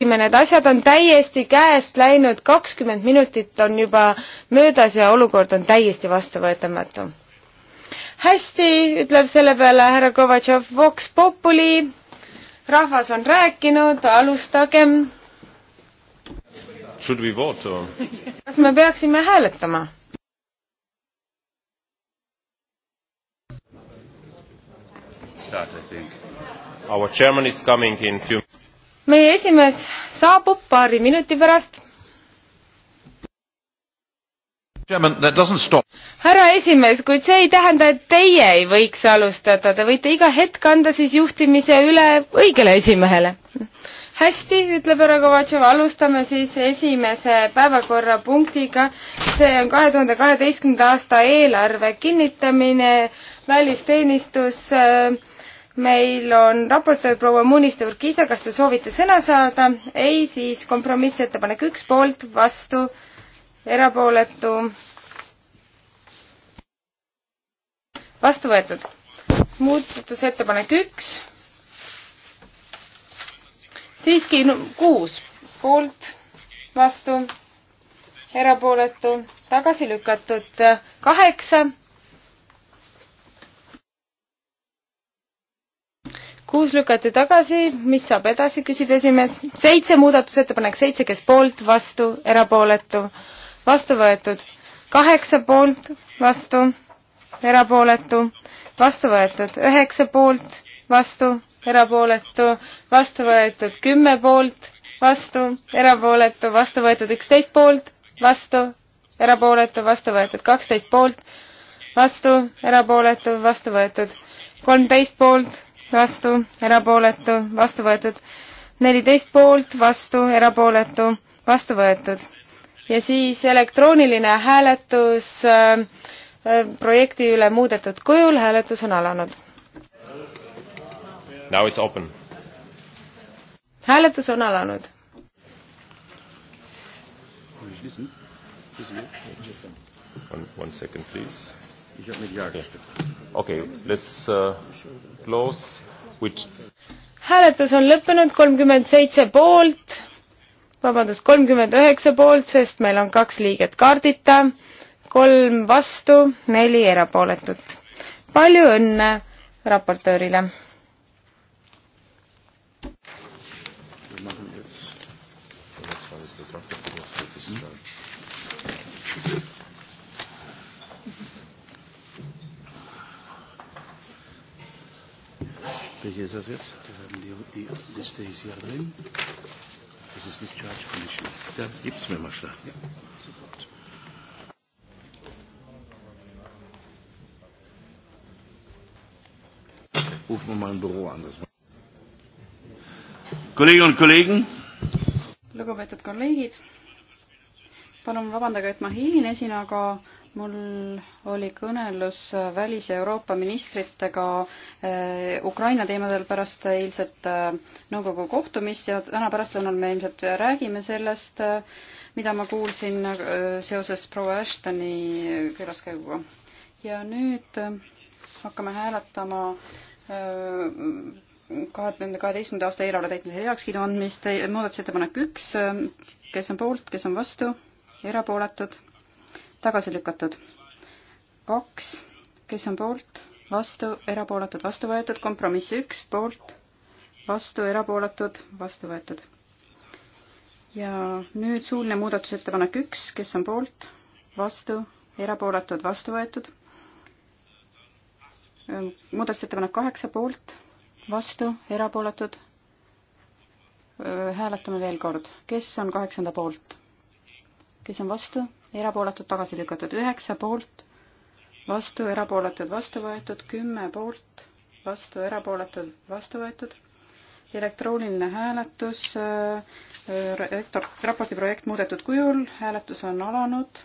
need asjad on täiesti käest läinud, kakskümmend minutit on juba möödas ja olukord on täiesti vastuvõetamatu. hästi, ütleb selle peale härra Kovatšov, Vox Populi, rahvas on rääkinud, alustagem. kas me peaksime hääletama? Our chairman is coming in few meie esimees saabub paari minuti pärast. härra esimees, kuid see ei tähenda, et teie ei võiks alustada, te võite iga hetk anda siis juhtimise üle õigele esimehele. hästi, ütleb härra Kovatšov, alustame siis esimese päevakorrapunktiga. see on kahe tuhande kaheteistkümnenda aasta eelarve kinnitamine, välisteenistus äh, meil on raportöör proua Muniste Urkiisa, kas te soovite sõna saada? ei, siis kompromissettepanek üks poolt, vastu, erapooletu. vastu võetud. muudatusettepanek üks. siiski no, kuus poolt, vastu, erapooletu, tagasi lükatud kaheksa kuus lükati tagasi, mis saab edasi, küsib esimees. seitse muudatusettepanek, seitse, kes poolt, vastu, erapooletu, vastu võetud. kaheksa poolt, vastu, erapooletu, vastu võetud. üheksa poolt, vastu, erapooletu, vastu võetud. kümme poolt, vastu, erapooletu, vastu võetud. üksteist poolt, vastu, erapooletu, vastu võetud. kaksteist poolt, vastu, erapooletu, vastu võetud. kolmteist poolt vastu, erapooletu, vastu võetud. neliteist poolt, vastu, erapooletu, vastu võetud. ja siis elektrooniline hääletus äh, äh, projekti üle muudetud kujul, hääletus on alanud. Now it's open. hääletus on alanud. One, one second please. Ich habe mit Ja gestimmt. Okay, okay let's uh, close with hääletus on lõppenud, kolmkümmend seitse poolt, vabandust, kolmkümmend üheksa poolt, sest meil on kaks liiget kaardita, kolm vastu, neli erapooletut. palju õnne raportöörile! Thank hm? you. Welche um, ist das jetzt? Wir haben die, die Liste ist hier drin. Das ist Discharge Commission. Da gibt's mir mal schnell. Ja, sofort. rufen wir mal ein Büro an. Das Kolleginnen und Kollegen. lugupeetud kolleegid, palun vabandage, et ma hilinesin, aga mul oli kõnelus välis- ja Euroopa ministritega eh, Ukraina teemadel pärast eilset eh, nõukogu kohtumist ja täna pärastlõunal me ilmselt räägime sellest, eh, mida ma kuulsin seoses proua Ashtoni külaskäiguga. ja nüüd hakkame hääletama kahe tuhande kaheteistkümnenda aasta eelarve täitmise heakskiidu andmist, muudatusettepanek üks, kes on poolt, kes on vastu, erapooletud tagasi lükatud. kaks, kes on poolt, vastu, erapooletud, vastu võetud, kompromiss üks, poolt, vastu, erapooletud, vastu võetud. ja nüüd suuline muudatusettepanek üks, kes on poolt, vastu, erapooletud, vastu võetud. muudatusettepanek kaheksa, poolt, vastu, erapooletud. hääletame veel kord, kes on kaheksanda poolt? kes on vastu, erapooletud, tagasi lükatud üheksa poolt, vastu, erapooletud, vastu võetud kümme poolt, vastu, erapooletud, vastu võetud. elektrooniline hääletus äh,, äh rektor, raporti projekt muudetud kujul, hääletus on alanud.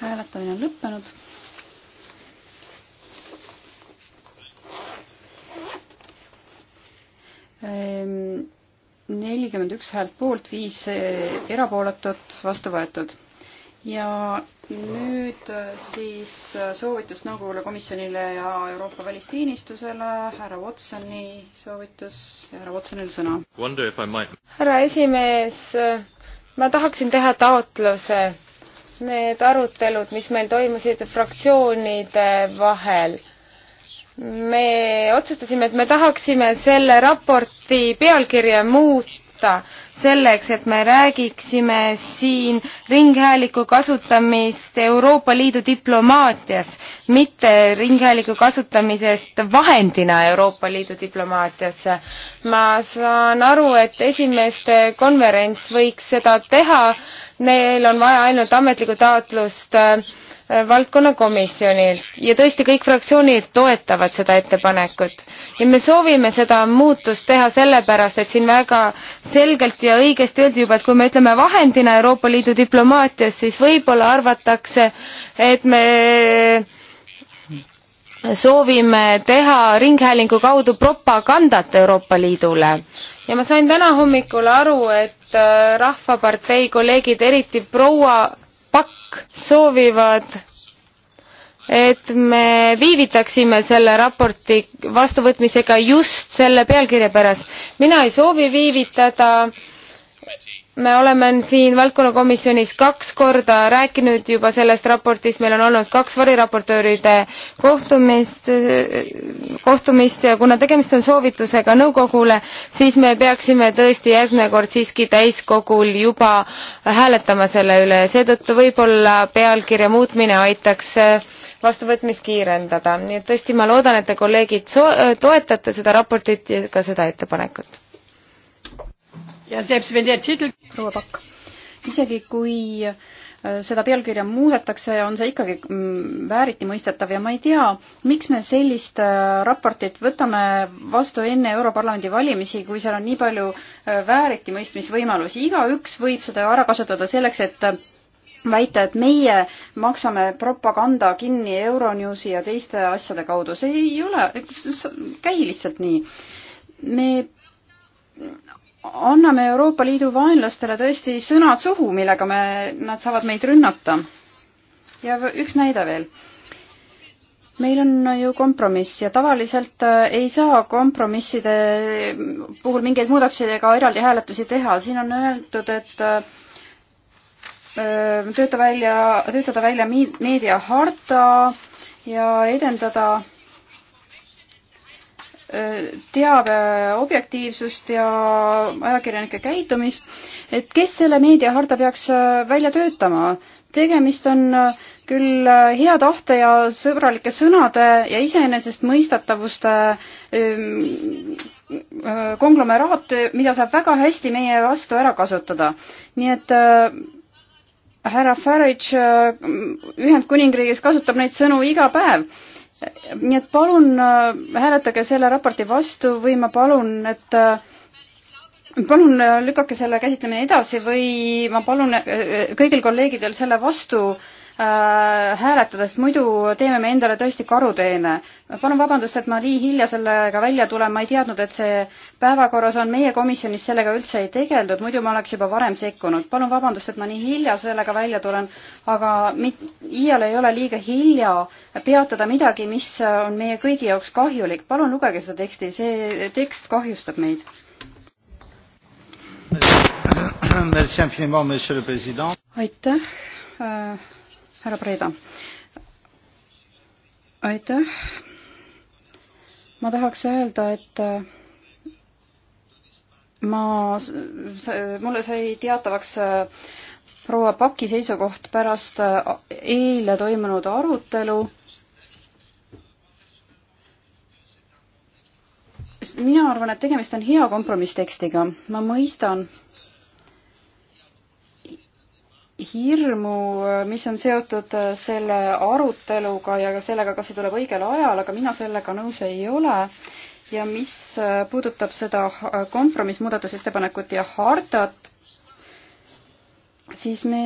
hääletamine on lõppenud Ehm, nelikümmend üks häält poolt, viis eh, erapooletut, vastu võetud. ja nüüd eh, siis eh, soovitus nõukogule, komisjonile ja Euroopa välisteenistusele, härra Watsoni soovitus, härra Watsonil sõna. härra esimees, ma tahaksin teha taotluse. Need arutelud, mis meil toimusid fraktsioonide vahel me otsustasime, et me tahaksime selle raporti pealkirja muuta selleks, et me räägiksime siin ringhäälingu kasutamist Euroopa Liidu diplomaatias, mitte ringhäälingu kasutamisest vahendina Euroopa Liidu diplomaatias. ma saan aru, et esimeste konverents võiks seda teha, neil on vaja ainult ametlikku taotlust äh, Äh, valdkonnakomisjonilt ja tõesti kõik fraktsioonid toetavad seda ettepanekut ja me soovime seda muutust teha sellepärast, et siin väga selgelt ja õigesti öeldi juba, et kui me ütleme vahendina Euroopa Liidu diplomaatias, siis võib-olla arvatakse, et me soovime teha Ringhäälingu kaudu propagandat Euroopa Liidule ja ma sain täna hommikul aru, et äh, Rahvapartei kolleegid, eriti proua pakk soovivad, et me viivitaksime selle raporti vastuvõtmisega just selle pealkirja pärast. mina ei soovi viivitada me oleme siin valdkonnakomisjonis kaks korda rääkinud juba sellest raportist, meil on olnud kaks variraportööride kohtumist, kohtumist ja kuna tegemist on soovitusega nõukogule, siis me peaksime tõesti järgmine kord siiski täiskogul juba hääletama selle üle ja seetõttu võib-olla pealkirja muutmine aitaks vastuvõtmist kiirendada, nii et tõesti ma loodan, et te kolleegid so-, toetate seda raportit ja ka seda ettepanekut proua Pakk, isegi kui äh, seda pealkirja muudetakse, on see ikkagi mm, vääriti mõistetav ja ma ei tea, miks me sellist äh, raportit võtame vastu enne Europarlamendi valimisi, kui seal on nii palju äh, vääritimõistmisvõimalusi. igaüks võib seda ära kasutada selleks, et väita, et meie maksame propaganda kinni Euronewsi ja teiste asjade kaudu. see ei ole, käi lihtsalt nii. me anname Euroopa Liidu vaenlastele tõesti sõnad suhu, millega me, nad saavad meid rünnata. ja üks näide veel. meil on ju kompromiss ja tavaliselt äh, ei saa kompromisside puhul mingeid muudatusi ega eraldi hääletusi teha, siin on öeldud, et äh, tööta välja, töötada välja meediaharta ja edendada teabe äh, objektiivsust ja ajakirjanike käitumist, et kes selle meediaharta peaks äh, välja töötama? tegemist on äh, küll hea tahte ja sõbralike sõnade ja iseenesestmõistatavuste ähm, konglomeraat, mida saab väga hästi meie vastu ära kasutada. nii et härra Farage Ühendkuningriigis kasutab neid sõnu iga päev nii et palun äh, hääletage selle raporti vastu või ma palun, et äh, palun äh, lükake selle käsitlemine edasi või ma palun kõigil kolleegidel selle vastu äh, Äh, hääletada, sest muidu teeme me endale tõesti karuteene. palun vabandust, et ma nii hilja sellega välja tulen, ma ei teadnud, et see päevakorras on, meie komisjonis sellega üldse ei tegeldud, muidu ma oleks juba varem sekkunud. palun vabandust, et ma nii hilja sellega välja tulen, aga mit-, iial ei ole liiga hilja peatada midagi, mis on meie kõigi jaoks kahjulik. palun lugege seda teksti, see tekst kahjustab meid. aitäh äh, härra Preeda. aitäh. ma tahaks öelda, et äh, ma, mulle sai teatavaks äh, proua Paki seisukoht pärast äh, eile toimunud arutelu mina arvan, et tegemist on hea kompromisstekstiga. ma mõistan, hirmu, mis on seotud äh, selle aruteluga ja ka sellega, kas see tuleb õigel ajal, aga mina sellega nõus ei ole ja mis äh, puudutab seda äh, kompromissmuudatusettepanekut ja hardat, siis me,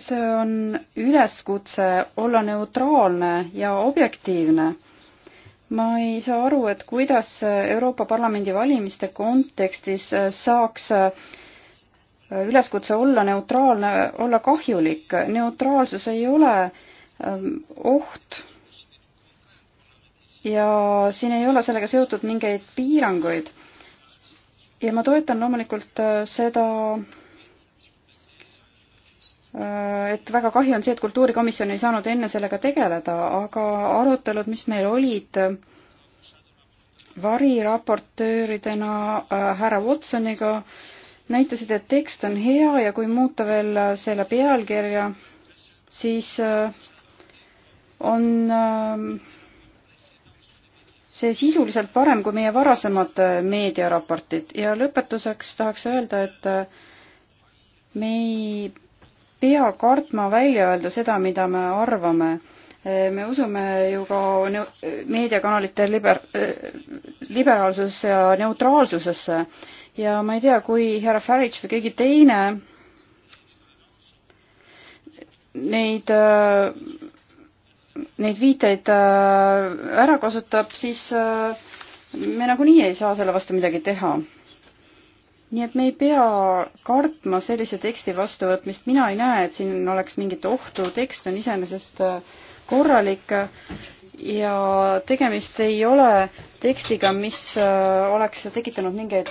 see on üleskutse olla neutraalne ja objektiivne. ma ei saa aru, et kuidas Euroopa Parlamendi valimiste kontekstis saaks äh, üleskutse olla neutraalne, olla kahjulik. neutraalsus ei ole ähm, oht ja siin ei ole sellega seotud mingeid piiranguid. ja ma toetan loomulikult äh, seda, äh, et väga kahju on see, et kultuurikomisjon ei saanud enne sellega tegeleda, aga arutelud, mis meil olid äh, variraportööridena härra Watsoniga äh,, näitasid, et tekst on hea ja kui muuta veel äh, selle pealkirja, siis äh, on äh, see sisuliselt parem kui meie varasemad meediaraportid ja lõpetuseks tahaks öelda, et me ei pea kartma välja öelda seda, mida me arvame. me usume ju ka meediakanalite liber-, liberaalsusesse ja neutraalsusesse ja ma ei tea, kui härra Farage või keegi teine neid, äh, neid viiteid äh, ära kasutab, siis äh, me nagunii ei saa selle vastu midagi teha nii et me ei pea kartma sellise teksti vastuvõtmist, mina ei näe, et siin oleks mingit ohtu, tekst on iseenesest korralik ja tegemist ei ole tekstiga, mis äh, oleks tekitanud mingeid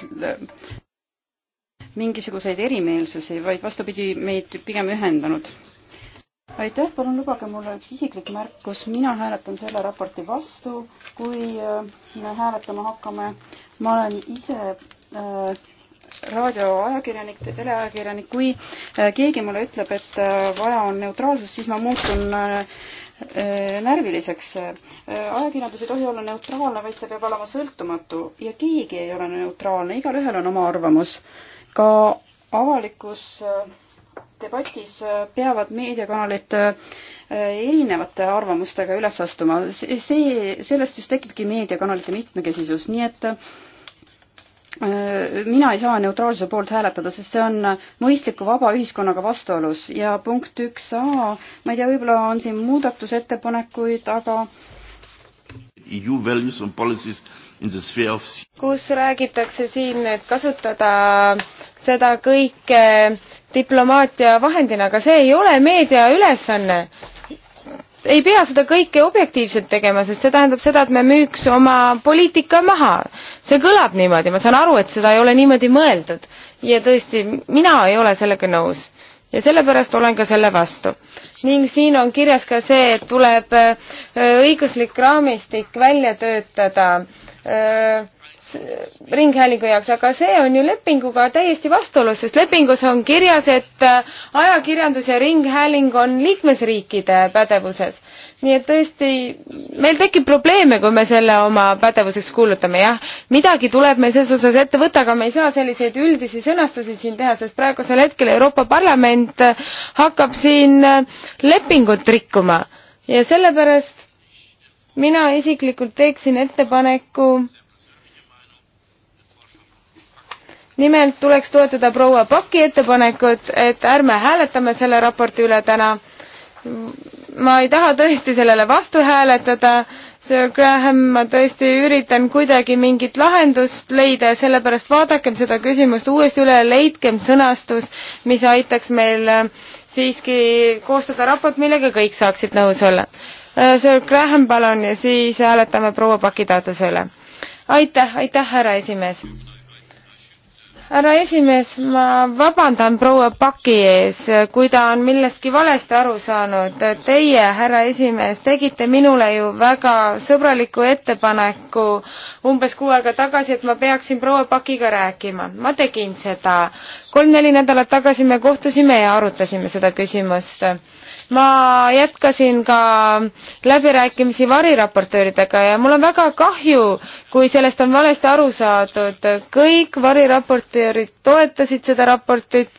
mingisuguseid erimeelsusi, vaid vastupidi, meid pigem ühendanud. aitäh, palun lubage mulle üks isiklik märkus, mina hääletan selle raporti vastu, kui äh, me hääletama hakkame. ma olen ise äh, raadioajakirjanik, teleajakirjanik, kui äh, keegi mulle ütleb, et vaja on neutraalsust, siis ma muutun Eh, närviliseks. Eh, ajakirjandus ei tohi olla neutraalne, vaid ta peab olema sõltumatu ja keegi ei ole neutraalne, igalühel on oma arvamus. ka avalikus eh, debatis peavad meediakanalid erinevate arvamustega üles astuma. see, sellest just tekibki meediakanalite mitmekesisus, nii et äh, Äh, mina ei saa neutraalsuse poolt hääletada, sest see on mõistliku vaba ühiskonnaga vastuolus ja punkt üks A, ma ei tea, võib-olla on siin muudatusettepanekuid, aga EU values and policies in the sphere of kus räägitakse siin, et kasutada seda kõike diplomaatia vahendina, aga see ei ole meedia ülesanne ei pea seda kõike objektiivselt tegema, sest see tähendab seda, et me müüks oma poliitika maha. see kõlab niimoodi, ma saan aru, et seda ei ole niimoodi mõeldud ja tõesti, mina ei ole sellega nõus ja sellepärast olen ka selle vastu. ning siin on kirjas ka see, et tuleb äh, õiguslik raamistik välja töötada öö, äh, ringhäälingu jaoks, aga see on ju lepinguga täiesti vastuolus, sest lepingus on kirjas, et äh, ajakirjandus ja ringhääling on liikmesriikide pädevuses. nii et tõesti, meil tekib probleeme, kui me selle oma pädevuseks kuulutame, jah. midagi tuleb meil selles osas ette võtta, aga me ei saa selliseid üldisi sõnastusi siin teha, sest praegusel hetkel Euroopa Parlament äh, hakkab siin äh, lepingut rikkuma ja sellepärast mina isiklikult teeksin ettepaneku nimelt tuleks toetada proua Paki ettepanekut, et ärme hääletame selle raporti üle täna. ma ei taha tõesti sellele vastu hääletada, Sir Graham, ma tõesti üritan kuidagi mingit lahendust leida ja sellepärast vaadakem seda küsimust uuesti üle ja leidkem sõnastus, mis aitaks meil äh, siiski koostada raport, millega kõik saaksid nõus olla. Äh, Sir Graham, palun, ja siis hääletame proua Paki taotluse üle. aitäh, aitäh, härra esimees! härra esimees, ma vabandan proua Paki ees, kui ta on millestki valesti aru saanud. Teie, härra esimees, tegite minule ju väga sõbraliku ettepaneku umbes kuu aega tagasi, et ma peaksin proua Pakiga rääkima. ma tegin seda. kolm-neli nädalat tagasi me kohtusime ja arutasime seda küsimust ma jätkasin ka läbirääkimisi variraportööridega ja mul on väga kahju, kui sellest on valesti aru saadud. kõik variraportöörid toetasid seda raportit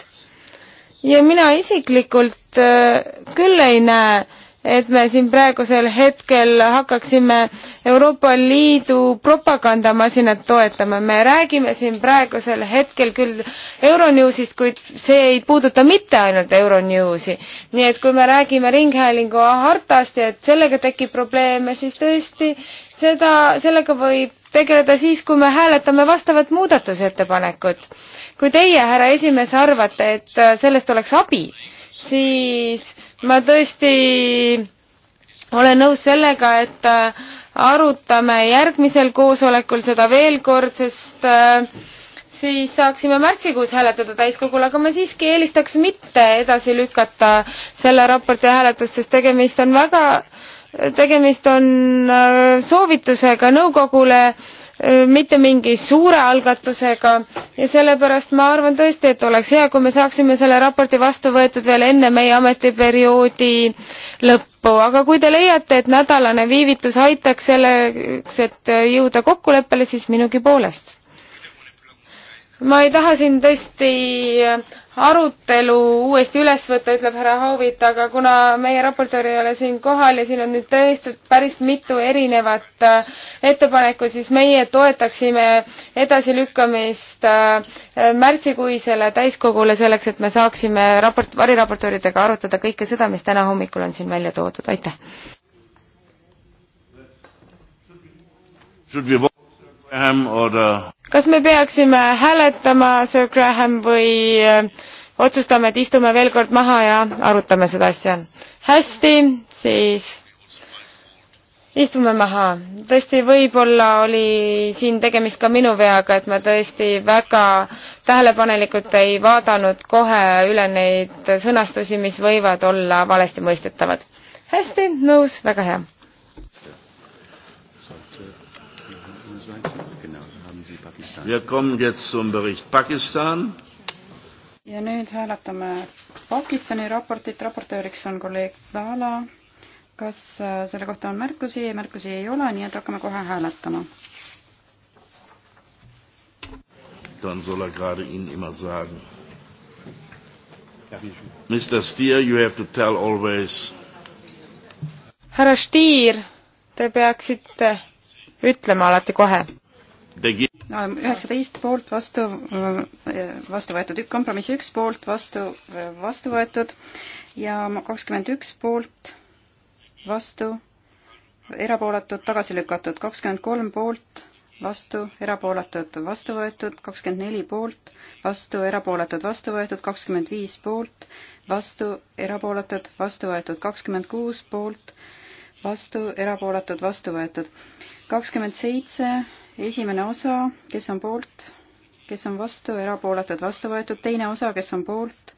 ja mina isiklikult äh, küll ei näe, et me siin praegusel hetkel hakkaksime Euroopa Liidu propagandamasinat toetama. me räägime siin praegusel hetkel küll Euronewsist, kuid see ei puuduta mitte ainult Euronewsi. nii et kui me räägime Ringhäälingu hartast ja et sellega tekib probleeme, siis tõesti seda, sellega võib tegeleda siis, kui me hääletame vastavat muudatusettepanekut. kui teie, härra esimees, arvate, et sellest oleks abi, siis ma tõesti olen nõus sellega, et äh, arutame järgmisel koosolekul seda veel kord, sest äh, siis saaksime märtsikuus hääletada täiskogul, aga ma siiski eelistaks mitte edasi lükata selle raporti hääletust, sest tegemist on väga, tegemist on äh, soovitusega nõukogule mitte mingi suure algatusega ja sellepärast ma arvan tõesti, et oleks hea, kui me saaksime selle raporti vastu võetud veel enne meie ametiperioodi lõppu, aga kui te leiate, et nädalane viivitus aitaks selleks, et jõuda kokkuleppele, siis minugi poolest ma ei taha siin tõesti arutelu uuesti üles võtta, ütleb härra Haavit, aga kuna meie raportöör ei ole siin kohal ja siin on nüüd tõesti päris mitu erinevat äh, ettepanekut, siis meie toetaksime edasilükkamist äh, märtsikuisele täiskogule selleks, et me saaksime raport, variraportööridega arutada kõike seda, mis täna hommikul on siin välja toodud, aitäh! kas me peaksime hääletama Sir Graham või äh, otsustame, et istume veel kord maha ja arutame seda asja? hästi, siis istume maha. tõesti, võib-olla oli siin tegemist ka minu veaga, et ma tõesti väga tähelepanelikult ei vaadanud kohe üle neid sõnastusi, mis võivad olla valesti mõistetavad. hästi, nõus, väga hea Wir kommen jetzt zum Bericht Pakistan. ja nüüd hääletame Pakistani raportit, raportööriks on kolleeg Zala. kas äh, selle kohta on märkusi? märkusi ei ole, nii et hakkame kohe hääletama. Dann soll er gerade Ihnen immer sagen. Mr Steer, you have to tell always. härra Stier, te peaksite ütlema alati kohe üheksateist poolt vastu, äh, vastu võetud, kompromiss üks poolt vastu, äh, vastu võetud ja kakskümmend üks poolt vastu, erapooletud, tagasi lükatud, kakskümmend kolm poolt vastu, erapooletud, vastu võetud, kakskümmend neli poolt, vastu, erapooletud, vastu võetud, kakskümmend viis poolt, vastu, erapooletud, vastu võetud, kakskümmend kuus poolt, vastu, erapooletud, vastu võetud, kakskümmend seitse esimene osa, kes on poolt, kes on vastu, erapooletud, vastu võetud, teine osa, kes on poolt,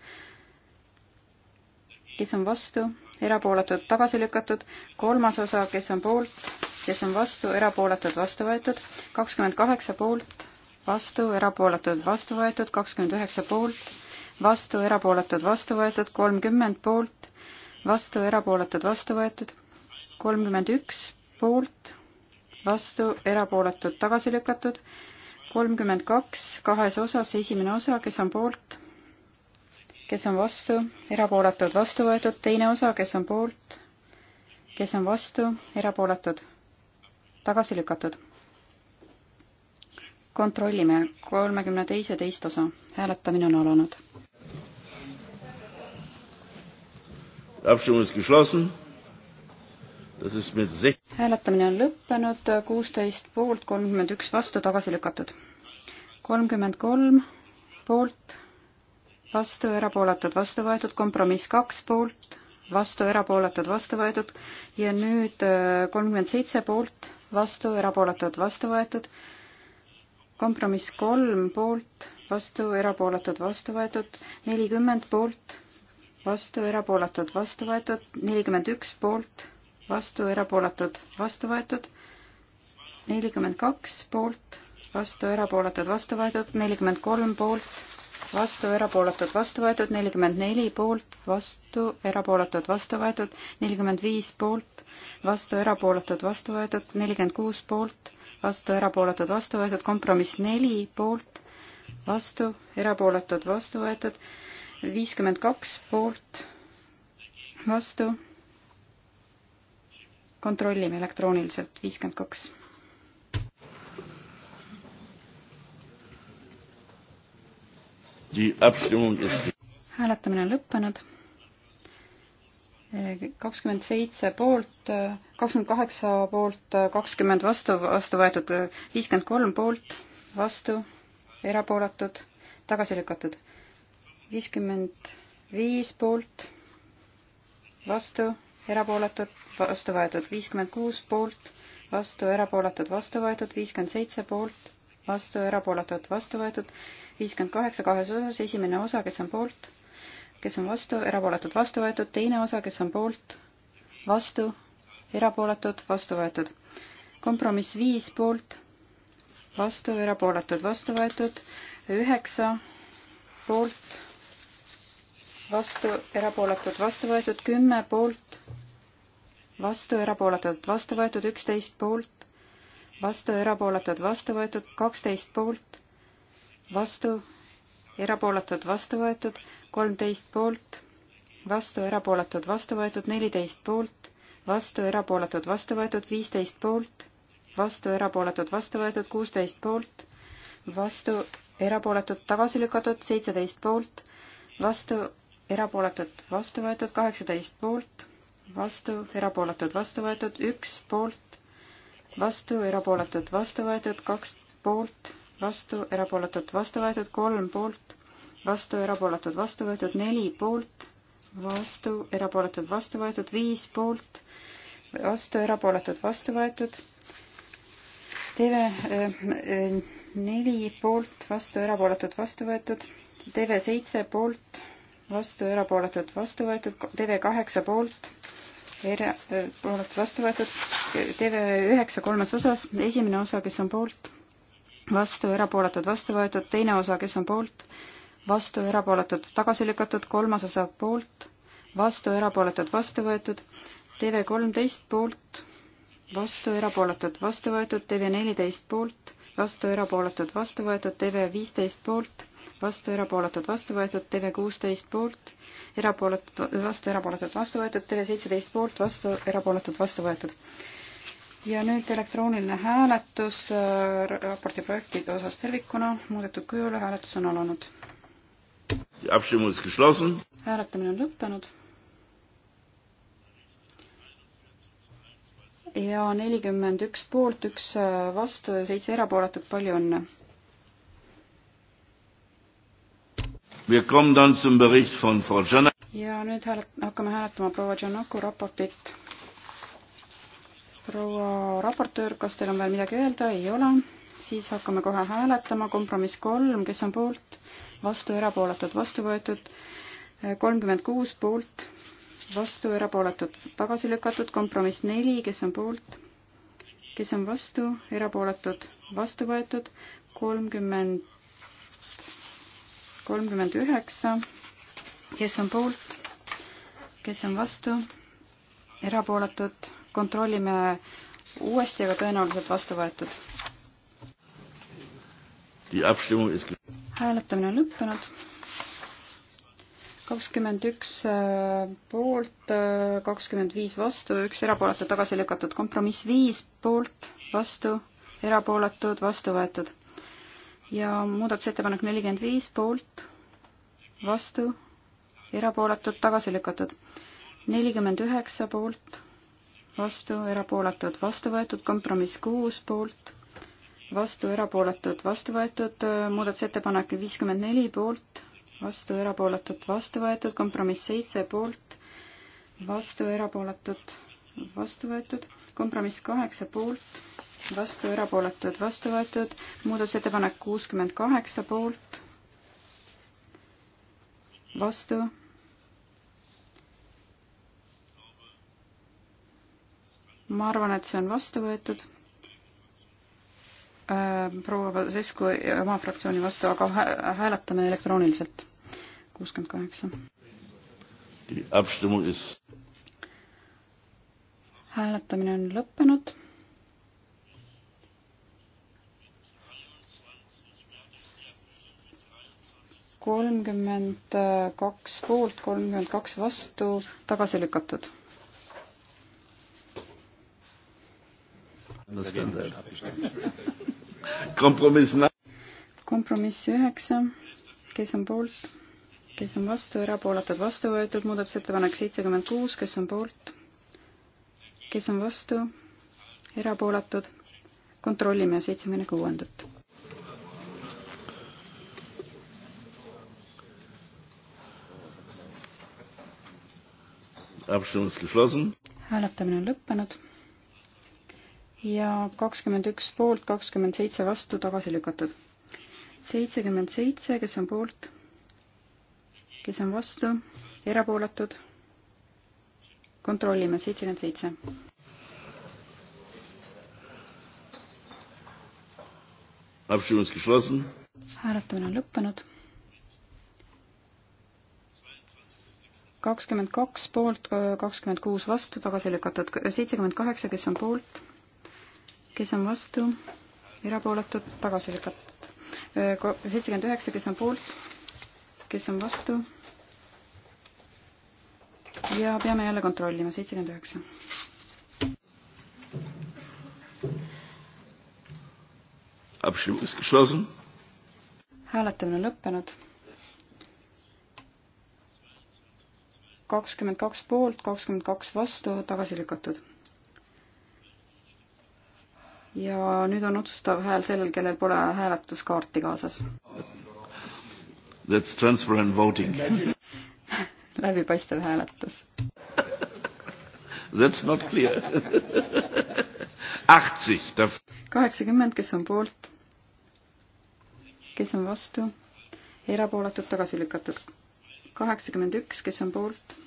kes on vastu, erapooletud, tagasi lükatud, kolmas osa, kes on poolt, kes on vastu, erapooletud, vastu võetud, kakskümmend kaheksa poolt, vastu, erapooletud, vastu võetud, kakskümmend üheksa poolt, vastu, erapooletud, vastu võetud, kolmkümmend poolt, vastu, erapooletud, vastu võetud, kolmkümmend üks poolt, vastu, erapooletud, tagasi lükatud. kolmkümmend kaks kahes osas, esimene osa, kes on poolt, kes on vastu, erapooletud, vastu võetud, teine osa, kes on poolt, kes on vastu, erapooletud, tagasi lükatud. kontrollime kolmekümne teise teist osa, hääletamine on alanud. Abstimmung ist geschlossen hääletamine on lõppenud, kuusteist poolt, kolmkümmend üks vastu, tagasi lükatud. kolmkümmend kolm poolt, vastu, erapooletud, vastu võetud, kompromiss kaks poolt, vastu, erapooletud, vastu võetud ja nüüd äh, kolmkümmend seitse poolt, vastu, erapooletud, vastu võetud, kompromiss kolm poolt, vastu, erapooletud, vastu võetud, nelikümmend poolt, vastu, erapooletud, vastu võetud, nelikümmend üks poolt vastu, erapooletud, vastu võetud, nelikümmend kaks poolt, vastu, erapooletud, vastu võetud, nelikümmend kolm poolt, vastu, erapooletud, vastu võetud, nelikümmend neli poolt, vastu, erapooletud, vastu võetud, nelikümmend viis poolt, vastu, erapooletud, vastu võetud, nelikümmend kuus poolt, vastu, erapooletud, vastu võetud, kompromiss neli poolt, vastu, erapooletud, vastu võetud, viiskümmend kaks poolt, vastu kontrollime elektrooniliselt, viiskümmend kaks. hääletamine on lõppenud. kakskümmend seitse poolt, kakskümmend kaheksa poolt, kakskümmend vastu, vastu võetud, viiskümmend kolm poolt, vastu, erapooletud, tagasi lükatud. viiskümmend viis poolt, vastu erapooletud, vastu võetud viiskümmend kuus poolt, vastu erapooletud, vastu võetud viiskümmend seitse poolt, vastu erapooletud, vastu võetud viiskümmend kaheksa kahes osas, esimene osa, kes on poolt, kes on vastu, erapooletud, vastu võetud, teine osa, kes on poolt, vastu, erapooletud, vastu võetud. kompromiss viis poolt, vastu, erapooletud, vastu võetud, üheksa poolt, vastu, erapooletud, vastu võetud, kümme poolt, vastu, erapooletud, vastu võetud, üksteist poolt, vastu, erapooletud, vastu võetud, kaksteist poolt, vastu, erapooletud, vastu võetud, kolmteist poolt, vastu, erapooletud, vastu võetud, neliteist poolt, vastu, erapooletud, vastu võetud, viisteist poolt, vastu, erapooletud, vastu võetud, kuusteist poolt, vastu, erapooletud, tagasi lükatud, seitseteist poolt, vastu, erapooletud, vastu võetud, kaheksateist poolt vastu, erapooletud, vastu võetud, üks poolt, vastu, erapooletud, vastu võetud, kaks poolt, vastu, erapooletud, vastu võetud, kolm poolt, vastu, erapooletud, vastu võetud, neli poolt, vastu, erapooletud, vastu võetud, viis poolt, vastu, erapooletud, vastu võetud TV äh, neli poolt, vastu erapooletud, vastu võetud. TV seitse poolt, vastu erapooletud, vastu võetud. TV kaheksa poolt, era-, äh, poolt vastu võetud, TV9 kolmes osas, esimene osa, kes on poolt, vastu, erapooletud, vastu võetud, teine osa, kes on poolt, vastu, erapooletud, tagasi lükatud, kolmas osa poolt, vastu, erapooletud, vastu võetud, TV13 poolt, vastu, erapooletud, vastu võetud, TV14 poolt, vastu, erapooletud, vastu võetud, TV15 poolt, vastu, erapooletud, vastu võetud, TV16 poolt erapooletud, vastu, erapooletud, vastu võetud, tele seitseteist poolt, vastu, erapooletud, vastu võetud. ja nüüd elektrooniline hääletus äh, raporti projektide osas tervikuna muudetud kujul, hääletus on alanud. hääletamine on lõppenud ja nelikümmend üks poolt, üks äh, vastu ja seitse erapooletut, palju õnne! ja nüüd häälet-, hakkame hääletama proua Janaku raportit. proua raportöör, kas teil on veel midagi öelda? ei ole. siis hakkame kohe hääletama. kompromiss kolm, kes on poolt, vastu, erapooletud, vastu võetud. kolmkümmend kuus poolt, vastu, erapooletud, tagasi lükatud. kompromiss neli, kes on poolt, kes on vastu, erapooletud, vastu võetud. kolmkümmend kolmkümmend üheksa, kes on poolt, kes on vastu, erapooletud, kontrollime uuesti, aga tõenäoliselt vastu võetud. hääletamine on lõppenud. kakskümmend üks äh, poolt, äh, kakskümmend viis vastu, üks erapooletu tagasi lükatud, kompromiss viis poolt, vastu, erapooletud, vastu võetud. ja muudatusettepanek nelikümmend viis poolt, vastu, erapooletud, tagasi lükatud. nelikümmend üheksa poolt, vastu, erapooletud, vastu võetud, kompromiss kuus poolt, vastu, erapooletud, vastu võetud, muudatusettepanek viiskümmend neli poolt, vastu, erapooletud, vastu võetud, kompromiss seitse poolt, vastu, erapooletud, vastu võetud, kompromiss kaheksa poolt, vastu, erapooletud, vastu võetud, muudatusettepanek kuuskümmend kaheksa poolt vastu. ma arvan, et see on vastu võetud. Äh, proua Vasescu oma fraktsiooni vastu, aga hääletame elektrooniliselt. kuuskümmend kaheksa. hääletamine on lõppenud kolmkümmend kaks poolt, kolmkümmend kaks vastu, tagasi lükatud. kompromiss kompromiss üheksa, kes on poolt, kes on vastu, erapooletud, vastu võetud, muudatusettepanek seitsekümmend kuus, kes on poolt, kes on vastu, erapooletud, kontrollime seitsmekümne kuuendat hääletamine on lõppenud ja kakskümmend üks poolt, kakskümmend seitse vastu tagasi lükatud. seitsekümmend seitse, kes on poolt, kes on vastu, erapooletud. kontrollime, seitsekümmend seitse. hääletamine on lõppenud kakskümmend kaks poolt, kakskümmend kuus vastu, tagasi lükatud seitsekümmend kaheksa, kes on poolt, kes on vastu, erapooletud, tagasi lükatud. seitsekümmend üheksa, kes on poolt, kes on vastu. ja peame jälle kontrollima, seitsekümmend üheksa. hääletamine on lõppenud kakskümmend kaks poolt, kakskümmend kaks vastu, tagasi lükatud. ja nüüd on otsustav hääl sellel, kellel pole hääletuskaarti kaasas. That's transparent voting läbipaistev hääletus That's not clear kaheksakümmend, kes on poolt, kes on vastu, erapooletud tagasi lükatud kaheksakümmend üks, kes on poolt,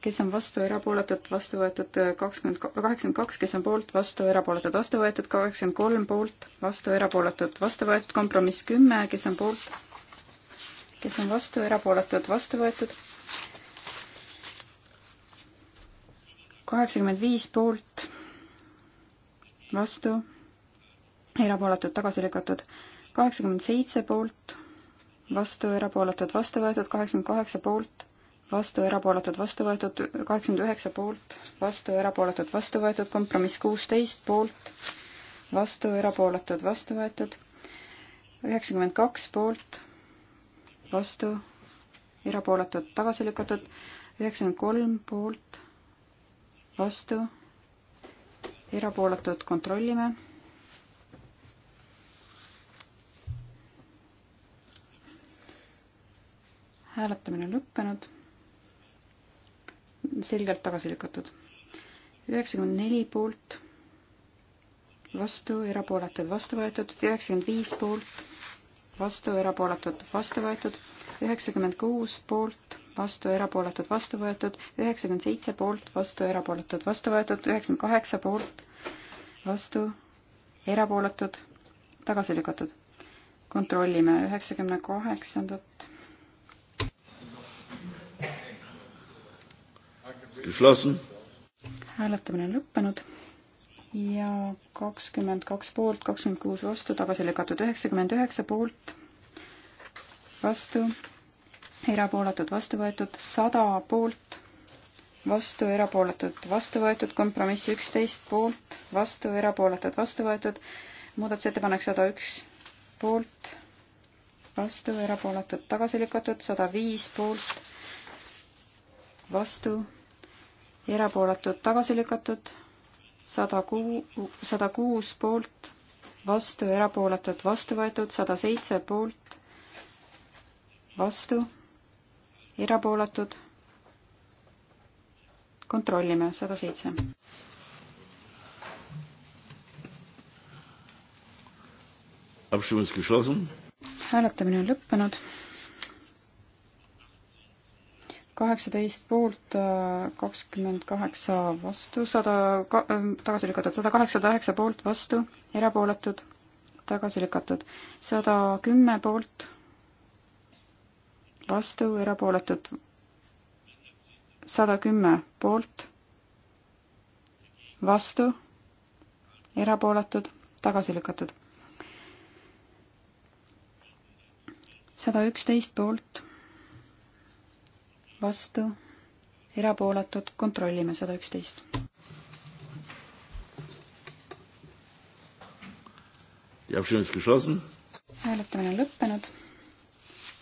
kes on vastu, erapooletud, vastu võetud äh, kakskümmend, kaheksakümmend kaks, kes on poolt, vastu, erapooletud, vastu võetud, kaheksakümmend kolm poolt, vastu, erapooletud, vastu võetud, kompromiss kümme, kes on poolt, kes on vastu, erapooletud, vastu võetud, kaheksakümmend viis poolt, vastu, erapooletud, tagasi lükatud, kaheksakümmend seitse poolt, vastu, erapooletud, vastu võetud, kaheksakümmend kaheksa poolt vastu, erapooletud, vastu võetud, kaheksakümmend üheksa poolt, vastu, erapooletud, vastu võetud, kompromiss kuusteist poolt, vastu, erapooletud, vastu võetud, üheksakümmend kaks poolt, vastu, erapooletud, tagasi lükatud, üheksakümmend kolm poolt, vastu, erapooletud, kontrollime hääletamine on lõppenud selgelt tagasi lükatud. üheksakümmend neli poolt, vastu, erapooletud, vastu võetud, üheksakümmend viis poolt, vastu, erapooletud, vastu võetud, üheksakümmend kuus poolt, vastu, erapooletud, vastu võetud, üheksakümmend seitse poolt, vastu, erapooletud, vastu võetud, üheksakümmend kaheksa poolt, vastu, erapooletud, tagasi lükatud. kontrollime üheksakümne kaheksandat hääletamine on lõppenud ja kakskümmend kaks poolt, kakskümmend kuus vastu, tagasi lükatud üheksakümmend üheksa poolt, vastu, erapooletud, vastu võetud, sada poolt, vastu, erapooletud, vastu võetud, kompromiss üksteist poolt, vastu, erapooletud, vastu võetud, muudatusettepanek sada üks poolt, vastu, erapooletud, tagasi lükatud, sada viis poolt, vastu erapooletud tagasi lükatud, sada kuu, sada kuus poolt, vastu, erapooletud vastu võetud, sada seitse poolt, vastu, erapooletud. kontrollime, sada seitse. hääletamine on lõppenud kaheksateist poolt, äh, kakskümmend kaheksa vastu, sada ka-, ähm, tagasi lükatud, sada kaheksasada üheksa poolt vastu, erapooletud, tagasi lükatud, sada kümme poolt vastu, erapooletud, sada kümme poolt vastu, erapooletud, tagasi lükatud, sada üksteist poolt vastu, erapooletud, kontrollime sada üksteist. hääletamine on lõppenud.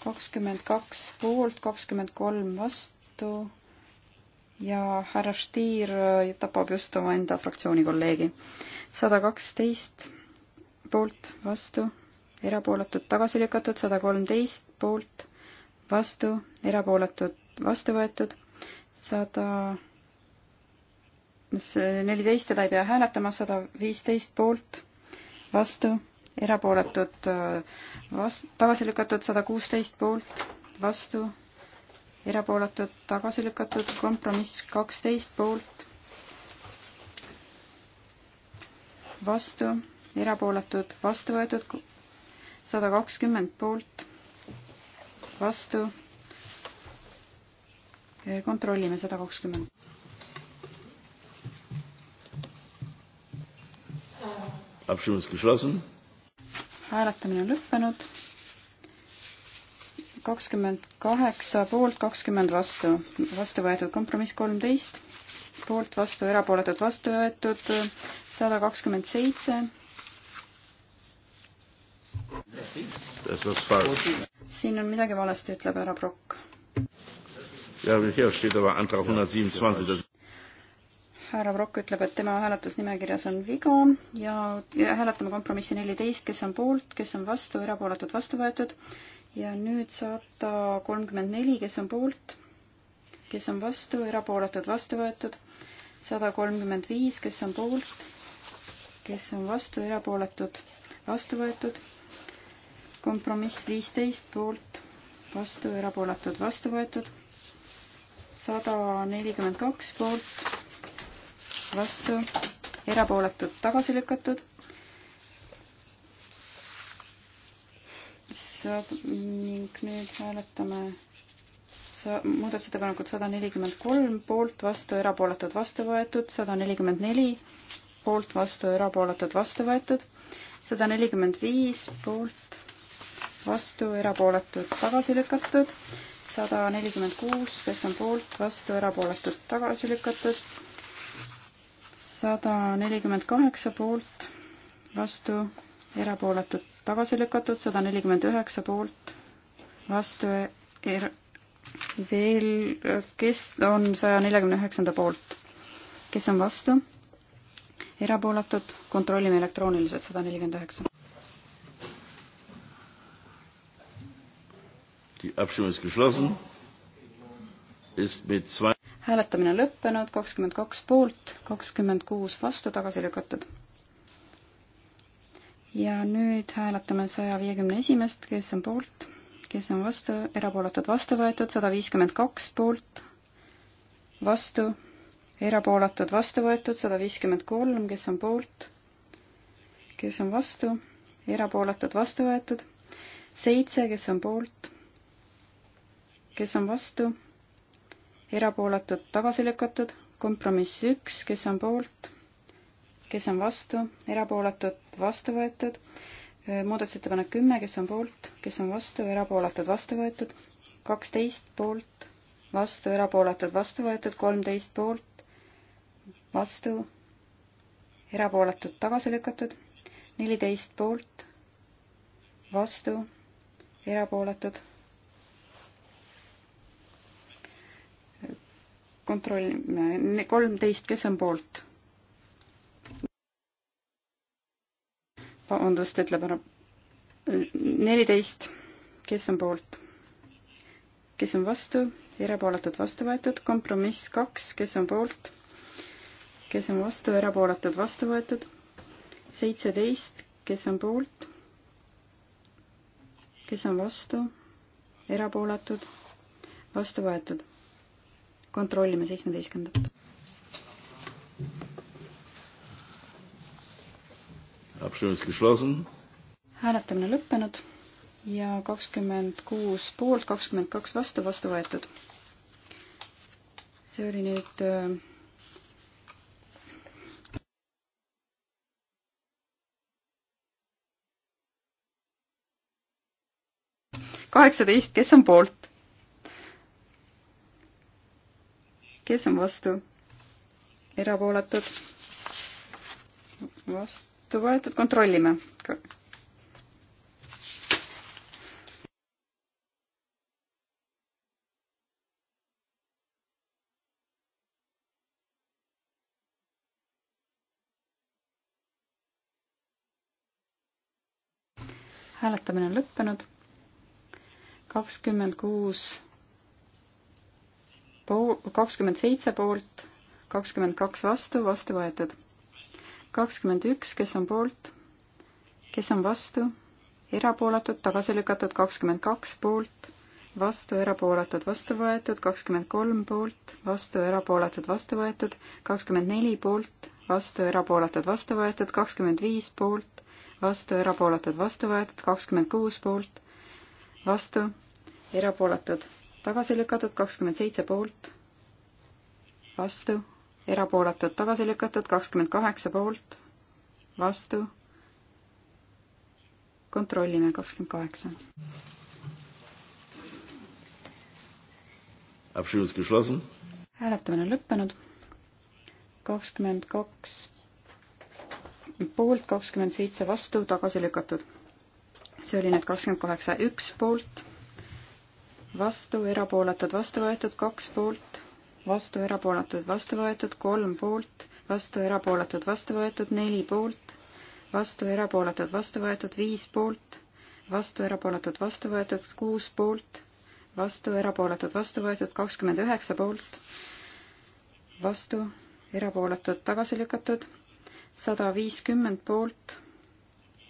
kakskümmend kaks poolt, kakskümmend kolm vastu ja härra Stier tapab just omaenda fraktsiooni kolleegi. sada kaksteist poolt, vastu, erapooletud, tagasi lükatud, sada kolmteist poolt, vastu, erapooletud, vastu võetud, sada neliteist, seda ei pea hääletama, sada viisteist poolt, vastu, erapooletud, vas-, tagasi lükatud, sada kuusteist poolt, vastu, erapooletud, tagasi lükatud, kompromiss kaksteist poolt, vastu, erapooletud, vastu võetud, sada kakskümmend poolt, vastu kontrollime sada kakskümmend. hääletamine on lõppenud. kakskümmend kaheksa poolt, kakskümmend vastu, vastu võetud kompromiss kolmteist, poolt vastu, erapooletud vastu võetud sada kakskümmend seitse. siin on midagi valesti, ütleb härra Prokk Ja, hier steht aber Antrag 127. härra Brock ütleb, et tema hääletusnimekirjas on viga ja, ja hääletame kompromissi neliteist, kes on poolt, kes on vastu, erapooletud, vastu võetud. ja nüüd sada kolmkümmend neli, kes on poolt, kes on vastu, erapooletud, vastu võetud. sada kolmkümmend viis, kes on poolt, kes on vastu, erapooletud, vastu võetud. kompromiss viisteist poolt, vastu, erapooletud, vastu võetud sada nelikümmend kaks poolt, vastu, erapooletud, tagasi lükatud. ning nüüd hääletame sa-, muudatusettepanekut sada nelikümmend kolm, poolt, vastu, erapooletud, vastu võetud, sada nelikümmend neli, poolt, vastu, erapooletud, vastu võetud, sada nelikümmend viis, poolt, vastu, erapooletud, tagasi lükatud, sada nelikümmend kuus, kes on poolt, vastu, erapooletud, tagasi lükatud. sada nelikümmend kaheksa poolt, vastu, erapooletud, tagasi lükatud, sada nelikümmend üheksa poolt, vastu, er-, veel, kes on saja neljakümne üheksanda poolt, kes on vastu? erapooletud, kontrollime elektrooniliselt sada nelikümmend üheksa. hääletamine on lõppenud, kakskümmend kaks poolt, kakskümmend kuus vastu, tagasi lükatud. ja nüüd hääletame saja viiekümne esimest, kes on poolt, kes on vastu, erapooletud vastu võetud, sada viiskümmend kaks poolt, vastu, erapooletud vastu võetud, sada viiskümmend kolm, kes on poolt, kes on vastu, erapooletud vastu võetud, seitse, kes on poolt kes on vastu, erapooletud tagasi lükatud, kompromiss üks, kes on poolt, kes on vastu, erapooletud vastu võetud, muudatusettepanek kümme, kes on poolt, kes on vastu, erapooletud vastu võetud, kaksteist poolt, vastu, erapooletud vastu võetud, kolmteist poolt, vastu, erapooletud tagasi lükatud, neliteist poolt, vastu, erapooletud kontrollime, kolmteist, kes on poolt? vabandust, ütleb ära. neliteist, kes on poolt? kes on vastu? erapooletud, vastu võetud. kompromiss kaks, kes on poolt? kes on vastu, erapooletud, vastu võetud. seitseteist, kes on poolt? kes on vastu? erapooletud, vastu võetud kontrollime seitsmeteistkümnendat. hääletamine lõppenud ja kakskümmend kuus poolt, kakskümmend kaks vastu, vastu võetud. see oli nüüd äh, kaheksateist, kes on poolt? kes on vastu? erapooletud? vastu võetud, kontrollime. hääletamine on lõppenud. kakskümmend kuus pool, kakskümmend seitse poolt, kakskümmend kaks vastu, vastu võetud. kakskümmend üks, kes on poolt, kes on vastu, erapooletud, tagasi lükatud, kakskümmend kaks poolt, vastu, erapooletud, vastu võetud, kakskümmend kolm poolt, vastu, erapooletud, vastu võetud, kakskümmend neli poolt, vastu, erapooletud, vastu võetud, kakskümmend viis poolt, vastu, erapooletud, vastu võetud, kakskümmend kuus poolt, vastu, erapooletud tagasi lükatud, kakskümmend seitse poolt, vastu, erapooletud tagasi lükatud, kakskümmend kaheksa poolt, vastu. kontrollime kakskümmend kaheksa. hääletamine on lõppenud. kakskümmend kaks poolt, kakskümmend seitse vastu, tagasi lükatud. see oli nüüd kakskümmend kaheksa, üks poolt vastu, erapooletud, vastu võetud, kaks poolt, vastu, erapooletud, vastu võetud, kolm poolt, vastu, erapooletud, vastu võetud, neli poolt, vastu, erapooletud, vastu võetud, viis poolt, vastu, erapooletud, vastu võetud, kuus poolt, vastu, erapooletud, vastu võetud, kakskümmend üheksa poolt, vastu, erapooletud, tagasi lükatud, sada viiskümmend poolt,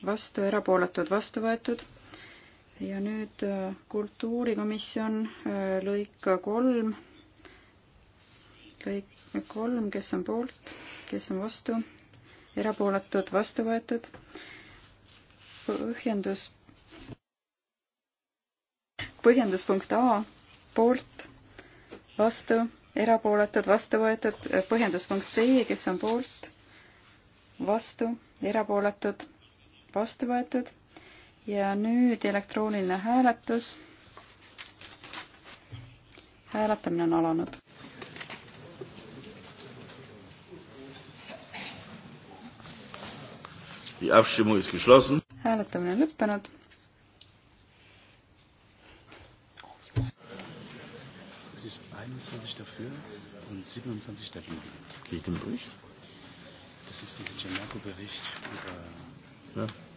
vastu, erapooletud, vastu võetud ja nüüd äh, kultuurikomisjon äh, lõik kolm, lõik kolm, kes on poolt, kes on vastu, erapooletud, vastu võetud. põhjendus, põhjenduspunkt A, poolt, vastu, erapooletud, vastu võetud, põhjenduspunkt B, kes on poolt, vastu, erapooletud, vastu võetud ja nüüd elektrooniline hääletus. hääletamine on alanud. hääletamine on lõppenud ist 21 dafür und 27 dagegen. Gegen Bericht? Das ist dieser Giannaco-Bericht über. Ja.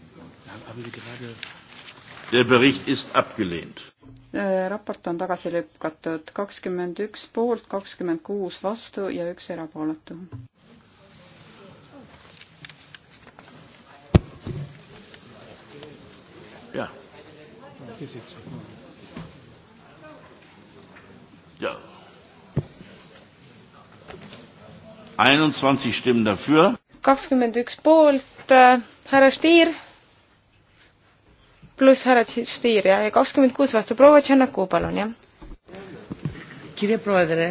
Der Bericht ist abgelehnt. Äh, raport on tagasi lükatud kakskümmend üks poolt, kakskümmend kuus vastu ja üks erapooletu. jah. jah. einundzwanzig stimmen dafür. kakskümmend üks poolt, äh, härra Stier pluss härra Tšiir ja kakskümmend kuus vastu. proua Tšernaku, palun, jah. Κύριε Πρόεδρε,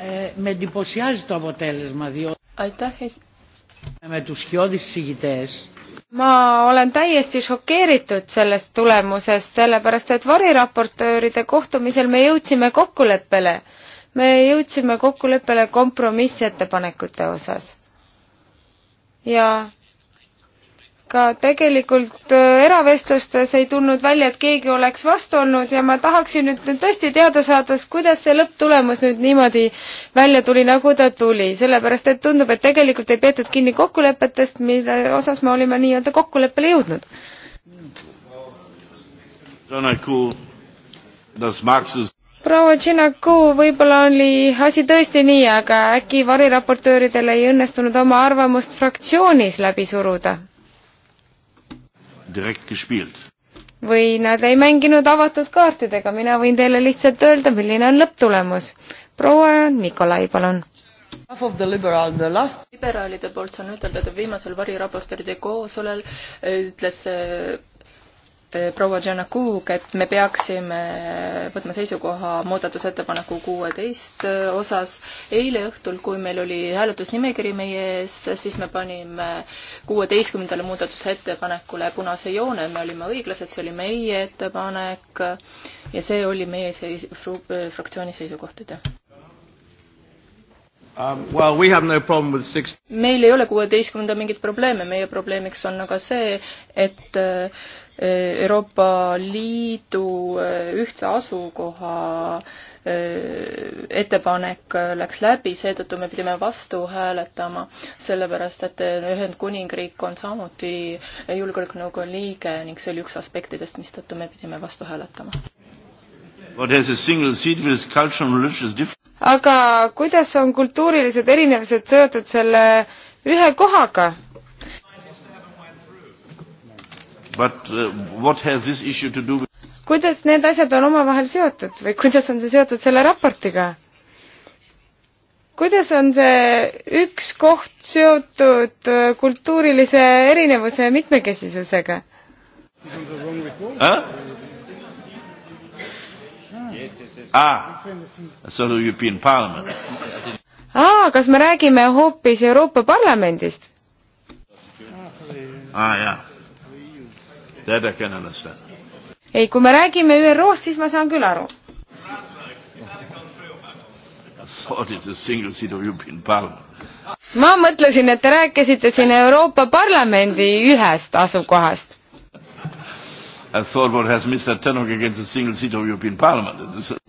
ε, με εντυπωσιάζει το αποτέλεσμα διότι με τους χιώδεις συγητές ma olen täiesti šokeeritud sellest tulemusest, sellepärast et variraportööride kohtumisel me jõudsime kokkuleppele. me jõudsime kokkuleppele kompromissettepanekute osas. ja ka tegelikult äh, eravestlustes ei tulnud välja, et keegi oleks vastu olnud ja ma tahaksin nüüd tõesti teada saada, kuidas see lõpptulemus nüüd niimoodi välja tuli, nagu ta tuli, sellepärast et tundub, et tegelikult ei peetud kinni kokkulepetest, mille osas me olime nii-öelda kokkuleppele jõudnud. proua Tšinaku, võib-olla oli asi tõesti nii, aga äkki variraportööridel ei õnnestunud oma arvamust fraktsioonis läbi suruda? või nad ei mänginud avatud kaartidega, mina võin teile lihtsalt öelda, milline on lõpptulemus. proua Nikolai, palun. liberaalide poolt saan ütelda, et viimasel variraportööride koosolel eh, ütles eh, Eh, proua Janakuk, et me peaksime eh, võtma seisukoha muudatusettepaneku kuueteist eh, osas. eile õhtul, kui meil oli hääletusnimekiri meie ees, siis me panime kuueteistkümnendale muudatusettepanekule punase joone, me olime õiglased, see oli meie ettepanek ja see oli meie seis-, fraktsiooni seisukoht, aitäh. Um, well, we no meil ei ole kuueteistkümnenda mingeid probleeme, meie probleemiks on aga see, et uh, Euroopa Liidu eh, ühtse asukoha eh, ettepanek eh, läks läbi, seetõttu me pidime vastu hääletama, sellepärast et Ühendkuningriik on samuti Julgeolekunõukogu liige ning see oli üks aspektidest, mistõttu me pidime vastu hääletama. aga kuidas on kultuurilised erinevused seotud selle ühe kohaga? But uh, what has this issue to do with kuidas need asjad on omavahel seotud või kuidas on see seotud selle raportiga? kuidas on see üks koht seotud äh, kultuurilise erinevuse ja mitmekesisusega huh? ah,? aa, ah, kas me räägime hoopis Euroopa Parlamendist? aa ah, jaa That I can understand. ei, kui me räägime ÜRO-st, siis ma saan küll aru. ma mõtlesin, et te rääkisite siin Euroopa Parlamendi ühest asukohast.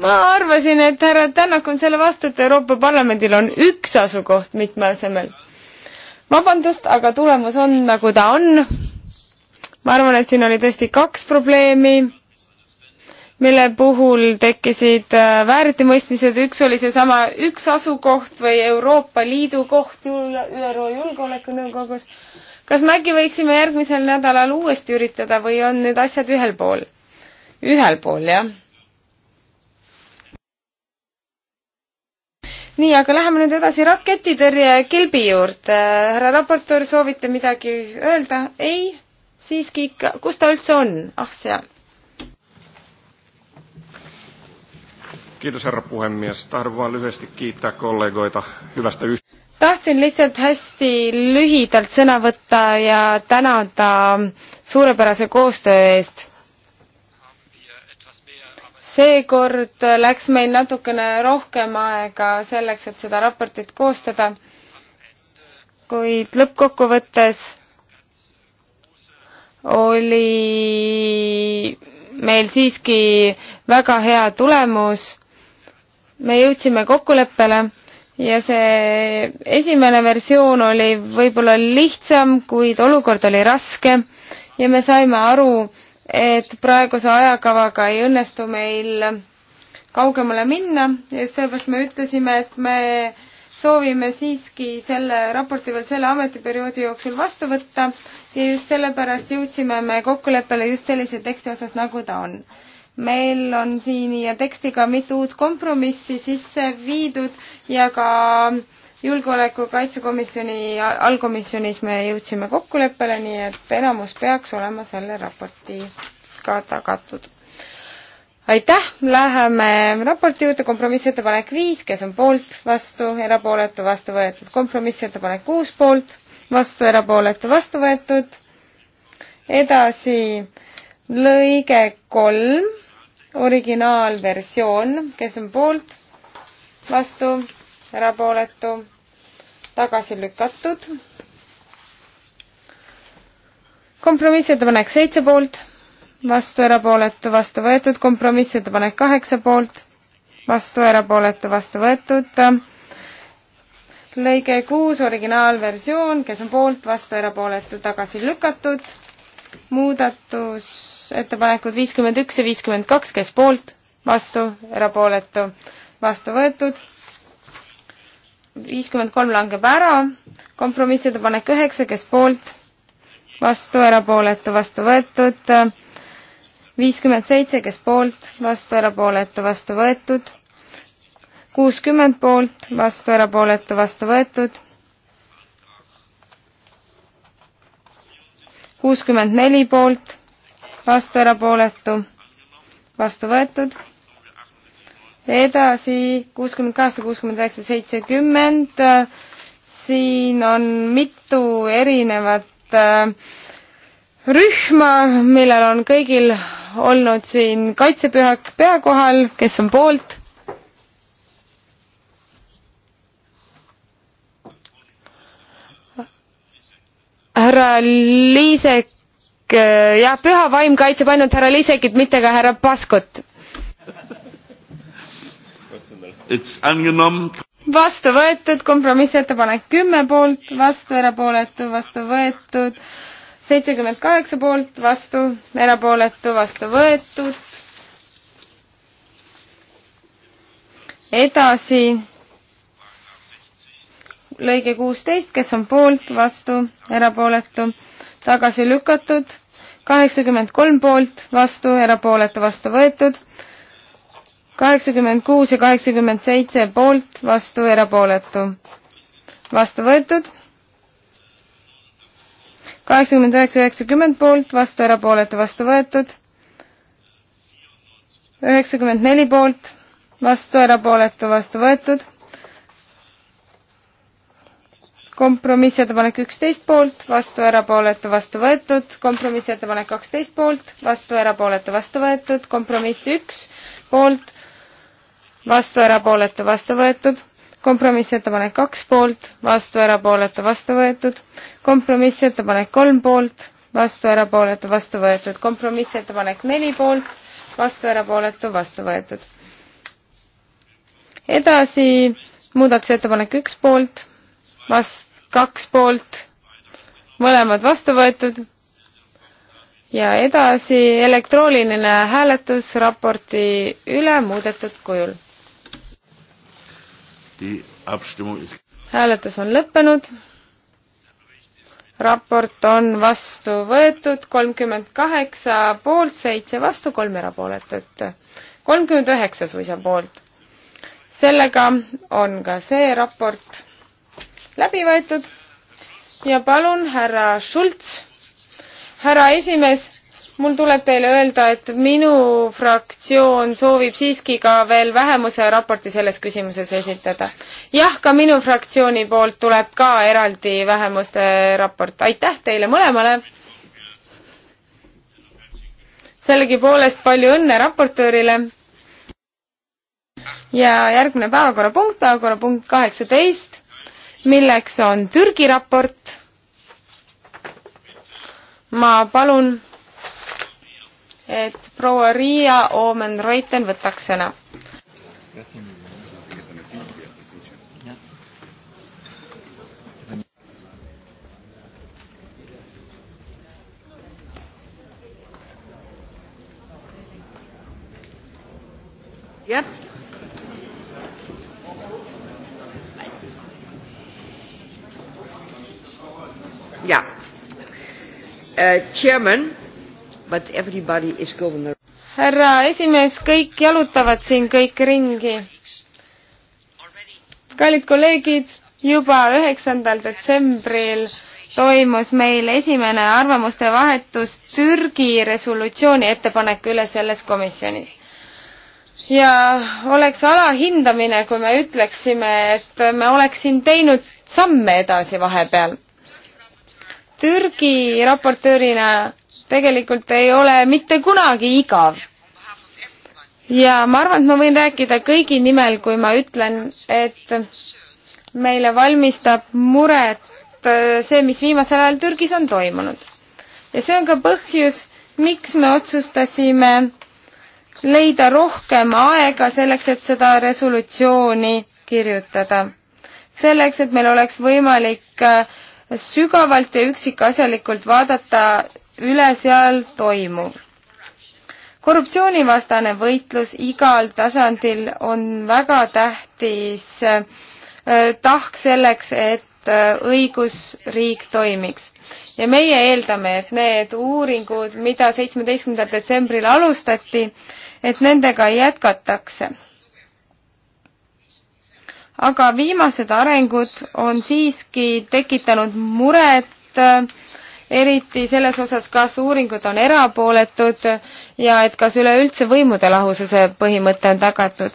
ma arvasin, et härra Tänak on selle vastu, et Euroopa Parlamendil on üks asukoht mitme asemel. vabandust, aga tulemus on, nagu ta on ma arvan, et siin oli tõesti kaks probleemi, mille puhul tekkisid äh, vääritimõistmised, üks oli seesama üks asukoht või Euroopa Liidu koht ÜRO Julgeolekunõukogus. kas me äkki võiksime järgmisel nädalal uuesti üritada või on need asjad ühel pool? ühel pool, jah. nii, aga läheme nüüd edasi raketitõrje kilbi juurde. härra raportöör, soovite midagi öelda? ei? siiski ikka, kus ta üldse on? ah, seal. Kiitos herra puhemies. Tahdon vain lyhyesti kiittää kollegoita hyvästä yhteistyöstä. Tahtsin lihtsalt hästi lühidalt sõna võtta ja tänada suurepärase koostöö eest. Seekord läks meil natukene rohkem aega selleks, et seda raportit koostada, kuid lõppkokkuvõttes oli meil siiski väga hea tulemus. me jõudsime kokkuleppele ja see esimene versioon oli võib-olla lihtsam, kuid olukord oli raske ja me saime aru, et praeguse ajakavaga ei õnnestu meil kaugemale minna ja just sellepärast me ütlesime, et me soovime siiski selle raporti veel selle ametiperioodi jooksul vastu võtta ja just sellepärast jõudsime me kokkuleppele just sellise teksti osas, nagu ta on. meil on siin ja tekstiga mitu uut kompromissi sisse viidud ja ka julgeoleku kaitsekomisjoni allkomisjonis me jõudsime kokkuleppele, nii et enamus peaks olema selle raportiga tagatud. aitäh, läheme raporti juurde, kompromissettepanek viis, kes on poolt, vastu, erapooletu, vastu võetud, kompromissettepanek kuus poolt vastu erapooletu vastu võetud. edasi lõige kolm, originaalversioon, kes on poolt, vastu, erapooletu, tagasi lükatud. kompromissettepanek seitse poolt, vastu, erapooletu, vastu võetud, kompromissettepanek kaheksa poolt, vastu, erapooletu, vastu võetud lõige kuus, originaalversioon, kes on poolt, vastu, erapooletu, tagasi lükatud. muudatusettepanekud viiskümmend üks ja viiskümmend kaks, kes poolt, vastu, erapooletu, vastu võetud. viiskümmend kolm langeb ära. kompromissettepanek üheksa, kes poolt, vastu, erapooletu, vastu võetud. viiskümmend seitse, kes poolt, vastu, erapooletu, vastu võetud kuuskümmend poolt, vastu erapooletu, vastu võetud. kuuskümmend neli poolt, vastu erapooletu, vastu võetud. edasi kuuskümmend kaheksa, kuuskümmend üheksa, seitsekümmend. siin on mitu erinevat äh, rühma, millel on kõigil olnud siin kaitsepühak pea kohal, kes on poolt, härra Liisek, eh, jah, püha vaim kaitseb ainult härra Liisekit, mitte ka härra Paskut. vastu võetud, kompromissettepanek kümme poolt, vastu erapooletu, vastu võetud, seitsekümmend kaheksa poolt, vastu erapooletu, vastu võetud. edasi lõige kuusteist, kes on poolt, vastu, erapooletu, tagasi lükatud, kaheksakümmend kolm poolt, vastu, erapooletu, vastu võetud, kaheksakümmend kuus ja kaheksakümmend seitse poolt, vastu, erapooletu, vastu võetud, kaheksakümmend üheksa, üheksakümmend poolt, vastu, erapooletu, vastu võetud, üheksakümmend neli poolt, vastu, erapooletu, vastu võetud kompromissettepanek üksteist poolt, vastu erapooletu, vastu võetud, kompromissettepanek kaksteist poolt, vastu erapooletu, vastu võetud, kompromiss üks poolt, vastu erapooletu, vastu võetud, kompromissettepanek kaks poolt, vastu erapooletu, vastu võetud, kompromissettepanek kolm poolt, vastu erapooletu, vastu võetud, kompromissettepanek neli poolt, vastu erapooletu, vastu võetud. edasi muudatusettepanek üks poolt vast-, kaks poolt, mõlemad vastu võetud ja edasi elektrooniline hääletus raporti üle muudetud kujul. hääletus on lõppenud. raport on vastu võetud, kolmkümmend kaheksa poolt, seitse vastu, kolm erapooletut. kolmkümmend üheksa suisa poolt. sellega on ka see raport läbi võetud ja palun, härra Schulz, härra esimees, mul tuleb teile öelda, et minu fraktsioon soovib siiski ka veel vähemuse raporti selles küsimuses esitada. jah, ka minu fraktsiooni poolt tuleb ka eraldi vähemuste raport, aitäh teile mõlemale. sellegipoolest palju õnne raportöörile. ja järgmine päevakorrapunkt, päevakorrapunkt kaheksateist milleks on Türgi raport. ma palun, et proua Riia Oomen-Reuten võtaks sõna. jah Yeah. Uh, chairman, but everybody is going härra esimees, kõik jalutavad siin kõik ringi. kallid kolleegid, juba üheksandal detsembril toimus meil esimene arvamuste vahetus Türgi resolutsiooni ettepaneku üle selles komisjonis. ja oleks alahindamine, kui me ütleksime, et me oleks siin teinud samme edasi vahepeal Türgi raportöörina tegelikult ei ole mitte kunagi igav. ja ma arvan, et ma võin rääkida kõigi nimel, kui ma ütlen, et meile valmistab muret äh, see, mis viimasel ajal Türgis on toimunud. ja see on ka põhjus, miks me otsustasime leida rohkem aega selleks, et seda resolutsiooni kirjutada. selleks, et meil oleks võimalik äh, sügavalt ja üksikasjalikult vaadata üle seal toimuv. korruptsioonivastane võitlus igal tasandil on väga tähtis äh, tahk selleks, et äh, õigusriik toimiks. ja meie eeldame, et need uuringud, mida seitsmeteistkümnendal detsembril alustati, et nendega jätkatakse aga viimased arengud on siiski tekitanud muret, eriti selles osas, kas uuringud on erapooletud ja et kas üleüldse võimude lahususe põhimõte on tagatud.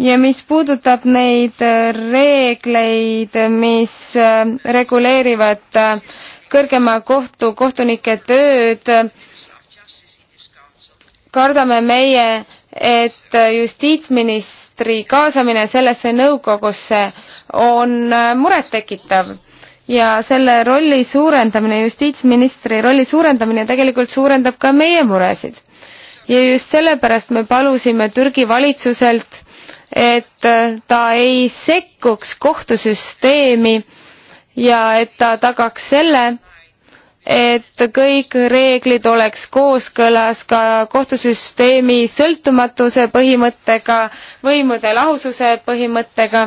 ja mis puudutab neid reegleid, mis äh, reguleerivad äh, kõrgema kohtu kohtunike tööd, kardame meie, et äh, justiitsminist-, spektri kaasamine sellesse nõukogusse on äh, murettekitav ja selle rolli suurendamine, justiitsministri rolli suurendamine tegelikult suurendab ka meie muresid. ja just sellepärast me palusime Türgi valitsuselt, et äh, ta ei sekkuks kohtusüsteemi ja et ta tagaks selle, et kõik reeglid oleks kooskõlas ka kohtusüsteemi sõltumatuse põhimõttega, võimude lahususe põhimõttega,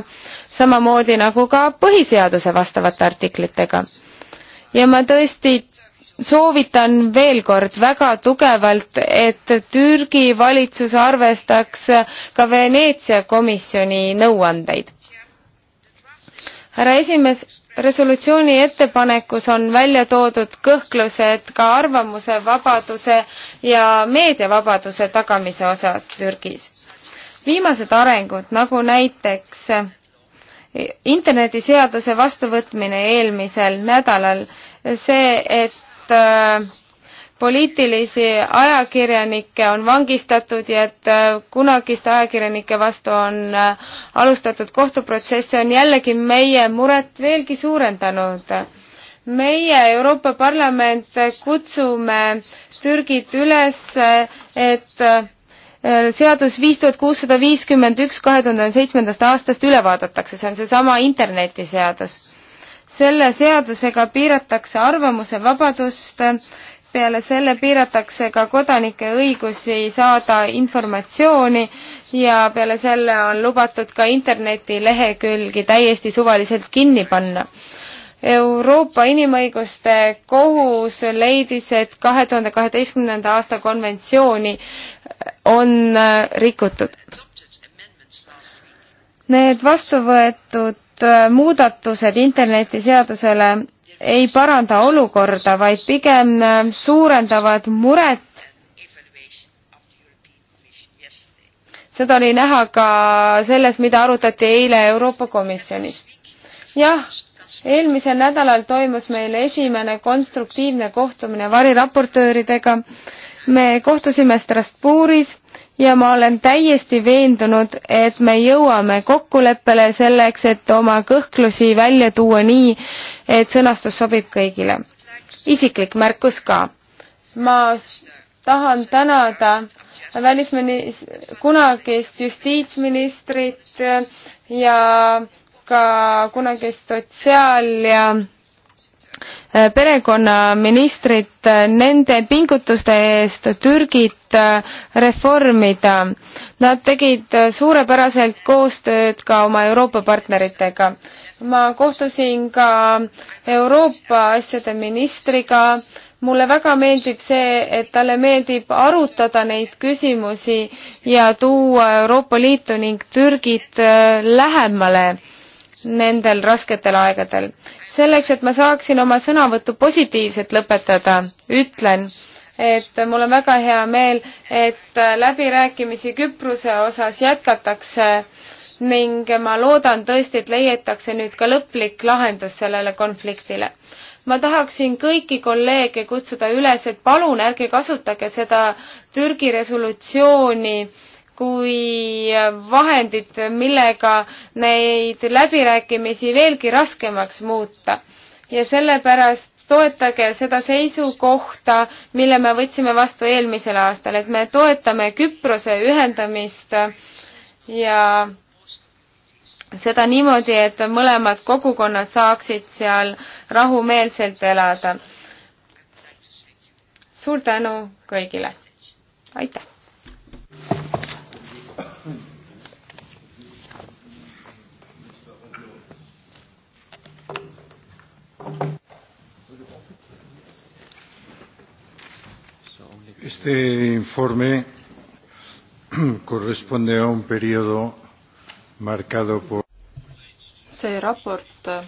samamoodi nagu ka põhiseaduse vastavate artiklitega. ja ma tõesti soovitan veel kord väga tugevalt, et Türgi valitsus arvestaks ka Veneetsia komisjoni nõuandeid. härra esimees resolutsiooni ettepanekus on välja toodud kõhklused ka arvamusevabaduse ja meediavabaduse tagamise osas Türgis. viimased arengud, nagu näiteks internetiseaduse vastuvõtmine eelmisel nädalal, see, et äh, poliitilisi ajakirjanikke on vangistatud ja et äh, kunagiste ajakirjanike vastu on äh, alustatud kohtuprotsesse, on jällegi meie muret veelgi suurendanud. meie Euroopa Parlament kutsume Türgit üles, äh, et seadus viis tuhat kuussada viiskümmend üks kahe tuhande seitsmendast aastast üle vaadatakse, see on seesama internetiseadus. selle seadusega piiratakse arvamusevabadust peale selle piiratakse ka kodanike õigusi saada informatsiooni ja peale selle on lubatud ka internetilehekülgi täiesti suvaliselt kinni panna. Euroopa Inimõiguste Kohus leidis, et kahe tuhande kaheteistkümnenda aasta konventsiooni on äh, rikutud. Need vastu võetud äh, muudatused internetiseadusele ei paranda olukorda, vaid pigem äh, suurendavad muret. seda oli näha ka selles, mida arutati eile Euroopa Komisjonis. jah, eelmisel nädalal toimus meil esimene konstruktiivne kohtumine variraportööridega. me kohtusime Strasbourgis ja ma olen täiesti veendunud, et me jõuame kokkuleppele selleks, et oma kõhklusi välja tuua nii, et sõnastus sobib kõigile. isiklik märkus ka. ma tahan tänada välisminis-, kunagist justiitsministrit ja ka kunagist sotsiaal- ja Eh, perekonnaministrit eh, nende pingutuste eest Türgit eh, reformida. Nad tegid suurepäraselt koostööd ka oma Euroopa partneritega. ma kohtusin ka Euroopa asjade ministriga, mulle väga meeldib see, et talle meeldib arutada neid küsimusi ja tuua Euroopa Liitu ning Türgit lähemale nendel rasketel aegadel selleks, et ma saaksin oma sõnavõttu positiivselt lõpetada, ütlen, et mul on väga hea meel, et läbirääkimisi Küprose osas jätkatakse ning ma loodan tõesti, et leietakse nüüd ka lõplik lahendus sellele konfliktile. ma tahaksin kõiki kolleege kutsuda üles, et palun ärge kasutage seda Türgi resolutsiooni äh, kui vahendid, millega neid läbirääkimisi veelgi raskemaks muuta. ja sellepärast toetage seda seisukohta, mille me võtsime vastu eelmisel aastal, et me toetame Küprose ühendamist ja seda niimoodi, et mõlemad kogukonnad saaksid seal rahumeelselt elada. suur tänu kõigile, aitäh! Este informe corresponde a un periodo marcado por see raport äh,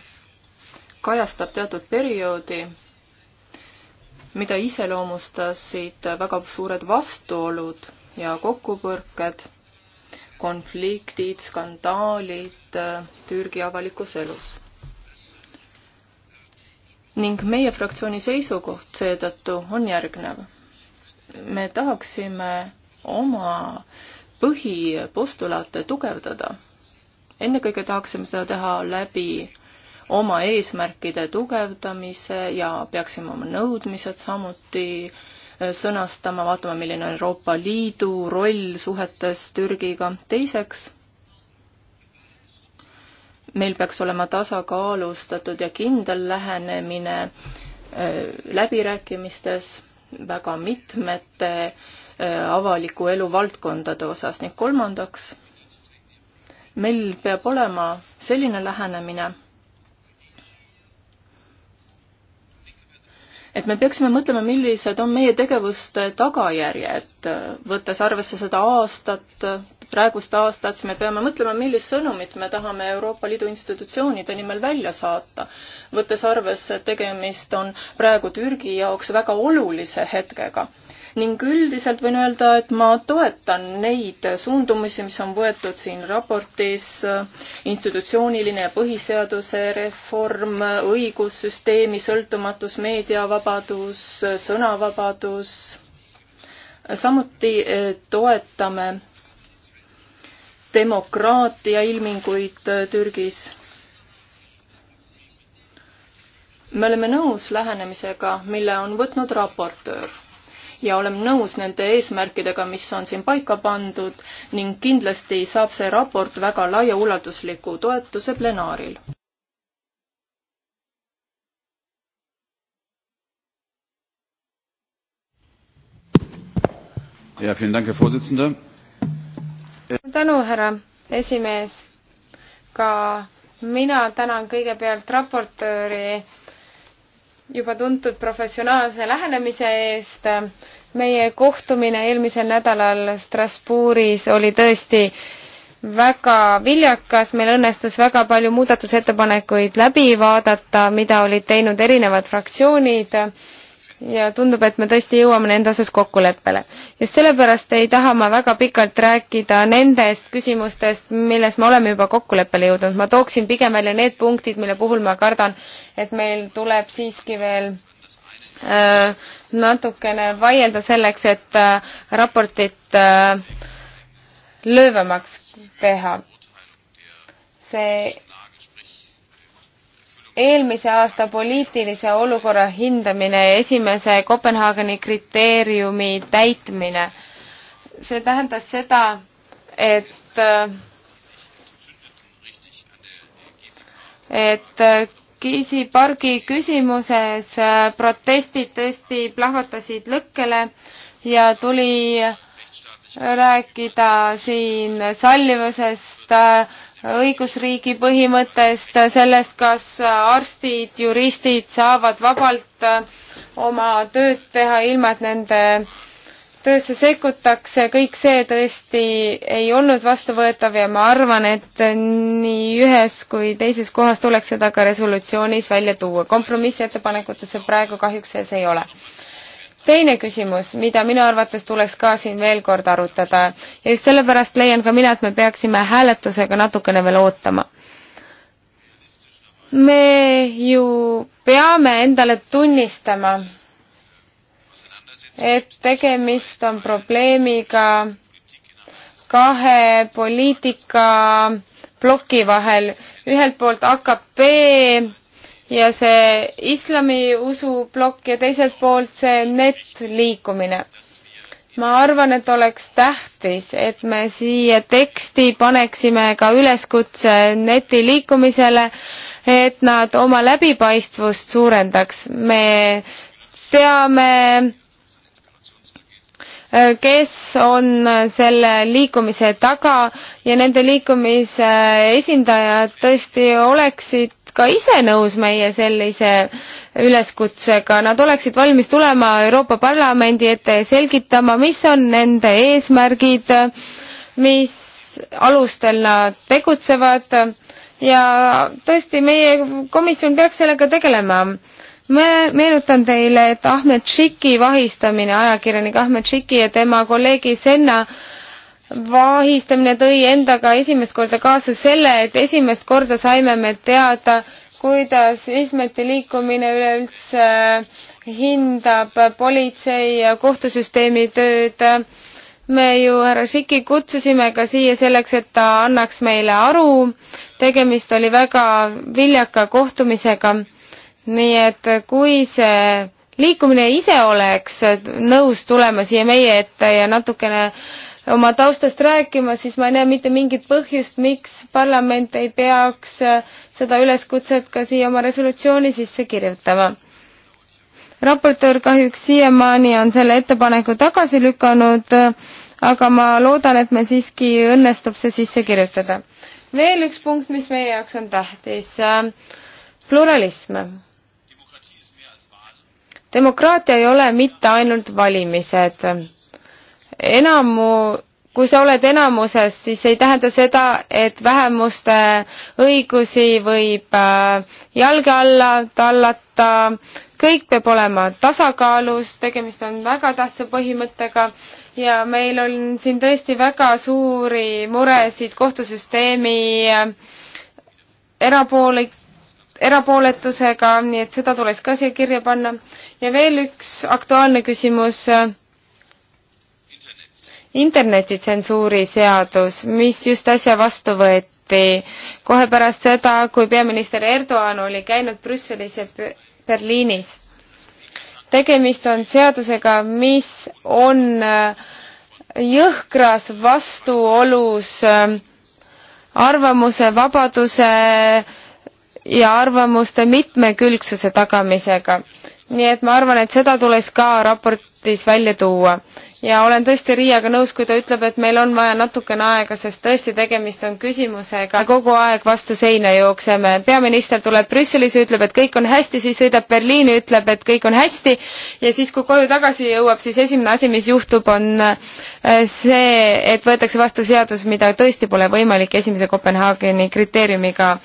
kajastab teatud perioodi, mida iseloomustasid äh, väga suured vastuolud ja kokkupõrked, konfliktid, skandaalid äh, Türgi avalikus elus. ning meie fraktsiooni seisukoht seetõttu on järgnev me tahaksime oma põhipostulaate tugevdada. ennekõike tahaksime seda teha läbi oma eesmärkide tugevdamise ja peaksime oma nõudmised samuti eh, sõnastama, vaatama, milline on Euroopa Liidu roll suhetes Türgiga. teiseks, meil peaks olema tasakaalustatud ja kindel lähenemine eh, läbirääkimistes väga mitmete äh, avaliku elu valdkondade osas ning kolmandaks, meil peab olema selline lähenemine, et me peaksime mõtlema, millised on meie tegevuste tagajärjed, võttes arvesse seda aastat, praegust aastat, siis me peame mõtlema, millist sõnumit me tahame Euroopa Liidu institutsioonide nimel välja saata, võttes arvesse, et tegemist on praegu Türgi jaoks väga olulise hetkega ning üldiselt võin öelda, et ma toetan neid suundumusi, mis on võetud siin raportis, institutsiooniline ja põhiseaduse reform, õigussüsteemi sõltumatus, meediavabadus, sõnavabadus, samuti eh, toetame demokraatia ilminguid äh, Türgis. me oleme nõus lähenemisega, mille on võtnud raportöör ja oleme nõus nende eesmärkidega, mis on siin paika pandud ning kindlasti saab see raport väga laiaulatusliku toetuse plenaaril. Ja, vielen Dank, Herr Vorsitzender tänu, härra esimees. ka mina tänan kõigepealt raportööri juba tuntud professionaalse lähenemise eest. meie kohtumine eelmisel nädalal Strasbourgis oli tõesti väga viljakas, meil õnnestus väga palju muudatusettepanekuid läbi vaadata, mida olid teinud erinevad fraktsioonid ja tundub, et me tõesti jõuame nende osas kokkuleppele. just sellepärast ei taha ma väga pikalt rääkida nendest küsimustest, milles me oleme juba kokkuleppele jõudnud. ma tooksin pigem välja need punktid, mille puhul ma kardan, et meil tuleb siiski veel äh, natukene vaielda selleks, et äh, raportit äh, löövamaks teha. see eelmise aasta poliitilise olukorra hindamine ja esimese Kopenhaageni kriteeriumi täitmine. see tähendas seda, et et Kiisi pargi küsimuses protestid tõesti plahvatasid lõkkele ja tuli rääkida siin sallivusest äh,, õigusriigi põhimõttest, sellest, kas arstid, juristid saavad vabalt äh, oma tööd teha, ilma et nende töösse sekkutakse, kõik see tõesti ei olnud vastuvõetav ja ma arvan, et nii ühes kui teises kohas tuleks seda ka resolutsioonis välja tuua. kompromissettepanekutesse praegu kahjuks sees ei ole teine küsimus, mida minu arvates tuleks ka siin veel kord arutada ja just sellepärast leian ka mina, et me peaksime hääletusega natukene veel ootama. me ju peame endale tunnistama, et tegemist on probleemiga kahe poliitika ploki vahel, ühelt poolt AKP ja see islamiusu plokk ja teiselt poolt see net-liikumine. ma arvan, et oleks tähtis, et me siia teksti paneksime ka üleskutse netiliikumisele, et nad oma läbipaistvust suurendaks. me teame, kes on selle liikumise taga ja nende liikumise esindajad tõesti oleksid ka ise nõus meie sellise üleskutsega, nad oleksid valmis tulema Euroopa Parlamendi ette ja selgitama, mis on nende eesmärgid, mis alustel nad tegutsevad ja tõesti, meie komisjon peaks sellega tegelema me meenutan teile, et Ahmed Šiki vahistamine, ajakirjanik Ahmed Šiki ja tema kolleegi Senna vahistamine tõi endaga esimest korda kaasa selle, et esimest korda saime me teada, kuidas Ismeti liikumine üleüldse äh, hindab politsei ja kohtusüsteemi tööd. me ju härra Šiki kutsusime ka siia selleks, et ta annaks meile aru. tegemist oli väga viljaka kohtumisega. nii et kui see liikumine ise oleks nõus tulema siia meie ette ja natukene äh, oma taustast rääkima, siis ma ei näe mitte mingit põhjust, miks parlament ei peaks äh, seda üleskutset ka siia oma resolutsiooni sisse kirjutama. raportöör kahjuks siiamaani on selle ettepaneku tagasi lükanud, äh, aga ma loodan, et meil siiski õnnestub see sisse kirjutada. veel üks punkt, mis meie jaoks on tähtis, äh, pluralism demokraatia ei ole mitte ainult valimised enamu, kui sa oled enamuses, siis ei tähenda seda, et vähemuste õigusi võib äh, jalge alla tallata, kõik peab olema tasakaalus, tegemist on väga tähtsa põhimõttega ja meil on siin tõesti väga suuri muresid kohtusüsteemi äh, erapoolik-, erapooletusega, nii et seda tuleks ka siia kirja panna. ja veel üks aktuaalne küsimus internetitsensuuri seadus, mis just äsja vastu võeti, kohe pärast seda, kui peaminister Erdoğan oli käinud Brüsselis ja Berliinis. tegemist on seadusega, mis on äh, jõhkras vastuolus äh, arvamuse vabaduse äh, ja arvamuste mitmekülgsuse tagamisega. nii et ma arvan, et seda tuleks ka raport tähtis välja tuua ja olen tõesti Riiaga nõus, kui ta ütleb, et meil on vaja natukene aega, sest tõesti tegemist on küsimusega, kogu aeg vastu seina jookseme. peaminister tuleb Brüsselis ja ütleb, et kõik on hästi, siis sõidab Berliini, ütleb, et kõik on hästi ja siis, kui koju tagasi jõuab, siis esimene asi, mis juhtub, on äh, see, et võetakse vastu seadus, mida tõesti pole võimalik esimese Kopenhaageni kriteeriumiga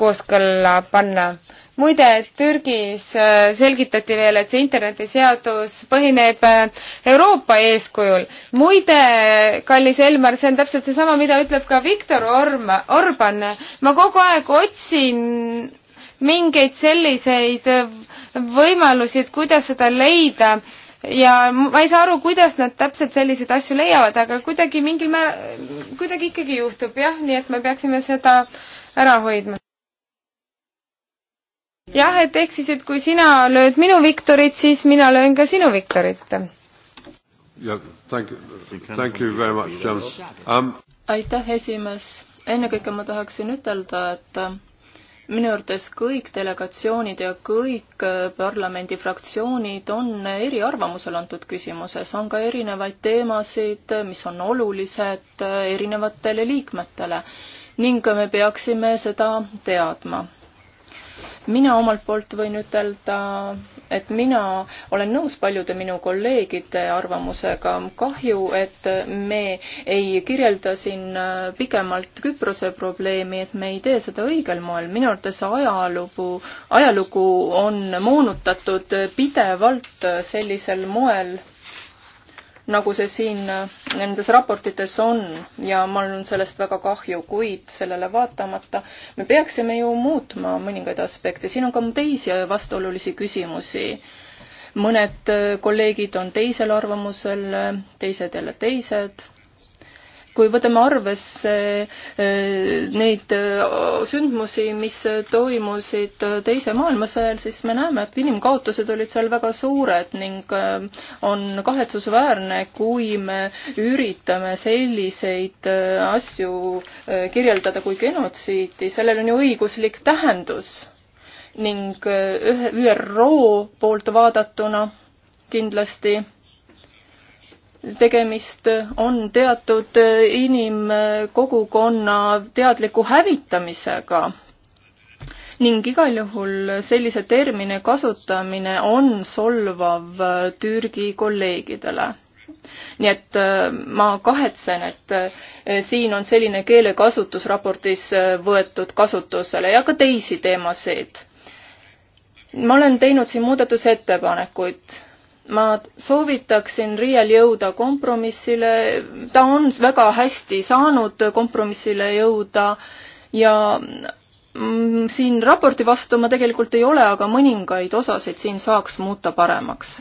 kooskõlla panna. muide, Türgis äh, selgitati veel, et see internetiseadus põhineb äh, Euroopa eeskujul. muide, kallis Elmar, see on täpselt seesama, mida ütleb ka Viktor Orma, Orban. ma kogu aeg otsin mingeid selliseid võimalusi, et kuidas seda leida ja ma ei saa aru, kuidas nad täpselt selliseid asju leiavad, aga kuidagi mingil määral, kuidagi ikkagi juhtub jah, nii et me peaksime seda ära hoidma jah, et ehk siis, et kui sina lööd minu Viktorit, siis mina löön ka sinu Viktorit. jah, thank you, thank you very much, James um.... aitäh, esimees. ennekõike ma tahaksin ütelda, et äh, minu arvates kõik delegatsioonid ja kõik äh, parlamendifraktsioonid on eriarvamusel antud küsimuses, on ka erinevaid teemasid, mis on olulised äh, erinevatele liikmetele ning me peaksime seda teadma mina omalt poolt võin ütelda, et mina olen nõus paljude minu kolleegide arvamusega. kahju, et me ei kirjelda siin äh, pikemalt Küprose probleemi, et me ei tee seda õigel moel. minu arvates ajalugu, ajalugu on moonutatud pidevalt sellisel moel nagu see siin äh, nendes raportites on ja mul on sellest väga kahju, kuid sellele vaatamata me peaksime ju muutma mõningaid aspekte, siin on ka teisi vastuolulisi küsimusi. mõned äh, kolleegid on teisel arvamusel, teised jälle teised kui võtame arvesse eh, neid eh, sündmusi, mis toimusid Teise maailmasõja ajal, siis me näeme, et inimkaotused olid seal väga suured ning eh, on kahetsusväärne, kui me üritame selliseid asju kirjeldada kui genotsiidi, sellel on ju õiguslik tähendus ning ühe ÜRO poolt vaadatuna kindlasti tegemist on teatud inimkogukonna teadliku hävitamisega ning igal juhul sellise termini kasutamine on solvav Türgi kolleegidele. nii et äh, ma kahetsen, et äh, siin on selline keelekasutus raportis äh, võetud kasutusele ja ka teisi teemasid. ma olen teinud siin muudatusettepanekuid ma soovitaksin Riial jõuda kompromissile, ta on väga hästi saanud kompromissile jõuda ja mm, siin raporti vastu ma tegelikult ei ole, aga mõningaid osasid siin saaks muuta paremaks.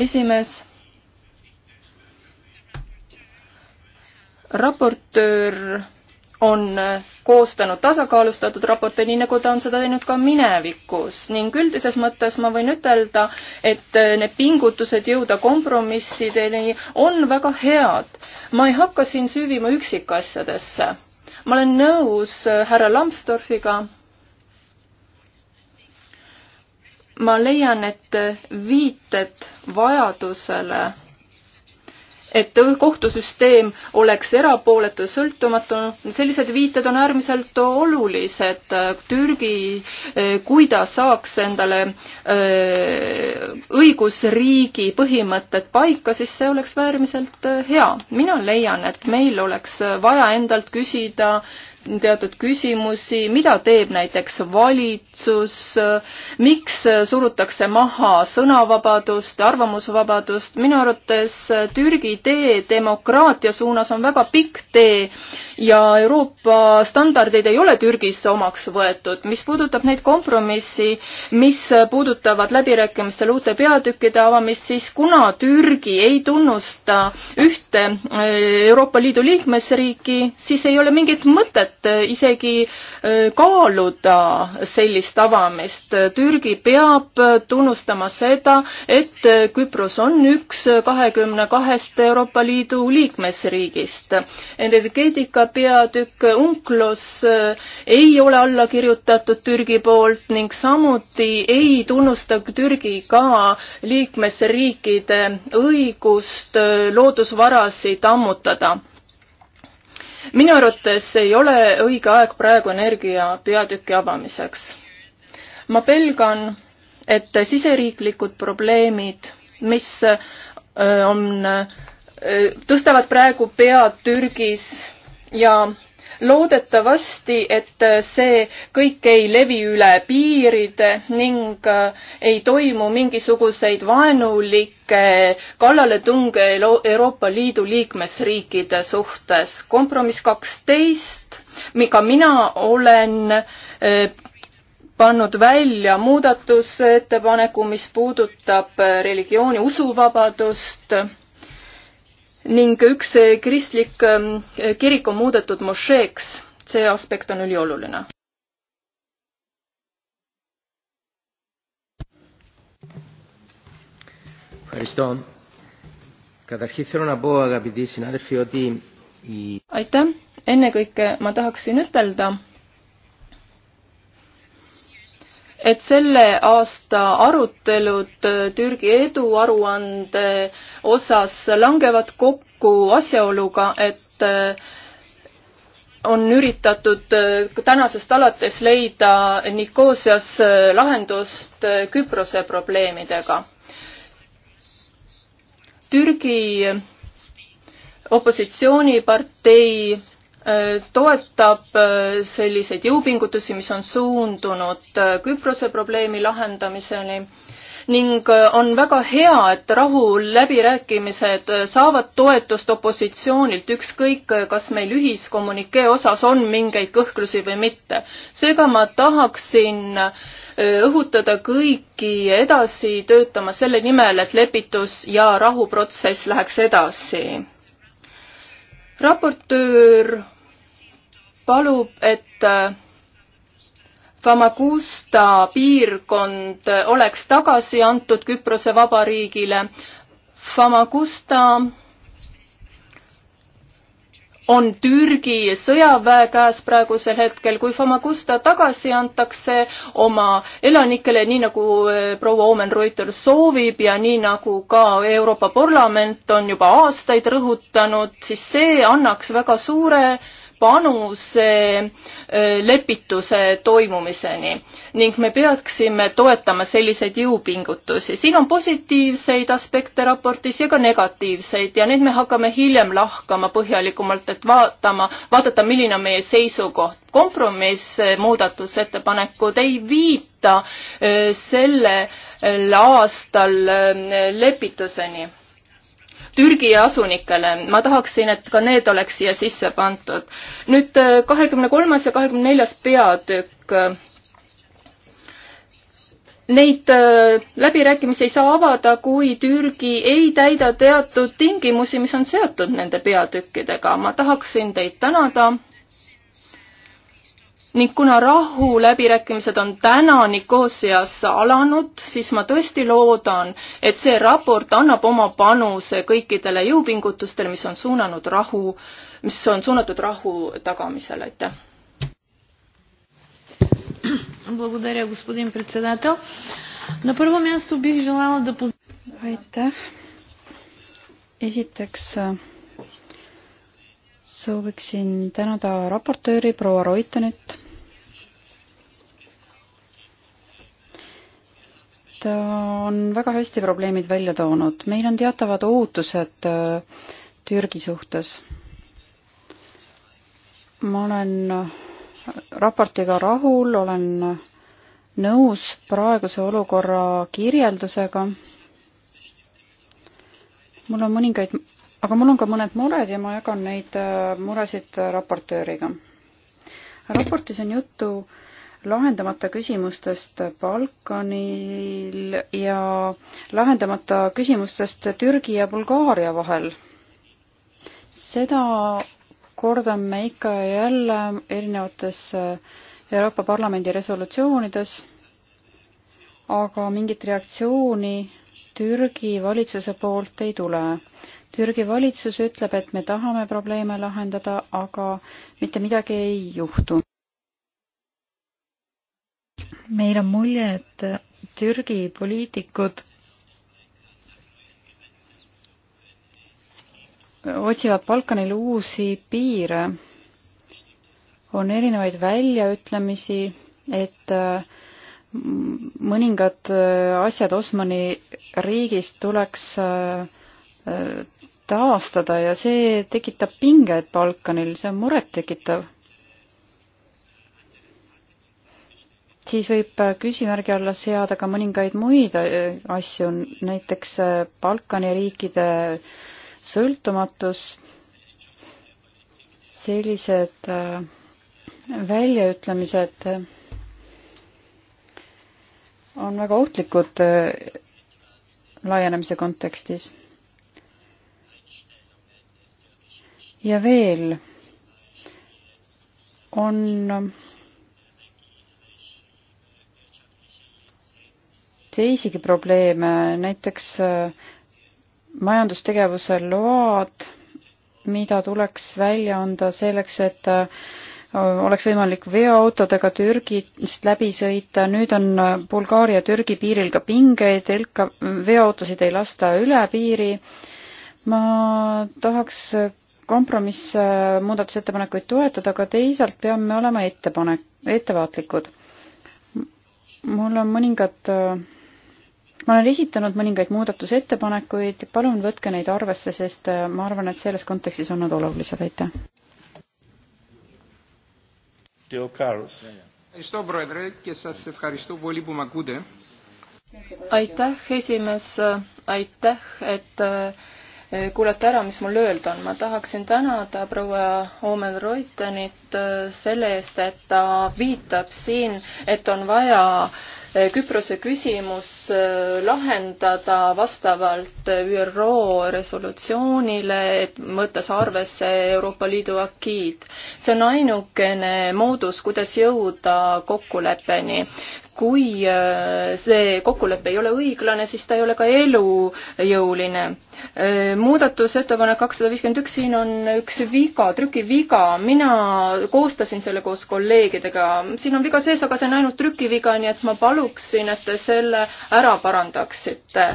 esimees raportöör on koostanud tasakaalustatud raporte, nii nagu ta on seda teinud ka minevikus ning üldises mõttes ma võin ütelda, et need pingutused jõuda kompromissideni on väga head. ma ei hakka siin süüvima üksikasjadesse. ma olen nõus härra Lambsdorfiga. ma leian, et viited vajadusele et kohtusüsteem oleks erapooletu ja sõltumatu, sellised viited on äärmiselt olulised. Türgi, eh, kui ta saaks endale eh, õigusriigi põhimõtted paika, siis see oleks äärmiselt eh, hea. mina leian, et meil oleks vaja endalt küsida teatud küsimusi, mida teeb näiteks valitsus, miks surutakse maha sõnavabadust, arvamusvabadust, minu arvates Türgi tee demokraatia suunas on väga pikk tee ja Euroopa standardid ei ole Türgis omaks võetud. mis puudutab neid kompromissi, mis puudutavad läbirääkimistel uute peatükkide avamist, siis kuna Türgi ei tunnusta ühte eh, Euroopa Liidu liikmesriiki, siis ei ole mingit mõtet Äh, isegi äh, kaaluda sellist avamist. Türgi peab äh, tunnustama seda, et Küpros on üks kahekümne kahest Euroopa Liidu liikmesriigist. energeetika peatükk UNCLOS ei ole alla kirjutatud Türgi poolt ning samuti ei tunnusta Türgi ka liikmesriikide õigust loodusvarasid ammutada minu arvates ei ole õige aeg praegu energia peatüki avamiseks. ma pelgan, et siseriiklikud probleemid, mis äh, on, äh, tõstavad praegu pead Türgis ja loodetavasti, et see kõik ei levi üle piiride ning äh, ei toimu mingisuguseid vaenulikke kallaletunge Euroopa Liidu liikmesriikide suhtes. kompromiss kaksteist, mida mina olen äh, pannud välja muudatusettepaneku, mis puudutab äh, religiooni usuvabadust ning üks kristlik ähm, kirik on muudetud mošeeks, see aspekt on ülioluline. aitäh, ennekõike ma tahaksin ütelda, et selle aasta arutelud Türgi eduaruande osas langevad kokku asjaoluga, et äh, on üritatud äh, tänasest alates leida Nikosias äh, lahendust Küprose probleemidega. Türgi opositsioonipartei Äh, toetab äh, selliseid jõupingutusi, mis on suundunud äh, Küprose probleemi lahendamiseni ning on väga hea, et rahuläbirääkimised saavad toetust opositsioonilt, ükskõik, kas meil ühiskommunikee osas on mingeid kõhklusi või mitte. seega ma tahaksin õhutada kõiki edasi töötama selle nimel, et lepitus ja rahuprotsess läheks edasi raportöör palub, et äh, Famagusta piirkond äh, oleks tagasi antud Küprose Vabariigile. Famagusta on Türgi sõjaväe käes praegusel hetkel, kui Famagusta tagasi antakse oma elanikele, nii nagu eh, proua Omen Reuter soovib ja nii nagu ka Euroopa Parlament on juba aastaid rõhutanud, siis see annaks väga suure panuse äh, lepituse toimumiseni ning me peaksime toetama selliseid jõupingutusi. siin on positiivseid aspekte raportis ja ka negatiivseid ja neid me hakkame hiljem lahkama põhjalikumalt, et vaatama, vaadata, milline on meie seisukoht. kompromiss muudatusettepanekud ei viita äh, sellel aastal äh, lepituseni Türgi asunikele. ma tahaksin, et ka need oleks siia sisse pandud. nüüd äh, kahekümne kolmas ja kahekümne neljas peatükk. Neid äh, läbirääkimisi ei saa avada, kui Türgi ei täida teatud tingimusi, mis on seotud nende peatükkidega. ma tahaksin teid tänada ning kuna rahuläbirääkimised on täna Nikosias alanud, siis ma tõesti loodan, et see raport annab oma panuse kõikidele jõupingutustele, mis on suunanud rahu, mis on suunatud rahu tagamisele, aitäh. aitäh. esiteks sooviksin tänada raportööri proua Reutenit. ta on väga hästi probleemid välja toonud. meil on teatavad ootused äh, Türgi suhtes. ma olen äh, raportiga rahul, olen äh, nõus praeguse olukorra kirjeldusega. mul on mõningaid aga mul on ka mõned mured ja ma jagan neid äh, muresid äh, raportööriga. raportis on juttu lahendamata küsimustest Balkanil ja lahendamata küsimustest Türgi ja Bulgaaria vahel. seda kordan me ikka ja jälle erinevates äh, Euroopa Parlamendi resolutsioonides, aga mingit reaktsiooni Türgi valitsuse poolt ei tule Türgi valitsus ütleb, et me tahame probleeme lahendada, aga mitte midagi ei juhtu. meil on mulje, et Türgi poliitikud otsivad Balkanil uusi piire. on erinevaid väljaütlemisi, et mm, äh, mõningad asjad Osmani riigist tuleks äh, äh, taastada ja see tekitab pingeid Balkanil, see on murettekitav. siis võib äh, küsimärgi alla seada ka mõningaid muid äh, asju, näiteks äh, Balkani riikide sõltumatus, sellised väljaütlemised on väga ohtlikud laienemise kontekstis ja veel on teisigi probleeme, näiteks äh, majandustegevuse load, mida tuleks välja anda selleks, et äh, oleks võimalik veoautodega Türgist läbi sõita, nüüd on äh, Bulgaaria-Türgi piiril ka pingeid, elka, veoautosid ei lasta üle piiri. ma tahaks kompromissmuudatusettepanekuid äh, toetada, aga teisalt peame olema ettepanek, ettevaatlikud. mul on mõningad, äh, ma olen esitanud mõningaid muudatusettepanekuid, palun võtke neid arvesse, sest äh, ma arvan, et selles kontekstis on nad olulised, aitäh. aitäh, esimees, aitäh, et äh, Äh, kuulata ära, mis mul öelda on. ma tahaksin tänada proua Omen Reutenit äh, selle eest, et ta viitab siin, et on vaja äh, Küprose küsimus lahendada vastavalt ÜRO resolutsioonile, et võttes arvesse Euroopa Liidu akiid. see on ainukene moodus, kuidas jõuda kokkuleppeni kui äh, see kokkulepe ei ole õiglane, siis ta ei ole ka elujõuline. Äh, muudatusettepanek kakssada viiskümmend üks, siin on üks viga, trükiviga, mina koostasin selle koos kolleegidega, siin on viga sees, aga see on ainult trükiviga, nii et ma paluksin, et te selle ära parandaksite.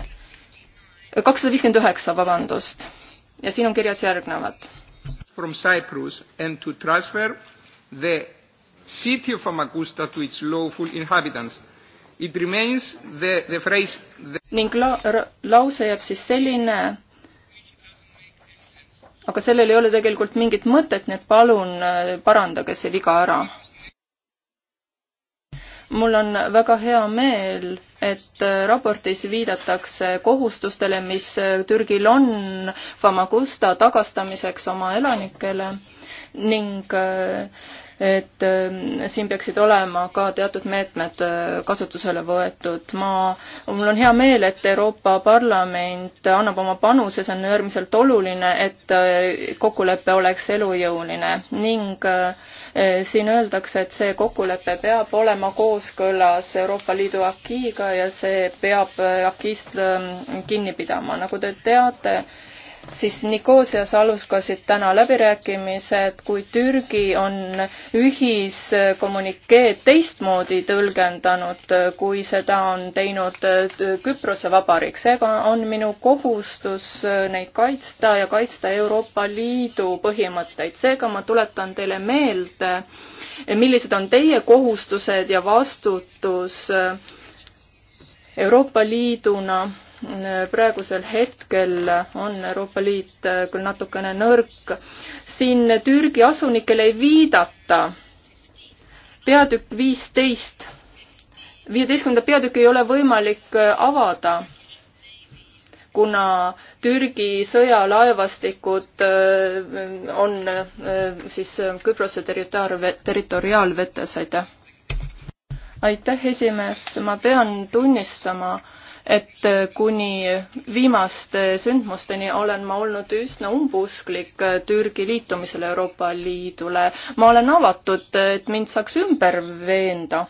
kakssada viiskümmend üheksa, vabandust. ja siin on kirjas järgnevad. From Cyprus and to transfer the city of Famagusta to its lawful inhabitants. It remains the, the phrase the ning la-, lause jääb siis selline, aga sellel ei ole tegelikult mingit mõtet, nii et palun äh, parandage see viga ära. mul on väga hea meel, et äh, raportis viidatakse kohustustele, mis äh, Türgil on Famagusta tagastamiseks oma elanikele ning äh, et ähm, siin peaksid olema ka teatud meetmed äh, kasutusele võetud. ma, mul on hea meel, et Euroopa Parlament annab oma panuse, see on äärmiselt oluline, et äh, kokkulepe oleks elujõuline ning äh, siin öeldakse, et see kokkulepe peab olema kooskõlas Euroopa Liidu akiiga ja see peab akiist ähm, kinni pidama. nagu te teate, siis Nikosias alustasid täna läbirääkimised, kui Türgi on ühiskommunikeed teistmoodi tõlgendanud, kui seda on teinud Küprose Vabariik. seega on minu kohustus neid kaitsta ja kaitsta Euroopa Liidu põhimõtteid. seega ma tuletan teile meelde, millised on teie kohustused ja vastutus Euroopa Liiduna praegusel hetkel on Euroopa Liit eh, küll natukene nõrk. siin Türgi asunikele ei viidata. peatükk viisteist, viieteistkümnenda peatükki ei ole võimalik eh, avada, kuna Türgi sõjalaevastikud eh, on siis Küprose territoriaal, territoriaalvetes, aitäh. aitäh, esimees, ma pean tunnistama, et äh, kuni viimaste sündmusteni olen ma olnud üsna umbusklik äh, Türgi liitumisele Euroopa Liidule. ma olen avatud, äh, et mind saaks ümber veenda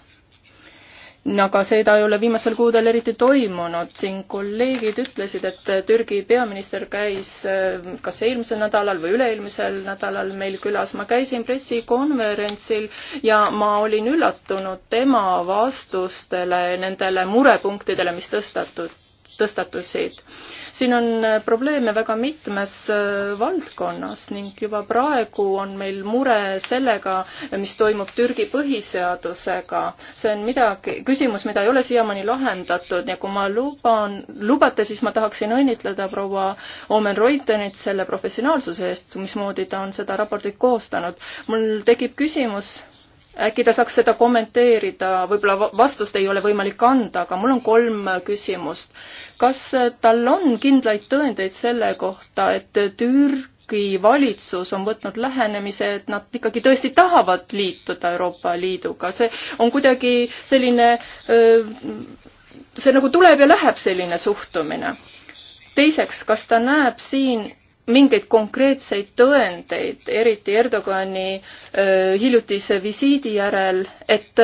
aga seda ei ole viimasel kuudel eriti toimunud. siin kolleegid ütlesid, et Türgi peaminister käis äh, kas eelmisel nädalal või üle-eelmisel nädalal meil külas. ma käisin pressikonverentsil ja ma olin üllatunud tema vastustele nendele murepunktidele, mis tõstatati tõstatusid. siin on äh, probleeme väga mitmes äh, valdkonnas ning juba praegu on meil mure sellega, mis toimub Türgi põhiseadusega. see on midagi, küsimus, mida ei ole siiamaani lahendatud ja kui ma luban, lubate, siis ma tahaksin õnnitleda proua Omen Reutenit selle professionaalsuse eest, mismoodi ta on seda raportit koostanud. mul tekib küsimus, äkki ta saaks seda kommenteerida, võib-olla vastust ei ole võimalik anda, aga mul on kolm küsimust. kas äh, tal on kindlaid tõendeid selle kohta, et Türgi valitsus on võtnud lähenemise, et nad ikkagi tõesti tahavad liituda Euroopa Liiduga, see on kuidagi selline, äh, see nagu tuleb ja läheb, selline suhtumine. teiseks, kas ta näeb siin mingeid konkreetseid tõendeid, eriti Erdogani hiljutise visiidi järel, et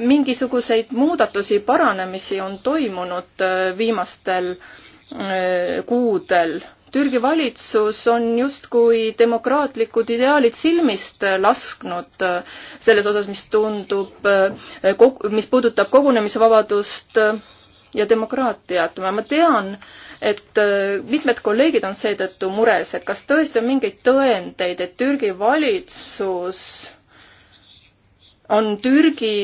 mingisuguseid muudatusi, paranemisi on toimunud viimastel kuudel. Türgi valitsus on justkui demokraatlikud ideaalid silmist lasknud selles osas, mis tundub, mis puudutab kogunemisvabadust, ja demokraatiat. ma tean, et äh, mitmed kolleegid on seetõttu mures, et kas tõesti on mingeid tõendeid, et Türgi valitsus on Türgi,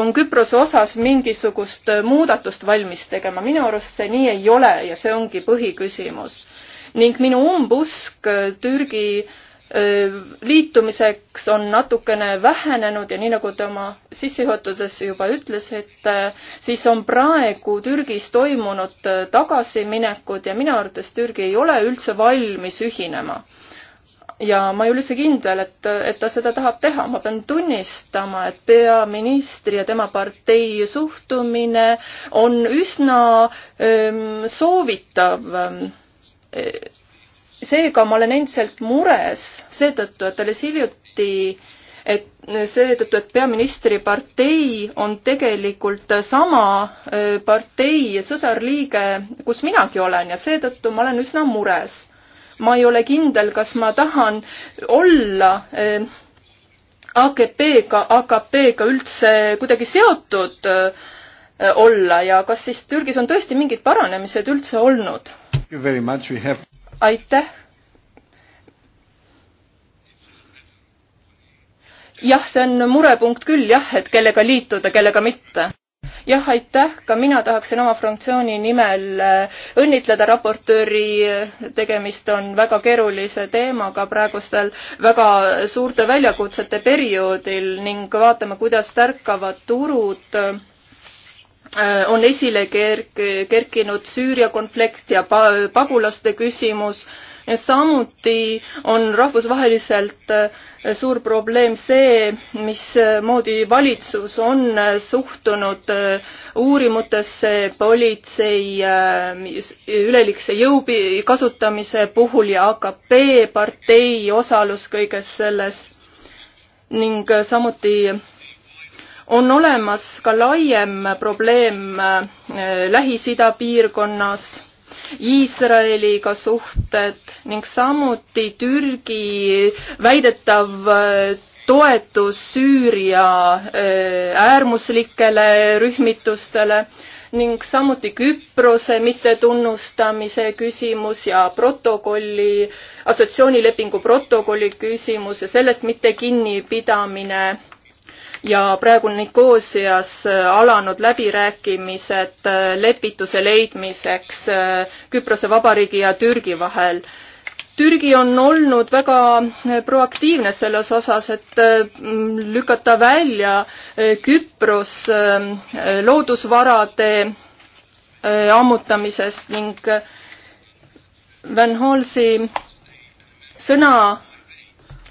on Küprose osas mingisugust muudatust valmis tegema. minu arust see nii ei ole ja see ongi põhiküsimus. ning minu umbusk Türgi äh, liitumiseks on natukene vähenenud ja nii nagu te oma sissejuhatuses juba ütlesite, siis on praegu Türgis toimunud tagasiminekud ja minu arvates Türgi ei ole üldse valmis ühinema. ja ma ei ole üldse kindel, et, et ta seda tahab teha, ma pean tunnistama, et peaministri ja tema partei suhtumine on üsna öö, soovitav öö, seega ma olen endiselt mures seetõttu, et alles hiljuti et seetõttu, et peaministri partei on tegelikult sama äh, partei sõsarliige, kus minagi olen ja seetõttu ma olen üsna mures. ma ei ole kindel, kas ma tahan olla äh, AKP-ga, AKP-ga üldse kuidagi seotud äh, olla ja kas siis Türgis on tõesti mingid paranemised üldse olnud? Have aitäh. jah, see on murepunkt küll jah, et kellega liituda, kellega mitte jah, aitäh, ka mina tahaksin oma fraktsiooni nimel äh, õnnitleda raportööri, äh, tegemist on väga keerulise teemaga praegustel väga suurte väljakutsete perioodil ning vaatame, kuidas tärkavad turud äh, Äh, on esile kerk-, kerkinud Süüria konflikt ja pa-, pagulaste küsimus. samuti on rahvusvaheliselt äh, suur probleem see, mismoodi äh, valitsus on suhtunud uurimutesse politsei ülelikse jõu kasutamise puhul ja AKP partei osalus kõiges selles ning samuti on olemas ka laiem probleem äh, Lähis-Ida piirkonnas, Iisraeliga suhted ning samuti Türgi väidetav äh, toetus Süüria äh, äärmuslikele rühmitustele ning samuti Küprose mittetunnustamise küsimus ja protokolli, assotsioonilepingu protokolli küsimus ja sellest mitte kinnipidamine ja praegu Nikosias äh, alanud läbirääkimised äh, lepituse leidmiseks äh, Küprose Vabariigi ja Türgi vahel. Türgi on olnud väga proaktiivne selles osas, et lükata välja Küpros loodusvarade ammutamisest ning Van Halsi sõna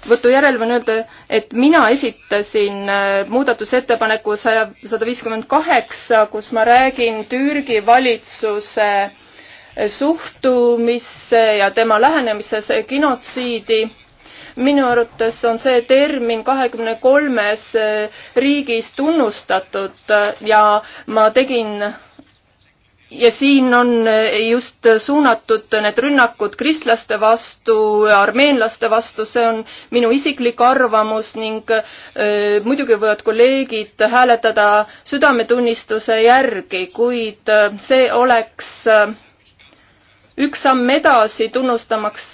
võtujärel võin öelda, et mina esitasin äh, muudatusettepaneku saja, sada viiskümmend kaheksa, kus ma räägin Türgi valitsuse äh, suhtumisse ja tema lähenemisse äh, genotsiidi. minu arvates on see termin kahekümne kolmes riigis tunnustatud ja ma tegin ja siin on eh, just suunatud need rünnakud kristlaste vastu, armeenlaste vastu, see on minu isiklik arvamus ning öö, eh, muidugi võivad kolleegid hääletada südametunnistuse järgi, kuid eh, see oleks üks samm edasi, tunnustamaks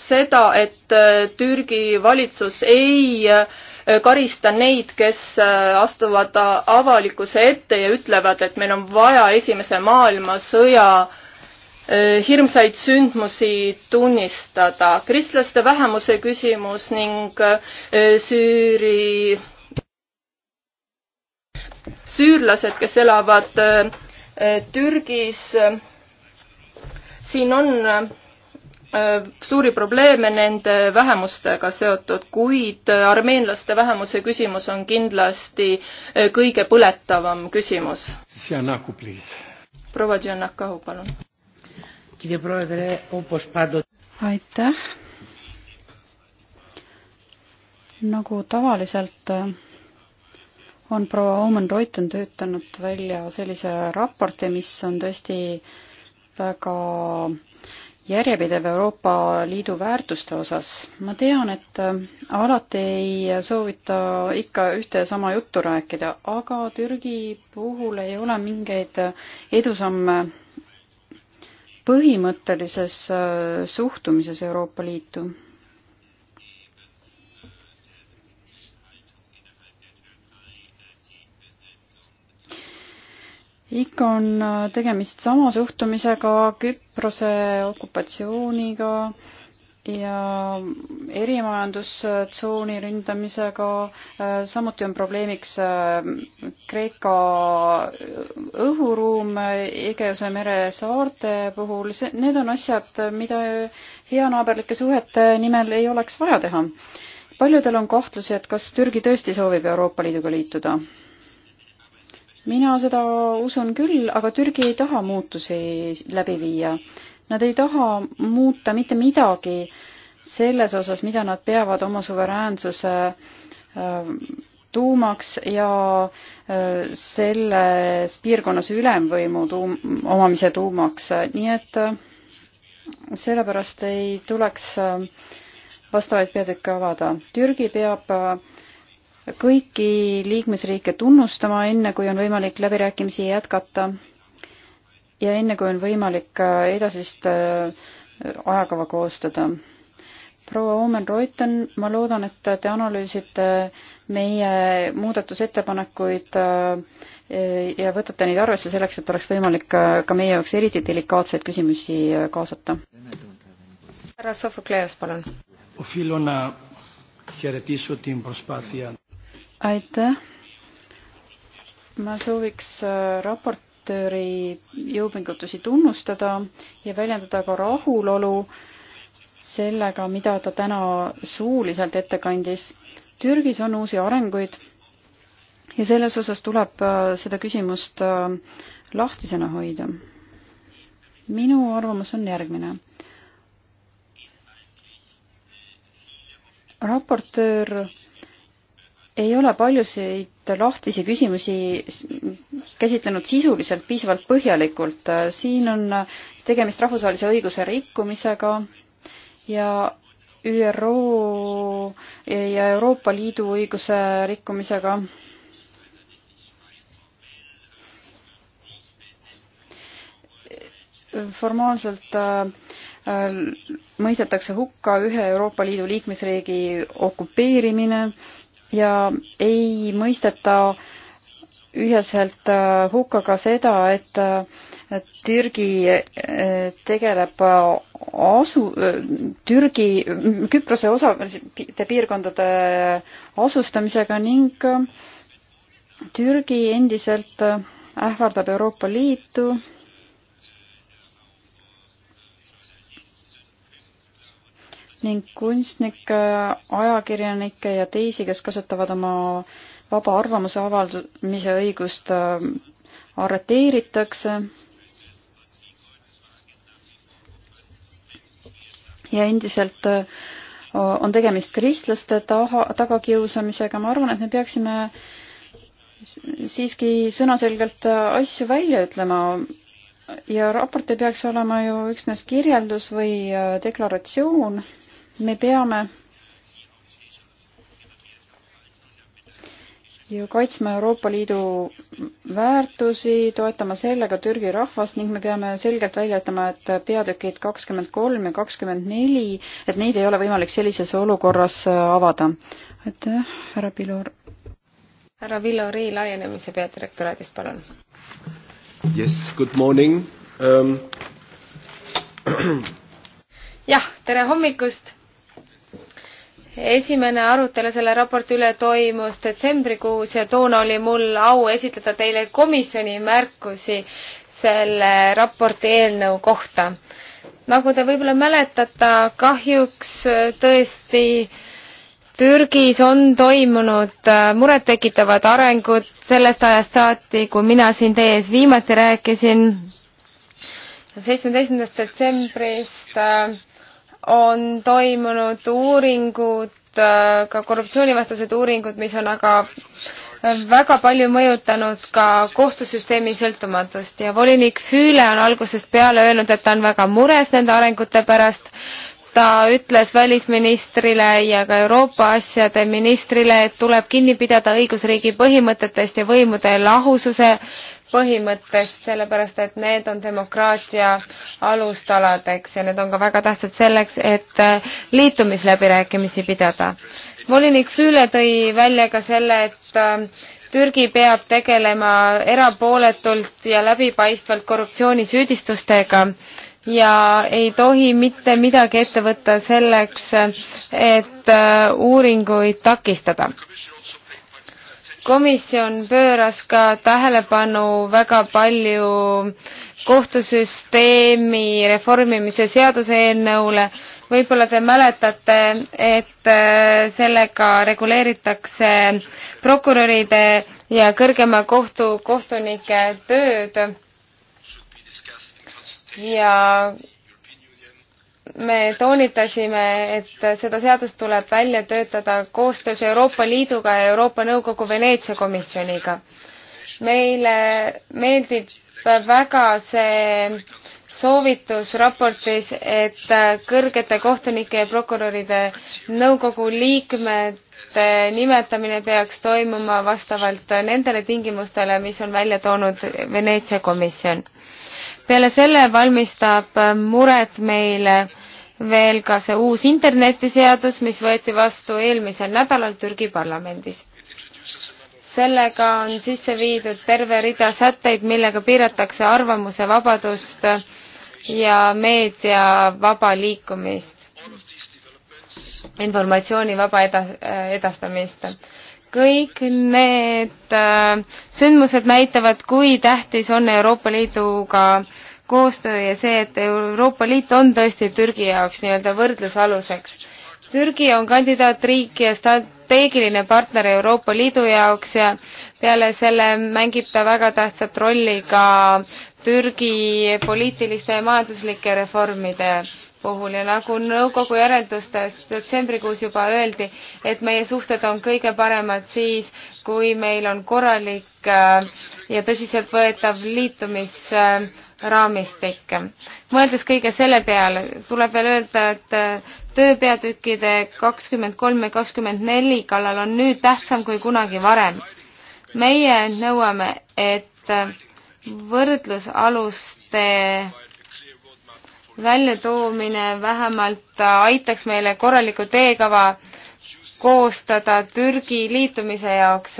seda, et Türgi valitsus ei öö, karistan neid, kes astuvad avalikkuse ette ja ütlevad, et meil on vaja Esimese maailmasõja hirmsaid sündmusi tunnistada. kristlaste vähemuse küsimus ning Süüri, süürlased, kes elavad Türgis, siin on Äh, suuri probleeme nende vähemustega seotud, kuid äh, armeenlaste vähemuse küsimus on kindlasti äh, kõige põletavam küsimus. proua Giannakahu, palun. aitäh. nagu tavaliselt on proua Oman Reuten töötanud välja sellise raporti, mis on tõesti väga järjepidev Euroopa Liidu väärtuste osas. ma tean, et äh, alati ei soovita ikka ühte ja sama juttu rääkida, aga Türgi puhul ei ole mingeid edusamme põhimõttelises äh, suhtumises Euroopa Liitu ikka on äh, tegemist sama suhtumisega Küprose okupatsiooniga ja erimajandustsooni ründamisega, äh, samuti on probleemiks äh, Kreeka õhuruum Egeuse mere saarte puhul, see, need on asjad, mida heanaaberlike suhete nimel ei oleks vaja teha. paljudel on kahtlusi, et kas Türgi tõesti soovib Euroopa Liiduga liituda mina seda usun küll, aga Türgi ei taha muutusi läbi viia. Nad ei taha muuta mitte midagi selles osas, mida nad peavad oma suveräänsuse äh, tuumaks ja äh, selles piirkonnas ülemvõimu tuum, omamise tuumaks, nii et äh, sellepärast ei tuleks vastavaid peatükke avada. Türgi peab kõiki liikmesriike tunnustama, enne kui on võimalik läbirääkimisi jätkata ja enne kui on võimalik äh, edasist äh, ajakava koostada. proua Omen Reuten, ma loodan, et te analüüsite meie muudatusettepanekuid äh, ja võtate neid arvesse selleks, et oleks võimalik ka meie jaoks eriti delikaatseid küsimusi kaasata. härra Sofokleos, palun aitäh. ma sooviks äh, raportööri jõupingutusi tunnustada ja väljendada ka rahulolu sellega, mida ta täna suuliselt ette kandis. Türgis on uusi arenguid ja selles osas tuleb äh, seda küsimust äh, lahtisena hoida. minu arvamus on järgmine. raportöör ei ole paljusid lahtisi küsimusi käsitlenud sisuliselt piisavalt põhjalikult. siin on tegemist rahvusvahelise õiguse rikkumisega ja ÜRO ja Euroopa Liidu õiguse rikkumisega. formaalselt äh, mõistetakse hukka ühe Euroopa Liidu liikmesriigi okupeerimine ja ei mõisteta üheselt äh, hukka ka seda, et äh, Türgi äh, tegeleb asu, Türgi, Küprose osaliste piirkondade asustamisega ning Türgi endiselt ähvardab Euroopa Liitu ning kunstnikke, ajakirjanikke ja teisi, kes kasutavad oma vaba arvamuse avaldamise õigust, äh, arreteeritakse. ja endiselt äh, on tegemist kristlaste taha, tagakiusamisega, ma arvan, et me peaksime siiski sõnaselgelt äh, asju välja ütlema ja raport ei peaks olema ju üksnes kirjeldus või deklaratsioon me peame ju kaitsma Euroopa Liidu väärtusi, toetama sellega Türgi rahvast ning me peame selgelt välja ütlema, et peatükid kakskümmend kolm ja kakskümmend neli, et neid ei ole võimalik sellises olukorras avada. aitäh, härra Pilor. härra Villo Rii laienemise peadirektoraadist, palun. Yes, good morning um.... jah, tere hommikust esimene arutelu selle raporti üle toimus detsembrikuus ja toona oli mul au esitleda teile komisjoni märkusi selle raporti eelnõu kohta. nagu te võib-olla mäletate, kahjuks tõesti Türgis on toimunud äh, murettekitavad arengud sellest ajast saati, kui mina siin teie ees viimati rääkisin, seitsmeteistkümnendast detsembrist äh, on toimunud uuringud, äh, ka korruptsioonivastased uuringud, mis on aga äh, väga palju mõjutanud ka kohtusüsteemi sõltumatust ja volinik Füüle on algusest peale öelnud, et ta on väga mures nende arengute pärast. ta ütles välisministrile ja ka Euroopa asjade ministrile, et tuleb kinni pidada õigusriigi põhimõtetest ja võimude lahususe põhimõttest, sellepärast et need on demokraatia alustaladeks ja need on ka väga tähtsad selleks, et äh, liitumisläbirääkimisi pidada. volinik Füüle tõi välja ka selle, et äh, Türgi peab tegelema erapooletult ja läbipaistvalt korruptsioonisüüdistustega ja ei tohi mitte midagi ette võtta selleks, et äh, uuringuid takistada komisjon pööras ka tähelepanu väga palju kohtusüsteemi reformimise seaduseelnõule. võib-olla te mäletate, et äh, sellega reguleeritakse prokuröride ja kõrgema kohtu kohtunike tööd ja me toonitasime, et seda seadust tuleb välja töötada koostöös Euroopa Liiduga ja Euroopa Nõukogu Veneetsia komisjoniga. meile meeldib väga see soovitus raportis, et kõrgete kohtunike ja prokuröride nõukogu liikmete nimetamine peaks toimuma vastavalt nendele tingimustele, mis on välja toonud Veneetsia komisjon peale selle valmistab äh, muret meile veel ka see uus internetiseadus, mis võeti vastu eelmisel nädalal Türgi parlamendis. sellega on sisse viidud terve rida sätteid, millega piiratakse arvamuse vabadust ja meedia vaba liikumist, informatsiooni vaba eda-, äh, edastamist kõik need äh, sündmused näitavad, kui tähtis on Euroopa Liiduga koostöö ja see, et Euroopa Liit on tõesti Türgi jaoks nii-öelda võrdlusaluseks. Türgi on kandidaatriik ja strateegiline partner Euroopa Liidu jaoks ja peale selle mängib ta väga tähtsat rolli ka Türgi poliitiliste ja majanduslike reformide puhul ja nagu nõukogu järeldustest detsembrikuus juba öeldi, et meie suhted on kõige paremad siis, kui meil on korralik äh, ja tõsiseltvõetav liitumisraamistik. mõeldes kõige selle peale, tuleb veel öelda, et äh, tööpeatükkide kakskümmend kolm ja kakskümmend neli kallal on nüüd tähtsam kui kunagi varem. meie nõuame, et äh, võrdlusaluste väljatoomine vähemalt aitaks meile korraliku teekava koostada Türgi liitumise jaoks.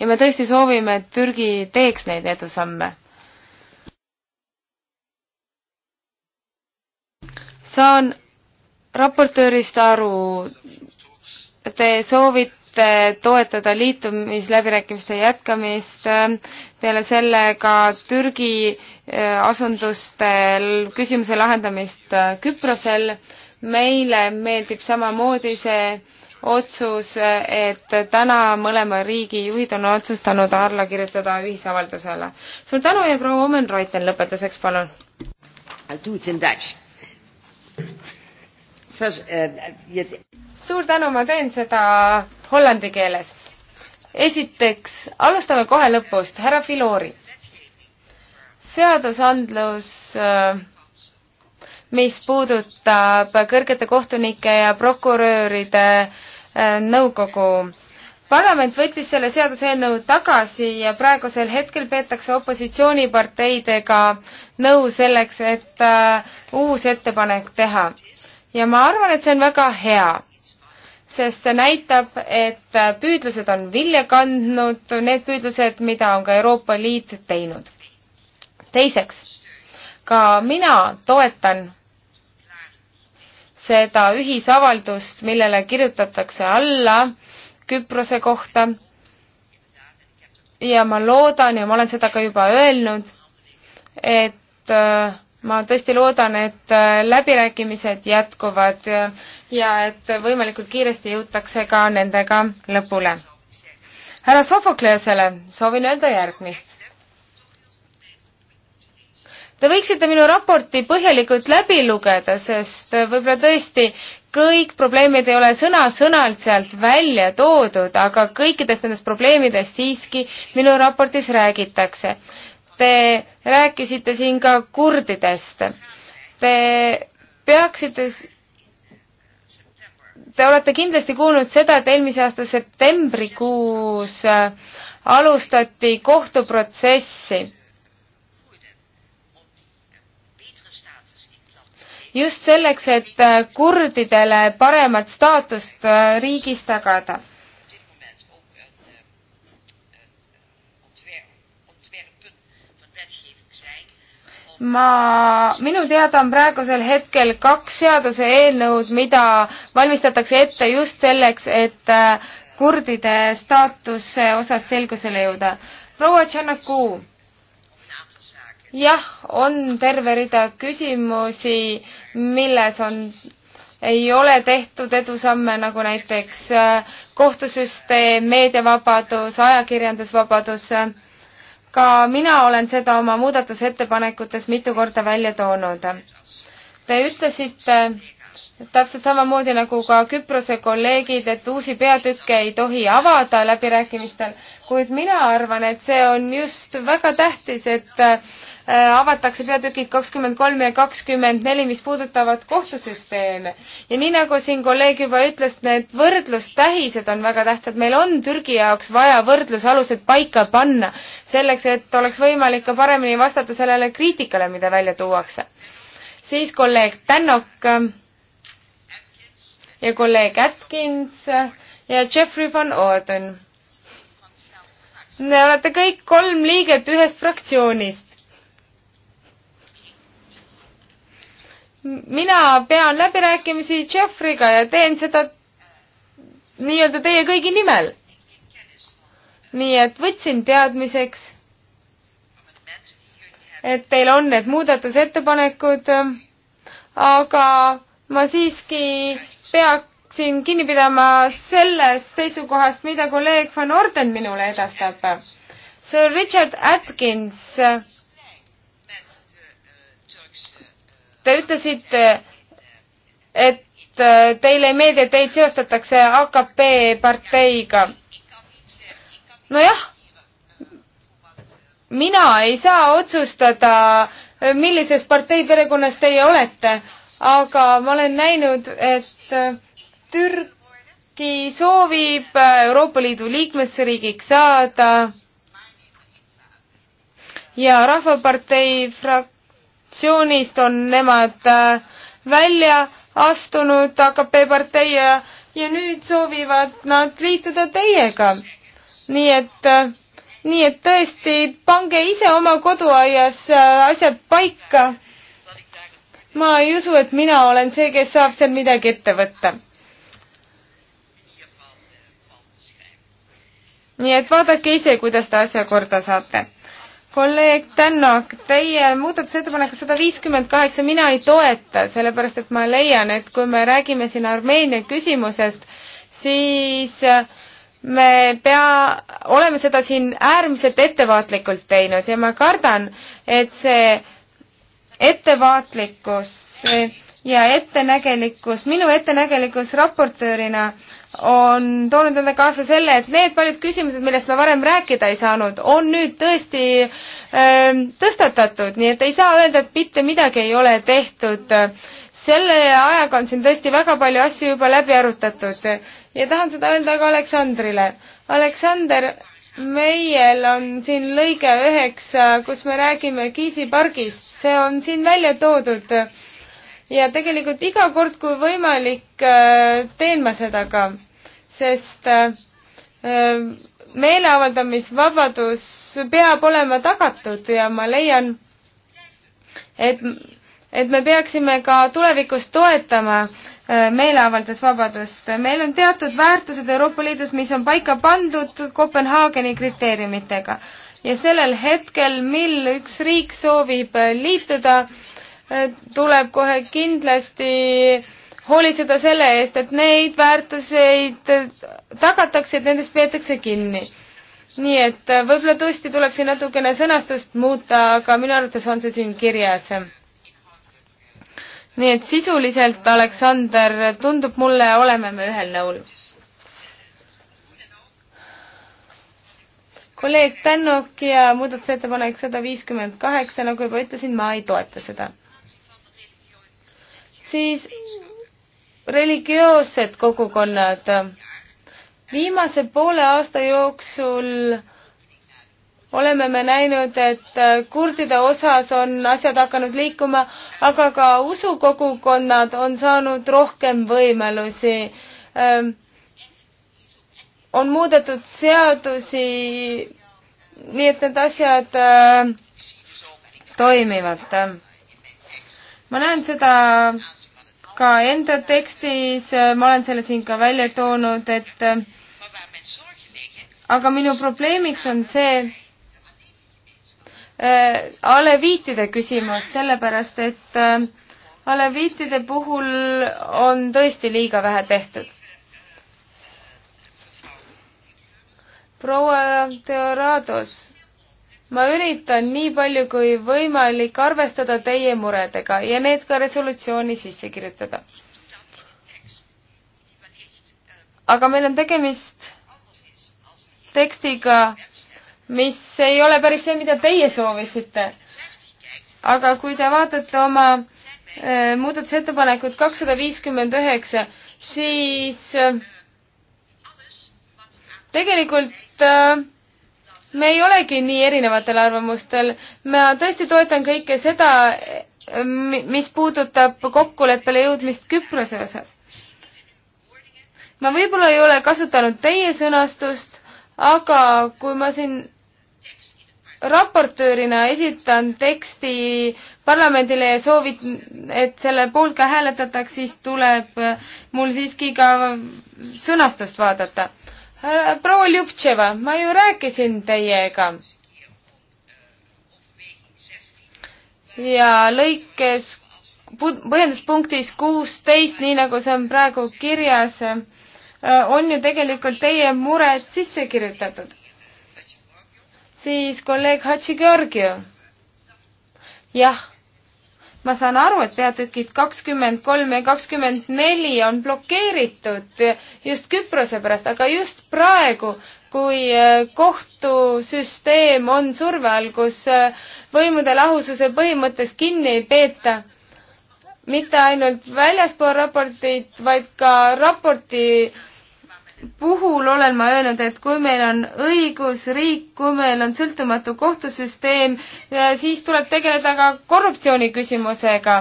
ja me tõesti soovime, et Türgi teeks neid edusamme. saan raportöörist aru, te soovite mitte eh, toetada liitumisläbirääkimiste jätkamist. Eh, peale selle ka Türgi eh, asundustel küsimuse lahendamist Küprosel. meile meeldib samamoodi see otsus, et täna mõlema riigi juhid on otsustanud alla kirjutada ühisavaldusele. suur tänu ja proua Omen Reuten lõpetuseks, palun. Uh, suur tänu, ma teen seda hollandi keeles. esiteks, alustame kohe lõpust, härra Filori. seadusandlus, äh, mis puudutab kõrgete kohtunike ja prokuröride äh, nõukogu. parlament võttis selle seaduseelnõu tagasi ja praegusel hetkel peetakse opositsiooniparteidega nõu selleks, et äh, uus ettepanek teha ja ma arvan, et see on väga hea, sest see näitab, et püüdlused on vilja kandnud, need püüdlused, mida on ka Euroopa Liit teinud. teiseks, ka mina toetan seda ühisavaldust, millele kirjutatakse alla Küprose kohta ja ma loodan ja ma olen seda ka juba öelnud, et äh, ma tõesti loodan, et äh, läbirääkimised jätkuvad äh, ja et võimalikult kiiresti jõutakse ka nendega lõpule. härra Sofoklesele soovin öelda järgmist. Te võiksite minu raporti põhjalikult läbi lugeda, sest äh, võib-olla tõesti kõik probleemid ei ole sõna-sõnalt sealt välja toodud, aga kõikidest nendest probleemidest siiski minu raportis räägitakse Te rääkisite siin ka kurdidest. Te peaksite, te olete kindlasti kuulnud seda, et eelmise aasta septembrikuus äh, alustati kohtuprotsessi. just selleks, et äh, kurdidele paremat staatust äh, riigis tagada ma, minu teada on praegusel hetkel kaks seaduseelnõud, mida valmistatakse ette just selleks, et äh, kurdide staatuse osas selgusele jõuda. proua Tšernaku, jah, on terve rida küsimusi, milles on, ei ole tehtud edusamme, nagu näiteks äh, kohtusüsteem, meediavabadus, ajakirjandusvabadus ka mina olen seda oma muudatusettepanekutes mitu korda välja toonud. Te ütlesite täpselt samamoodi nagu ka Küprose kolleegid, et uusi peatükke ei tohi avada läbirääkimistel, kuid mina arvan, et see on just väga tähtis, et Äh, avatakse peatükid kakskümmend kolm ja kakskümmend neli, mis puudutavad kohtusüsteeme. ja nii nagu siin kolleeg juba ütles, need võrdlustähised on väga tähtsad, meil on Türgi jaoks vaja võrdlusalused paika panna, selleks et oleks võimalik ka paremini vastata sellele kriitikale, mida välja tuuakse. siis kolleeg Tännok äh, ja kolleeg Atkins äh, ja Jeffrey van Orden. Te olete kõik kolm liiget ühest fraktsioonist mina pean läbirääkimisi Jeffriga ja teen seda nii-öelda teie kõigi nimel. nii et võtsin teadmiseks, et teil on need muudatusettepanekud, aga ma siiski peaksin kinni pidama sellest seisukohast, mida kolleeg Van Orden minule edastab. Sir Richard Atkins Te ütlesite, et äh, teile ei meeldi, et teid seostatakse AKP parteiga. nojah, mina ei saa otsustada, millises partei perekonnas teie olete, aga ma olen näinud, et äh, Türgi soovib äh, Euroopa Liidu liikmesriigiks saada ja Rahvapartei frak-, koalitsioonist on nemad äh, välja astunud AKP partei ja, ja nüüd soovivad nad liituda teiega. nii et, äh, nii et tõesti, pange ise oma koduaias äh, asjad paika. ma ei usu, et mina olen see, kes saab seal midagi ette võtta nii et vaadake ise, kuidas te asja korda saate kolleeg Tännok, teie muudatusettepanek sada viiskümmend kaheksa, mina ei toeta, sellepärast et ma leian, et kui me räägime siin Armeenia küsimusest, siis äh, me pea, oleme seda siin äärmiselt ettevaatlikult teinud ja ma kardan, et see ettevaatlikkus, ja ettenägelikkus, minu ettenägelikkus raportöörina on toonud enda kaasa selle, et need paljud küsimused, millest me varem rääkida ei saanud, on nüüd tõesti öö, ähm, tõstatatud, nii et ei saa öelda, et mitte midagi ei ole tehtud. selle ajaga on siin tõesti väga palju asju juba läbi arutatud ja tahan seda öelda ka Aleksandrile. Aleksander, meil on siin lõige üheksa, kus me räägime Kiisi pargist, see on siin välja toodud ja tegelikult iga kord, kui võimalik, äh, teen ma seda ka, sest äh, äh, meeleavaldamisvabadus peab olema tagatud ja ma leian, et, et me peaksime ka tulevikus toetama meeleavaldusvabadust. meil on teatud väärtused Euroopa Liidus, mis on paika pandud Kopenhaageni kriteeriumitega ja sellel hetkel, mil üks riik soovib liituda tuleb kohe kindlasti hoolitseda selle eest, et neid väärtuseid tagatakse, et nendest peetakse kinni. nii et äh, võib-olla tõesti tuleb siin natukene sõnastust muuta, aga minu arvates on see siin kirjas. nii et sisuliselt, Aleksander, tundub mulle, oleme me ühel nõul. kolleeg Tännok ja muudatusettepanek sada viiskümmend kaheksa, nagu juba ütlesin, ma ei toeta seda siis religioossed kogukonnad. viimase poole aasta jooksul oleme me näinud, et kurdide osas on asjad hakanud liikuma, aga ka usukogukonnad on saanud rohkem võimalusi. Ehm, on muudetud seadusi, nii et need asjad ehm, toimivad. ma näen seda ka enda tekstis, äh, ma olen selle siin ka välja toonud, et äh, aga minu probleemiks on see äh, aleviitide küsimus, sellepärast et äh, aleviitide puhul on tõesti liiga vähe tehtud. proua Theorados ma üritan nii palju kui võimalik arvestada teie muredega ja need ka resolutsiooni sisse kirjutada. aga meil on tegemist tekstiga, mis ei ole päris see, mida teie soovisite. aga kui te vaatate oma äh, muudatusettepanekut kakssada viiskümmend üheksa, siis äh, tegelikult äh, me ei olegi nii erinevatel arvamustel. ma tõesti toetan kõike seda, mis puudutab kokkuleppele jõudmist Küprose osas. ma võib-olla ei ole kasutanud teie sõnastust, aga kui ma siin raportöörina esitan teksti parlamendile ja soovin, et selle poolt ka hääletataks, siis tuleb mul siiski ka sõnastust vaadata proua Ljubtševa, ma ju rääkisin teiega. ja lõikes, põhjenduspunktis kuusteist, nii nagu see on praegu kirjas, äh, on ju tegelikult teie mured sisse kirjutatud. siis kolleeg Hatši Georgiev. jah ma saan aru, et peatükid kakskümmend kolm ja kakskümmend neli on blokeeritud just Küprose pärast, aga just praegu, kui äh, kohtusüsteem on surve all, kus äh, võimude lahususe põhimõttest kinni ei peeta, mitte ainult väljaspool raportit, vaid ka raporti puhul olen ma öelnud, et kui meil on õigusriik, kui meil on sõltumatu kohtusüsteem, siis tuleb tegeleda ka korruptsiooni küsimusega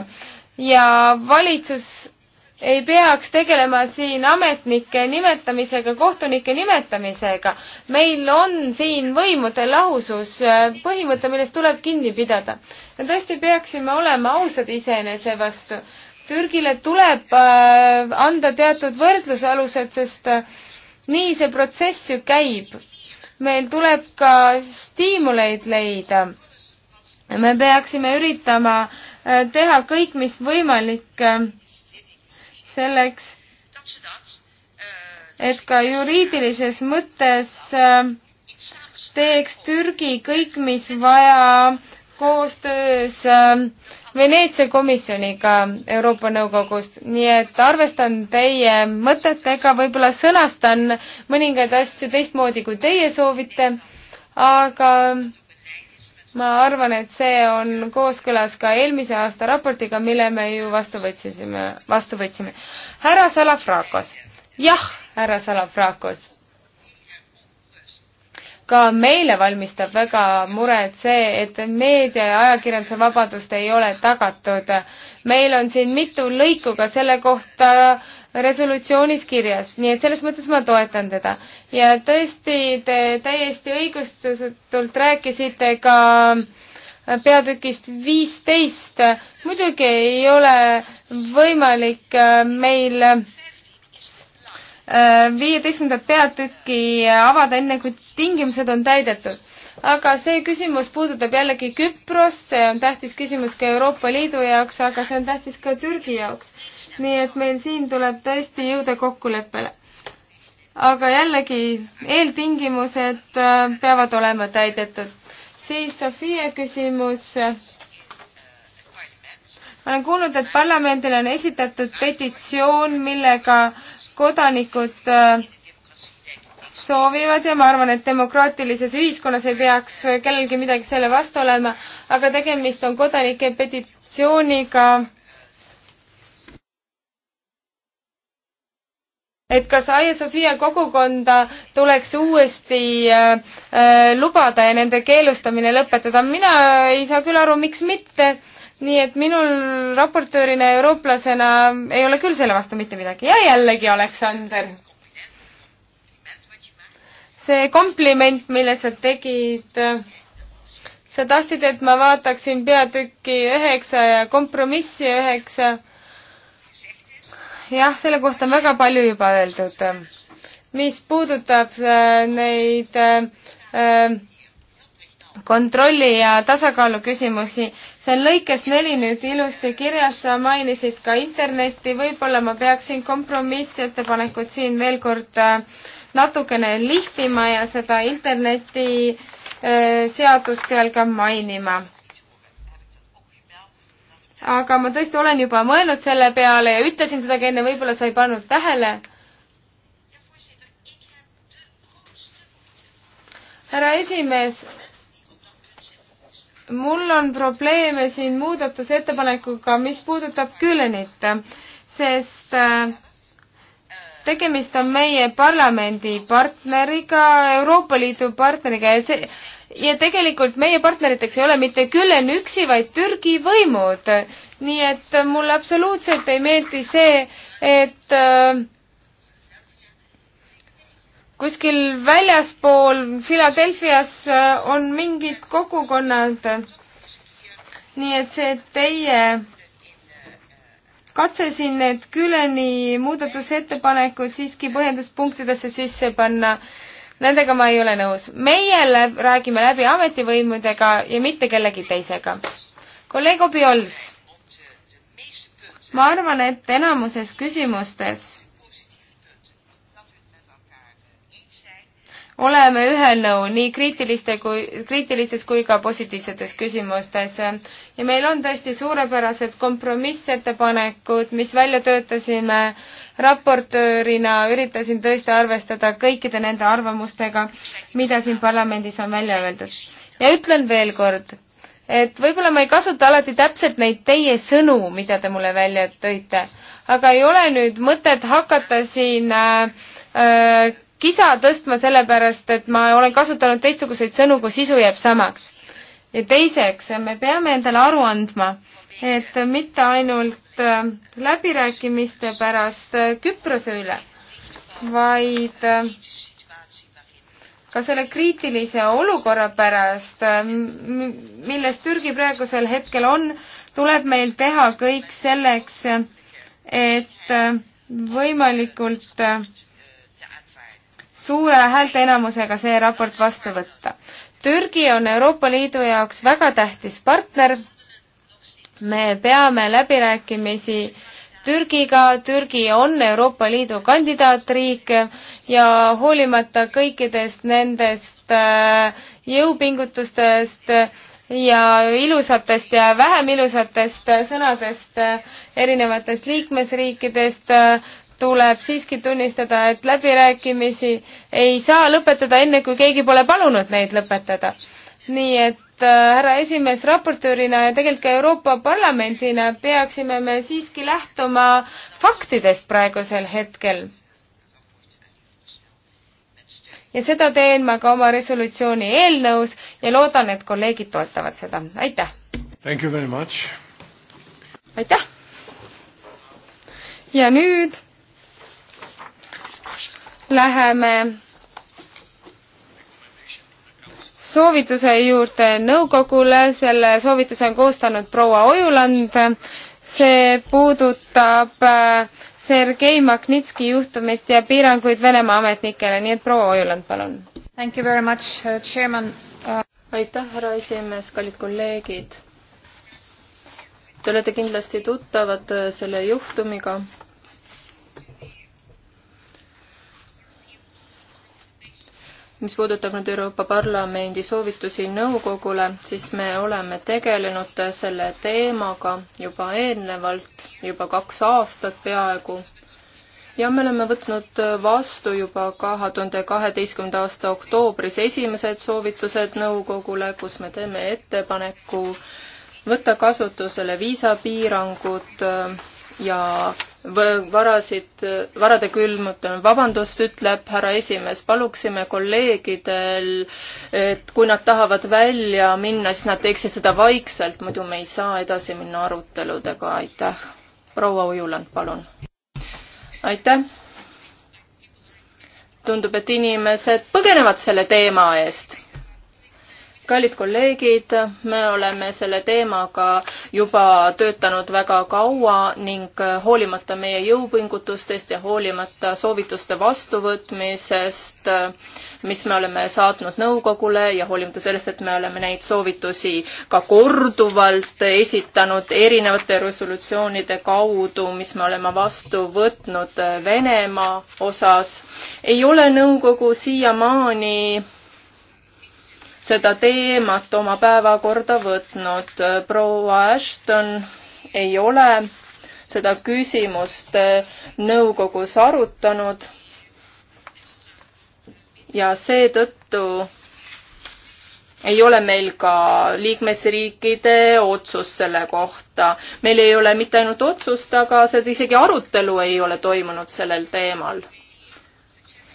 ja valitsus ei peaks tegelema siin ametnike nimetamisega, kohtunike nimetamisega. meil on siin võimude lahusus, põhimõte, millest tuleb kinni pidada. me tõesti peaksime olema ausad iseenese vastu Türgile tuleb äh, anda teatud võrdlusalused, sest äh, nii see protsess ju käib. meil tuleb ka stiimuleid leida. me peaksime üritama äh, teha kõik, mis võimalik selleks, et ka juriidilises mõttes teeks Türgi kõik, mis vaja koostöös äh, Veneetsia komisjoniga Euroopa Nõukogust, nii et arvestan teie mõtetega, võib-olla sõnastan mõningaid asju teistmoodi, kui teie soovite, aga ma arvan, et see on kooskõlas ka eelmise aasta raportiga, mille me ju vastu võtsisime, vastu võtsime. härra Salafrakos. jah, härra Salafrakos ka meile valmistab väga muret see, et meedia ja ajakirjanduse vabadust ei ole tagatud. meil on siin mitu lõiku ka selle kohta resolutsioonis kirjas, nii et selles mõttes ma toetan teda. ja tõesti, te täiesti õigustatult rääkisite ka peatükist viisteist. muidugi ei ole võimalik meil Äh, viieteistkümnendat peatükki avada, enne kui tingimused on täidetud. aga see küsimus puudutab jällegi Küprost, see on tähtis küsimus ka Euroopa Liidu jaoks, aga see on tähtis ka Türgi jaoks. nii et meil siin tuleb tõesti jõuda kokkuleppele. aga jällegi, eeltingimused äh, peavad olema täidetud. siis Sofia küsimus olen kuulnud, et parlamendile on esitatud petitsioon, millega kodanikud äh, soovivad ja ma arvan, et demokraatilises ühiskonnas ei peaks kellelgi midagi selle vastu olema, aga tegemist on kodanike petitsiooniga. et kas Aia Sofia kogukonda tuleks uuesti äh, äh, lubada ja nende keelustamine lõpetada, mina ei saa küll aru, miks mitte nii et minul raportöörina, eurooplasena ei ole küll selle vastu mitte midagi ja jällegi Aleksander. see kompliment, mille sa tegid, sa tahtsid, et ma vaataksin peatükki üheksa ja kompromissi üheksa. jah, selle kohta on väga palju juba öeldud. mis puudutab äh, neid äh, kontrolli ja tasakaalu küsimusi, see on lõikes neli nüüd ilusti kirjas, sa mainisid ka internetti, võib-olla ma peaksin kompromissettepanekut siin veel kord äh, natukene lihvima ja seda interneti äh, seadust seal ka mainima aga ma tõesti olen juba mõelnud selle peale ja ütlesin seda ka enne, võib-olla sa ei pannud tähele. härra esimees, mul on probleeme siin muudatusettepanekuga, mis puudutab Külenit, sest äh, tegemist on meie parlamendi partneriga, Euroopa Liidu partneriga ja see, ja tegelikult meie partneriteks ei ole mitte Gülen üksi, vaid Türgi võimud. nii et mulle absoluutselt ei meeldi see, et äh, kuskil väljaspool Philadelphias äh, on mingid kogukonnad. nii et see teie katse siin need Küleni muudatusettepanekud siiski põhjenduspunktidesse sisse panna, nendega ma ei ole nõus. meie läb, räägime läbi ametivõimudega ja mitte kellegi teisega. kolleeg Obiols, ma arvan, et enamuses küsimustes oleme ühel nõul nii kriitiliste kui, kriitilistes kui ka positiivsetes küsimustes. ja meil on tõesti suurepärased kompromissettepanekud, mis välja töötasime raportöörina, üritasin tõesti arvestada kõikide nende arvamustega, mida siin parlamendis on välja öeldud. ja ütlen veel kord, et võib-olla ma ei kasuta alati täpselt neid teie sõnu, mida te mulle välja tõite, aga ei ole nüüd mõtet hakata siin äh, äh kisa tõstma, sellepärast et ma olen kasutanud teistsuguseid sõnu, kui sisu jääb samaks. ja teiseks, me peame endale aru andma, et mitte ainult äh, läbirääkimiste pärast äh, Küprose üle, vaid äh, ka selle kriitilise olukorra pärast, milles Türgi praegusel hetkel on, tuleb meil teha kõik selleks, et võimalikult suure häälteenamusega see raport vastu võtta. Türgi on Euroopa Liidu jaoks väga tähtis partner. me peame läbirääkimisi Türgiga, Türgi on Euroopa Liidu kandidaatriik ja hoolimata kõikidest nendest äh, jõupingutustest ja ilusatest ja vähem ilusatest sõnadest äh, erinevatest liikmesriikidest äh, tuleb siiski tunnistada, et läbirääkimisi ei saa lõpetada enne, kui keegi pole palunud neid lõpetada. nii et äh, härra äh, esimees, raportöörina ja tegelikult ka Euroopa Parlamendina peaksime me siiski lähtuma faktidest praegusel hetkel. ja seda teen ma ka oma resolutsiooni eelnõus ja loodan, et kolleegid toetavad seda. aitäh! aitäh! ja nüüd läheme soovituse juurde nõukogule, selle soovituse on koostanud proua Ojuland. see puudutab äh, Sergei Magnitski juhtumit ja piiranguid Venemaa ametnikele, nii et proua Ojuland, palun. Thank you very much, uh, chairman. Uh, aitäh, härra esimees, kallid kolleegid. Te olete kindlasti tuttavad äh, selle juhtumiga mis puudutab nüüd Euroopa Parlamendi soovitusi nõukogule, siis me oleme tegelenud selle teemaga juba eelnevalt, juba kaks aastat peaaegu ja me oleme võtnud vastu juba kahe tuhande kaheteistkümnenda aasta oktoobris esimesed soovitused nõukogule, kus me teeme ettepaneku võtta kasutusele viisapiirangud ja varasid, varade külmutamine, vabandust, ütleb härra esimees, paluksime kolleegidel, et kui nad tahavad välja minna, siis nad teeksid seda vaikselt, muidu me ei saa edasi minna aruteludega, aitäh. proua Ujuland, palun. aitäh. tundub, et inimesed põgenevad selle teema eest kallid kolleegid, me oleme selle teemaga juba töötanud väga kaua ning hoolimata meie jõupingutustest ja hoolimata soovituste vastuvõtmisest, mis me oleme saatnud nõukogule ja hoolimata sellest, et me oleme neid soovitusi ka korduvalt esitanud erinevate resolutsioonide kaudu, mis me oleme vastu võtnud Venemaa osas, ei ole nõukogu siiamaani seda teemat oma päevakorda võtnud. proua Ashton ei ole seda küsimust eh, nõukogus arutanud ja seetõttu ei ole meil ka liikmesriikide otsust selle kohta. meil ei ole mitte ainult otsust, aga seda isegi arutelu ei ole toimunud sellel teemal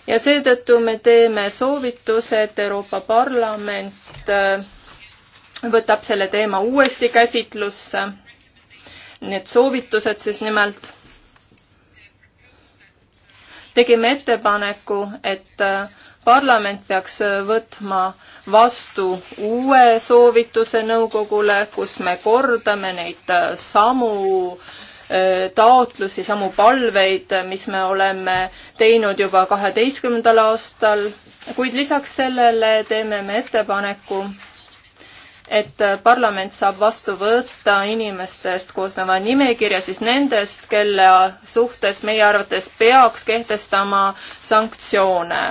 ja seetõttu me teeme soovituse, et Euroopa Parlament äh, võtab selle teema uuesti käsitlusse. Need soovitused siis nimelt. tegime ettepaneku, et äh, parlament peaks äh, võtma vastu uue soovituse nõukogule, kus me kordame neid samu äh, Äh, taotlusi, samu palveid, äh, mis me oleme teinud juba kaheteistkümnendal aastal, kuid lisaks sellele teeme me ettepaneku, et parlament saab vastu võtta inimestest koosneva nimekirja siis nendest, kelle suhtes meie arvates peaks kehtestama sanktsioone.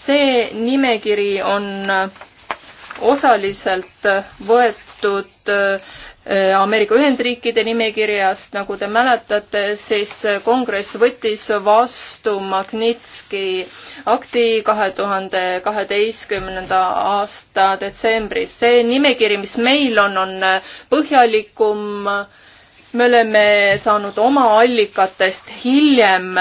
see nimekiri on osaliselt võetud äh, Äh, Ameerika Ühendriikide nimekirjast, nagu te mäletate, siis kongress võttis vastu Magnitski akti kahe tuhande kaheteistkümnenda aasta detsembris. see nimekiri, mis meil on, on põhjalikum me oleme saanud oma allikatest hiljem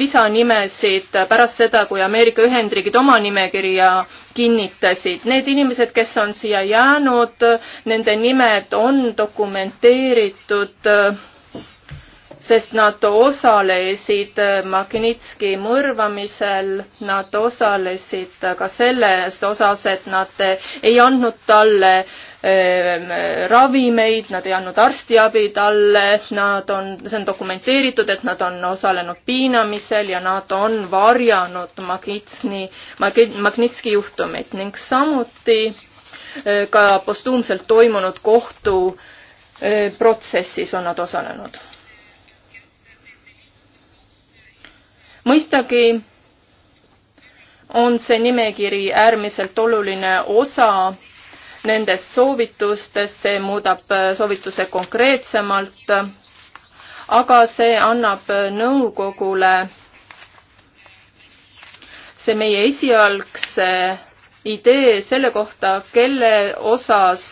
lisanimesid pärast seda, kui Ameerika Ühendriigid oma nimekirja kinnitasid. Need inimesed, kes on siia jäänud, nende nimed on dokumenteeritud äh, sest nad osalesid äh, Magnitski mõrvamisel, nad osalesid ka selles osas, et nad äh, ei andnud talle ähm, ravimeid, nad ei andnud arstiabi talle, nad on, see on dokumenteeritud, et nad on osalenud piinamisel ja nad on varjanud Magnitsni, Magnitski juhtumit ning samuti äh, ka postuumselt toimunud kohtuprotsessis on nad osalenud mõistagi on see nimekiri äärmiselt oluline osa nendest soovitustest, see muudab soovituse konkreetsemalt, aga see annab nõukogule see meie esialgse idee selle kohta, kelle osas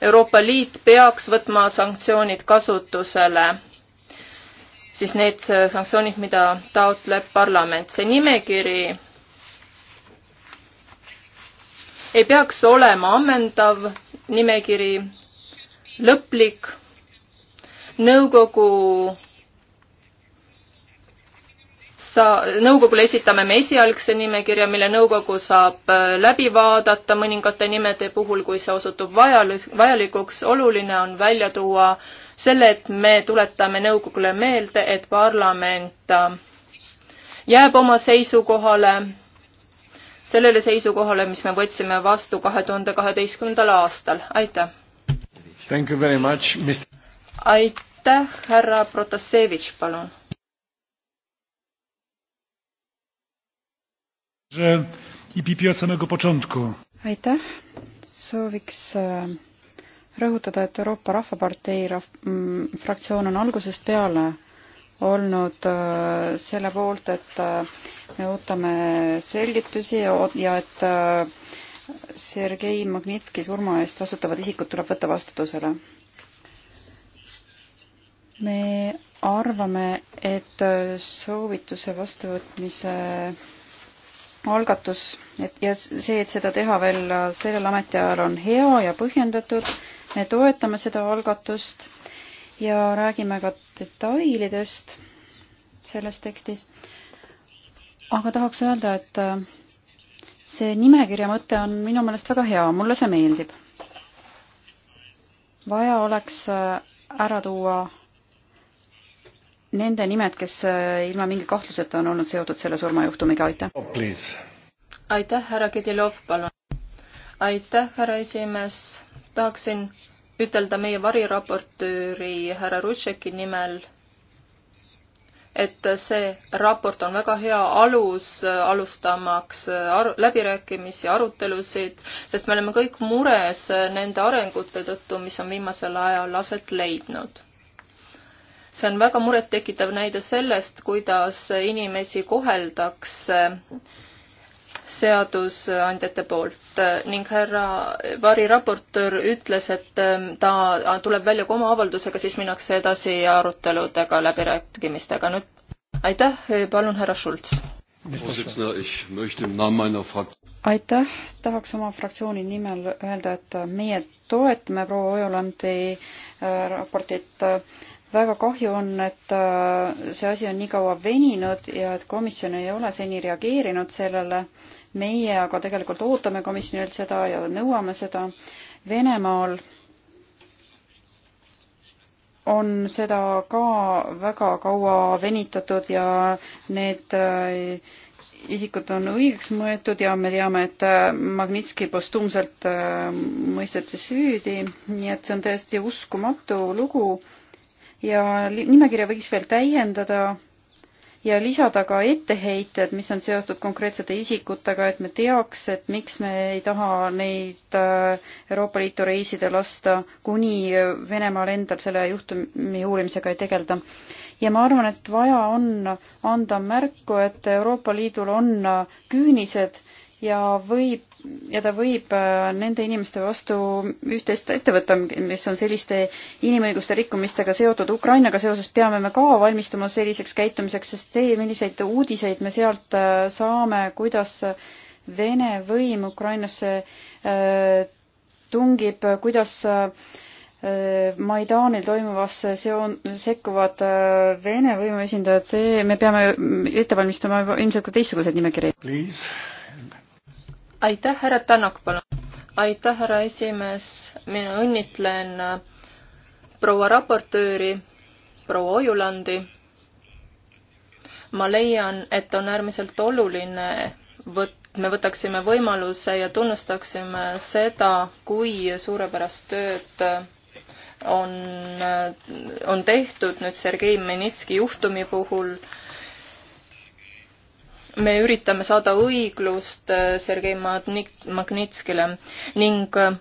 Euroopa Liit peaks võtma sanktsioonid kasutusele siis need äh, sanktsioonid, mida taotleb parlament. see nimekiri ei peaks olema ammendav nimekiri, lõplik. nõukogu sa-, nõukogule esitame me esialgse nimekirja, mille nõukogu saab äh, läbi vaadata mõningate nimede puhul, kui see osutub vajalis-, vajalikuks. oluline on välja tuua äh, selle, et me tuletame nõukogule meelde, et parlament äh, jääb oma seisukohale, sellele seisukohale, mis me võtsime vastu kahe tuhande kaheteistkümnendal aastal. aitäh! aitäh, härra Protasevitš, palun! aitäh, sooviks äh rõhutada, et Euroopa Rahvapartei rahv- m, mm, fraktsioon on algusest peale olnud äh, selle poolt, et äh, me ootame selgitusi ja, ja et äh, Sergei Magnitski surma eest vastutavad isikud tuleb võtta vastutusele. me arvame, et äh, soovituse vastuvõtmise algatus, et ja see, et seda teha veel äh, sellel ametiajal on hea ja põhjendatud me toetame seda algatust ja räägime ka detailidest selles tekstis. aga tahaks öelda, et see nimekirja mõte on minu meelest väga hea, mulle see meeldib. vaja oleks ära tuua nende nimed, kes ilma mingi kahtluseta on olnud seotud selle surmajuhtumiga, aitäh oh,! aitäh, härra Kidilov, palun! aitäh, härra esimees! tahaksin ütelda meie variraportööri härra Rutšeki nimel, et see raport on väga hea alus äh, alustamaks äh, ar läbirääkimisi, arutelusid, sest me oleme kõik mures äh, nende arengute tõttu, mis on viimasel ajal aset leidnud see on väga murettekitav näide sellest, kuidas inimesi koheldakse seadusandjate poolt äh, ning härra Vari raportöör ütles, et ähm, ta tuleb välja ka oma avaldusega, siis minnakse edasi aruteludega, läbirääkimistega. nüüd aitäh, palun härra Schulz. aitäh, tahaks oma fraktsiooni nimel öelda, et meie toetame proua Ojolandi äh, raportit väga kahju on, et äh, see asi on nii kaua veninud ja et komisjon ei ole seni reageerinud sellele äh, meie aga tegelikult ootame komisjonilt seda ja nõuame seda. Venemaal on seda ka väga kaua venitatud ja need äh, isikud on õigeks mõetud ja me teame, et äh, Magnitski postuumselt äh, mõisteti süüdi, nii et see on täiesti uskumatu lugu ja nimekirja võiks veel täiendada ja lisada ka etteheited, mis on seotud konkreetsete isikutega, et me teaks, et miks me ei taha neid äh, Euroopa Liitu reisida lasta, kuni äh, Venemaal endal selle juhtumi uurimisega ei tegelda. ja ma arvan, et vaja on anda märku, et Euroopa Liidul on äh, küünised ja võib ja ta võib äh, nende inimeste vastu üht-teist ette võtta, kes on selliste inimõiguste rikkumistega seotud. Ukrainaga seoses peame me ka valmistuma selliseks käitumiseks, sest see, milliseid uudiseid me sealt äh, saame, kuidas Vene võim Ukrainasse äh, tungib, kuidas Maidanil toimuvasse seon-, sekkuvad Vene võimuesindajad, see, me peame ette valmistama ilmselt ka teistsuguseid nimekirju aitäh, härra Tannak, palun. aitäh, härra esimees, mina õnnitlen äh, proua raportööri, proua Ojulandi. ma leian, et on äärmiselt oluline võt-, me võtaksime võimaluse ja tunnustaksime seda, kui suurepärast tööd äh, on, äh, on tehtud nüüd Sergei Menitski juhtumi puhul me üritame saada õiglust äh, Sergei Magnitskile ning äh,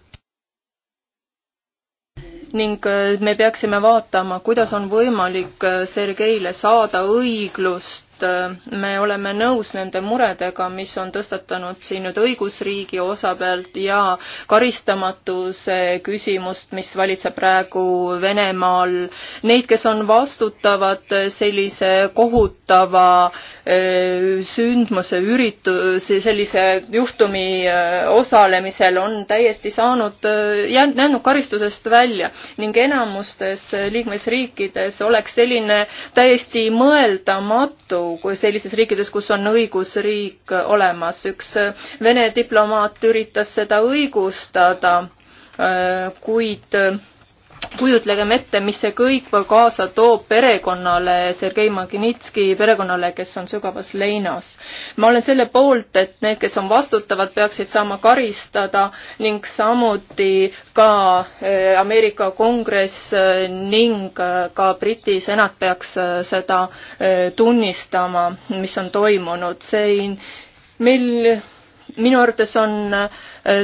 ning äh, me peaksime vaatama, kuidas on võimalik Sergeile saada õiglust et äh, me oleme nõus nende muredega, mis on tõstatanud siin nüüd õigusriigi osa pealt ja karistamatuse küsimust, mis valitseb praegu Venemaal. Neid, kes on vastutavad sellise kohutava äh, sündmuse üritu-, sellise juhtumi äh, osalemisel, on täiesti saanud, jäänud karistusest välja ning enamustes liikmesriikides oleks selline täiesti mõeldamatu kui sellistes riikides, kus on õigusriik olemas. üks äh, Vene diplomaat üritas seda õigustada, äh, kuid äh, kujutlegem ette, mis see kõik kaasa toob perekonnale, Sergei Magnitski perekonnale, kes on sügavas leinas. ma olen selle poolt, et need, kes on vastutavad, peaksid saama karistada ning samuti ka eh, Ameerika Kongress eh, ning eh, ka Briti senat peaks seda tunnistama, mis on toimunud. see ei, meil minu arvates on äh,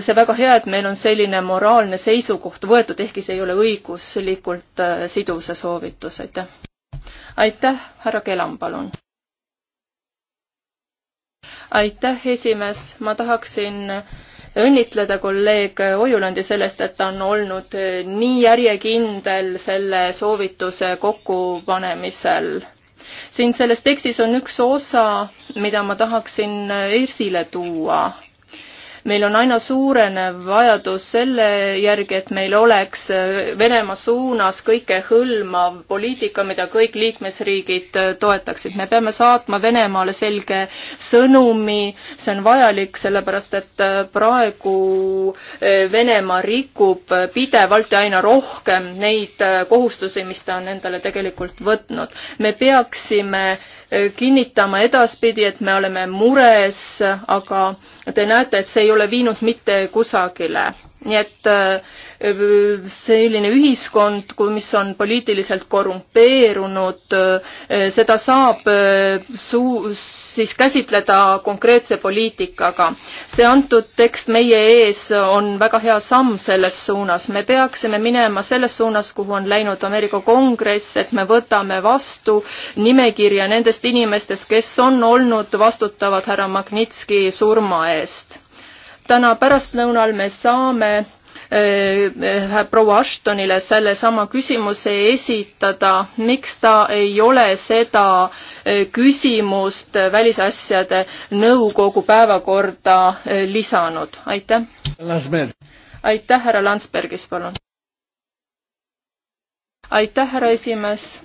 see väga hea, et meil on selline moraalne seisukoht võetud, ehkki see ei ole õiguslikult äh, siduv, see soovitus, aitäh. aitäh, härra Kelam, palun. aitäh, esimees, ma tahaksin õnnitleda kolleeg Ojulandi sellest, et ta on olnud nii järjekindel selle soovituse kokkupanemisel siin selles tekstis on üks osa, mida ma tahaksin esile tuua meil on aina suurenev vajadus selle järgi, et meil oleks Venemaa suunas kõikehõlmav poliitika, mida kõik liikmesriigid toetaksid. me peame saatma Venemaale selge sõnumi, see on vajalik, sellepärast et praegu Venemaa rikub pidevalt ja aina rohkem neid kohustusi, mis ta on endale tegelikult võtnud. me peaksime Eh, kinnitama edaspidi, et me oleme mures, aga te näete, et see ei ole viinud mitte kusagile nii et äh, selline ühiskond, mis on poliitiliselt korrumpeerunud, äh, seda saab äh, suu-, siis käsitleda konkreetse poliitikaga. see antud tekst meie ees on väga hea samm selles suunas. me peaksime minema selles suunas, kuhu on läinud Ameerika Kongress, et me võtame vastu nimekirja nendest inimestest, kes on olnud vastutavad härra Magnitski surma eest täna pärastlõunal me saame äh, äh, proua Ashtonile sellesama küsimuse esitada, miks ta ei ole seda äh, küsimust Välisasjade Nõukogu päevakorda lisanud, aitäh. aitäh, härra Landsbergis, palun. aitäh, härra esimees.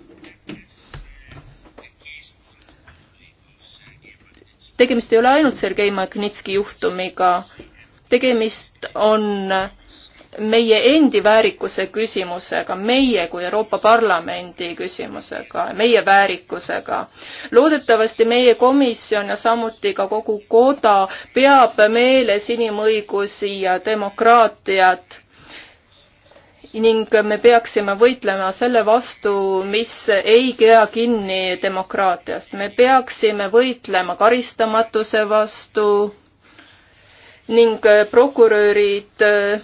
tegemist ei ole ainult Sergei Magnitski juhtumiga, tegemist on meie endi väärikuse küsimusega, meie kui Euroopa Parlamendi küsimusega, meie väärikusega. loodetavasti meie komisjon ja samuti ka kogu koda peab meeles inimõigusi ja demokraatiat ning me peaksime võitlema selle vastu, mis ei kea kinni demokraatiast. me peaksime võitlema karistamatuse vastu ning äh, prokurörid äh,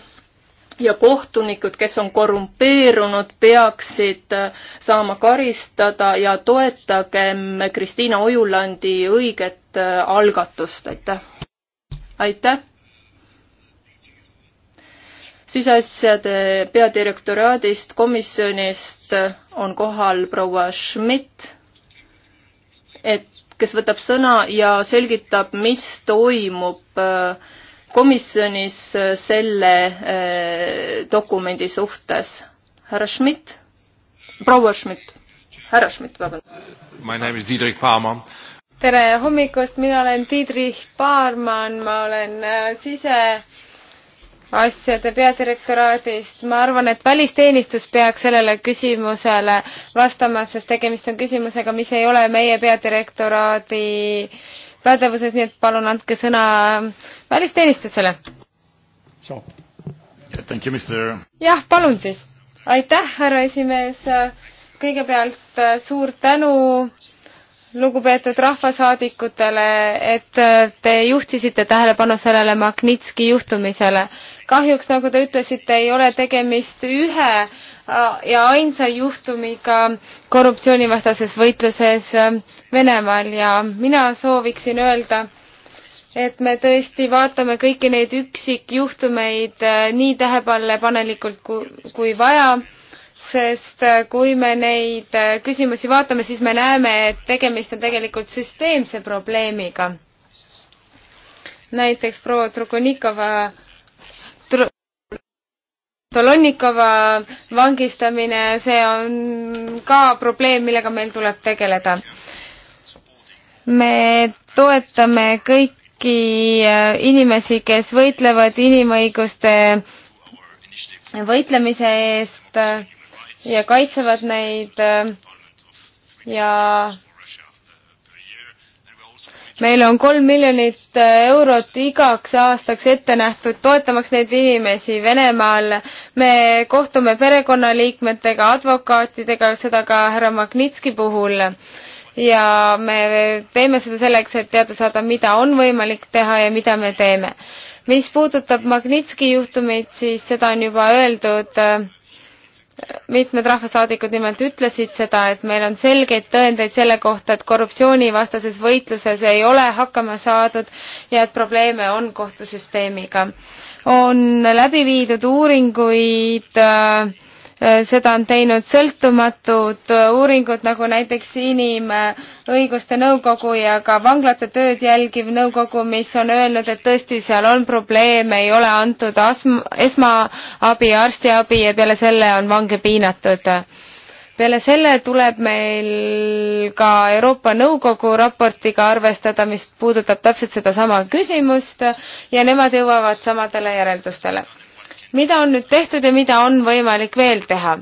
ja kohtunikud, kes on korrumpeerunud, peaksid äh, saama karistada ja toetagem Kristiina Ojulandi õiget algatust, aitäh. aitäh. siseasjade peadirektoraadist, komisjonist on kohal proua Schmidt, et kes võtab sõna ja selgitab, mis toimub äh, komisjonis äh, selle äh, dokumendi suhtes. härra Schmidt, proua Schmidt, härra Schmidt, vabandust. My name is Diederik Paama tere hommikust, mina olen Diedrich Baarmann, ma olen äh, siseasjade peadirektoraadist. ma arvan, et välisteenistus peaks sellele küsimusele vastama, sest tegemist on küsimusega, mis ei ole meie peadirektoraadi pädevuses, nii et palun andke sõna välisteenistusele. jah, palun siis. aitäh, härra esimees. kõigepealt äh, suur tänu lugupeetud rahvasaadikutele, et äh, te juhtisite tähelepanu sellele Magnitski juhtumisele. kahjuks, nagu te ütlesite, ei ole tegemist ühe Äh, ja ainsa juhtumiga korruptsioonivastases võitluses äh, Venemaal ja mina sooviksin öelda, et me tõesti vaatame kõiki neid üksikjuhtumeid äh, nii tähelepanelikult kui, kui vaja, sest kui me neid küsimusi vaatame, siis me näeme, et tegemist on tegelikult süsteemse probleemiga. näiteks proua Trukonikova Tolonikova vangistamine, see on ka probleem, millega meil tuleb tegeleda. me toetame kõiki äh, inimesi, kes võitlevad inimõiguste võitlemise eest ja kaitsevad neid äh, ja meil on kolm miljonit äh, eurot igaks aastaks ette nähtud, toetamaks neid inimesi Venemaal. me kohtume perekonnaliikmetega, advokaatidega, seda ka härra Magnitski puhul. ja me teeme seda selleks, et teada saada, mida on võimalik teha ja mida me teeme. mis puudutab Magnitski juhtumit, siis seda on juba öeldud äh, mitmed rahvasaadikud nimelt ütlesid seda, et meil on selgeid tõendeid selle kohta, et korruptsioonivastases võitluses ei ole hakkama saadud ja et probleeme on kohtusüsteemiga. on läbi viidud uuringuid äh, Äh, seda on teinud sõltumatud äh, uuringud nagu näiteks inimõiguste nõukogu ja ka vanglate tööd jälgiv nõukogu, mis on öelnud, et tõesti seal on probleeme, ei ole antud asm-, esmaabi, arstiabi ja peale selle on vange piinatud peale selle tuleb meil ka Euroopa Nõukogu raportiga arvestada, mis puudutab täpselt sedasama küsimust ja nemad jõuavad samadele järeldustele mida on nüüd tehtud ja mida on võimalik veel teha?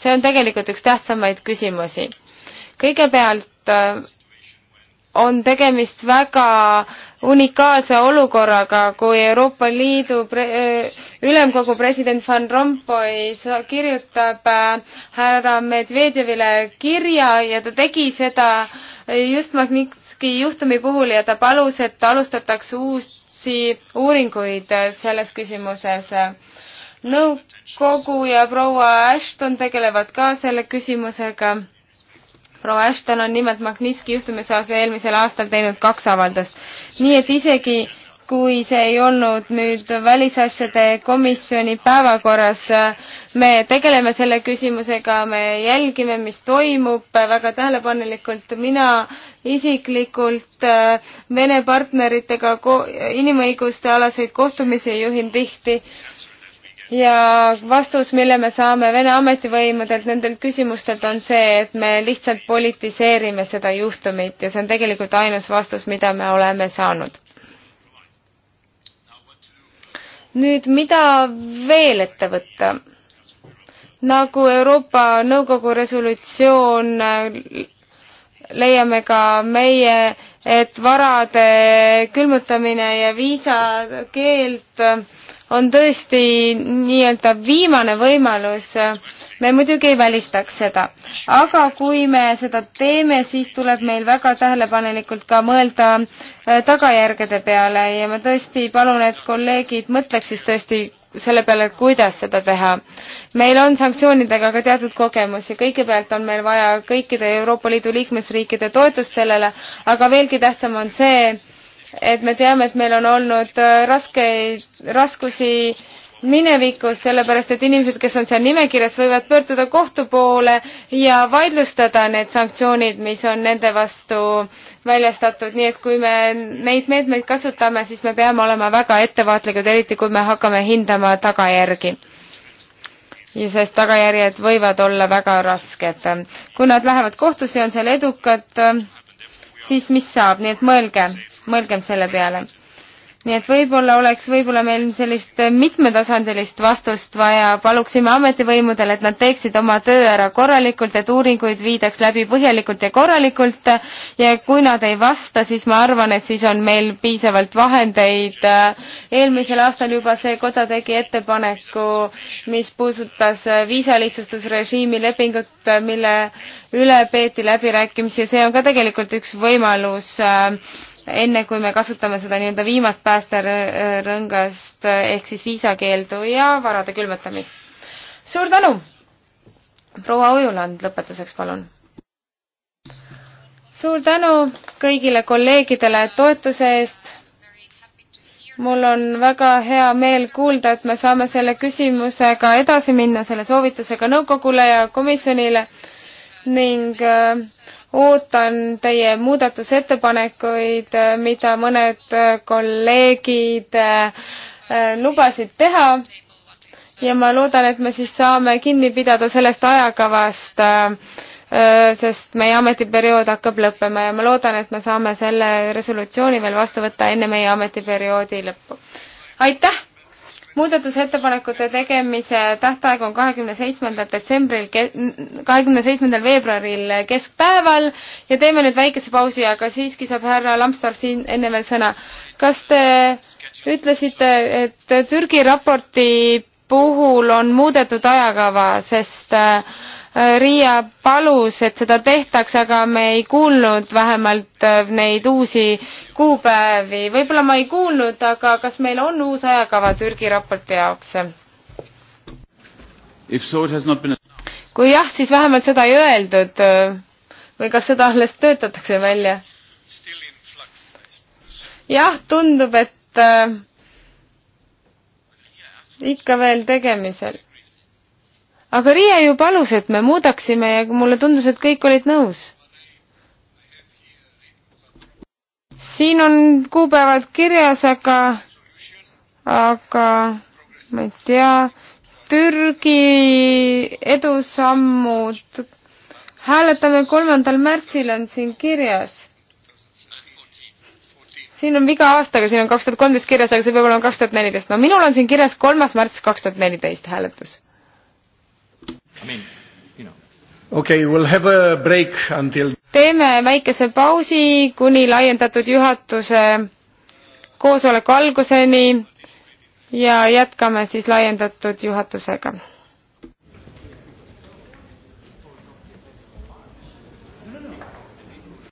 see on tegelikult üks tähtsamaid küsimusi. kõigepealt äh, on tegemist väga unikaalse olukorraga, kui Euroopa Liidu pre-, äh, ülemkogu president Van Rompuy kirjutab äh, härra Medvedjevile kirja ja ta tegi seda just Magnitski juhtumi puhul ja ta palus, et alustatakse uusi uuringuid selles küsimuses nõukogu ja proua Ashton tegelevad ka selle küsimusega. proua Ashton on nimelt Magnitski juhtumi osas eelmisel aastal teinud kaks avaldust. nii et isegi kui see ei olnud nüüd välisasjade komisjoni päevakorras, me tegeleme selle küsimusega, me jälgime, mis toimub väga tähelepanelikult. mina isiklikult äh, Vene partneritega inimõiguste alaseid kohtumisi juhin tihti ja vastus, mille me saame Vene ametivõimudelt nendelt küsimustelt, on see, et me lihtsalt politiseerime seda juhtumit ja see on tegelikult ainus vastus, mida me oleme saanud. nüüd, mida veel ette võtta? nagu Euroopa Nõukogu resolutsioon äh, leiame ka meie, et varade külmutamine ja viisakeeld äh, on tõesti nii-öelda viimane võimalus. me muidugi ei välistaks seda, aga kui me seda teeme, siis tuleb meil väga tähelepanelikult ka mõelda äh, tagajärgede peale ja ma tõesti palun, et kolleegid mõtleks siis tõesti selle peale, kuidas seda teha. meil on sanktsioonidega ka teatud kogemusi, kõigepealt on meil vaja kõikide Euroopa Liidu liikmesriikide toetust sellele, aga veelgi tähtsam on see, et me teame, et meil on olnud äh, raskeid, raskusi minevikus, sellepärast et inimesed, kes on seal nimekirjas, võivad pöörduda kohtu poole ja vaidlustada need sanktsioonid, mis on nende vastu väljastatud, nii et kui me neid meetmeid kasutame, siis me peame olema väga ettevaatlikud, eriti kui me hakkame hindama tagajärgi ja sest tagajärjed võivad olla väga rasked. kui nad lähevad kohtusse ja on seal edukad, siis mis saab, nii et mõelge mõelgem selle peale. nii et võib-olla oleks võib-olla meil sellist mitmetasandilist vastust vaja, paluksime ametivõimudele, et nad teeksid oma töö ära korralikult, et uuringuid viidaks läbi põhjalikult ja korralikult ja kui nad ei vasta, siis ma arvan, et siis on meil piisavalt vahendeid. eelmisel aastal juba see koda tegi ettepaneku, mis puudutas viisalihtsustusrežiimi lepingut, mille üle peeti läbirääkimisi ja see on ka tegelikult üks võimalus äh, enne kui me kasutame seda nii-öelda viimast päästerõngast ehk siis viisakeeldu ja varade külmetamist. suur tänu! proua Ujuland lõpetuseks, palun. suur tänu kõigile kolleegidele toetuse eest. mul on väga hea meel kuulda, et me saame selle küsimusega edasi minna, selle soovitusega nõukogule ja komisjonile ning äh, ootan teie muudatusettepanekuid, mida mõned kolleegid äh, lubasid teha ja ma loodan, et me siis saame kinni pidada sellest ajakavast, äh, sest meie ametiperiood hakkab lõppema ja ma loodan, et me saame selle resolutsiooni veel vastu võtta enne meie ametiperioodi lõppu. aitäh! muudatusettepanekute tegemise tähtaeg on kahekümne seitsmendal detsembril, kahekümne seitsmendal veebruaril keskpäeval ja teeme nüüd väikese pausi, aga siiski saab härra Lamstor siin enne veel sõna. kas te ütlesite, et Türgi raporti puhul on muudetud ajakava, sest äh, Äh, Riia palus, et seda tehtaks, aga me ei kuulnud vähemalt äh, neid uusi kuupäevi. võib-olla ma ei kuulnud, aga kas meil on uus ajakava Türgi raporti jaoks? Been... kui jah, siis vähemalt seda ei öeldud või kas seda alles töötatakse välja? jah, tundub, et äh, ikka veel tegemisel aga Riia ju palus, et me muudaksime ja mulle tundus, et kõik olid nõus. siin on kuupäevad kirjas, aga, aga ma ei tea, Türgi edusammud hääletame kolmandal märtsil on siin kirjas. siin on viga aastaga, siin on kaks tuhat kolmteist kirjas, aga see peab olema kaks tuhat neliteist. no minul on siin kirjas kolmas märts kaks tuhat neliteist hääletus I mean, you know. okay, we'll have a break until teeme väikese pausi kuni laiendatud juhatuse koosoleku alguseni ja jätkame siis laiendatud juhatusega.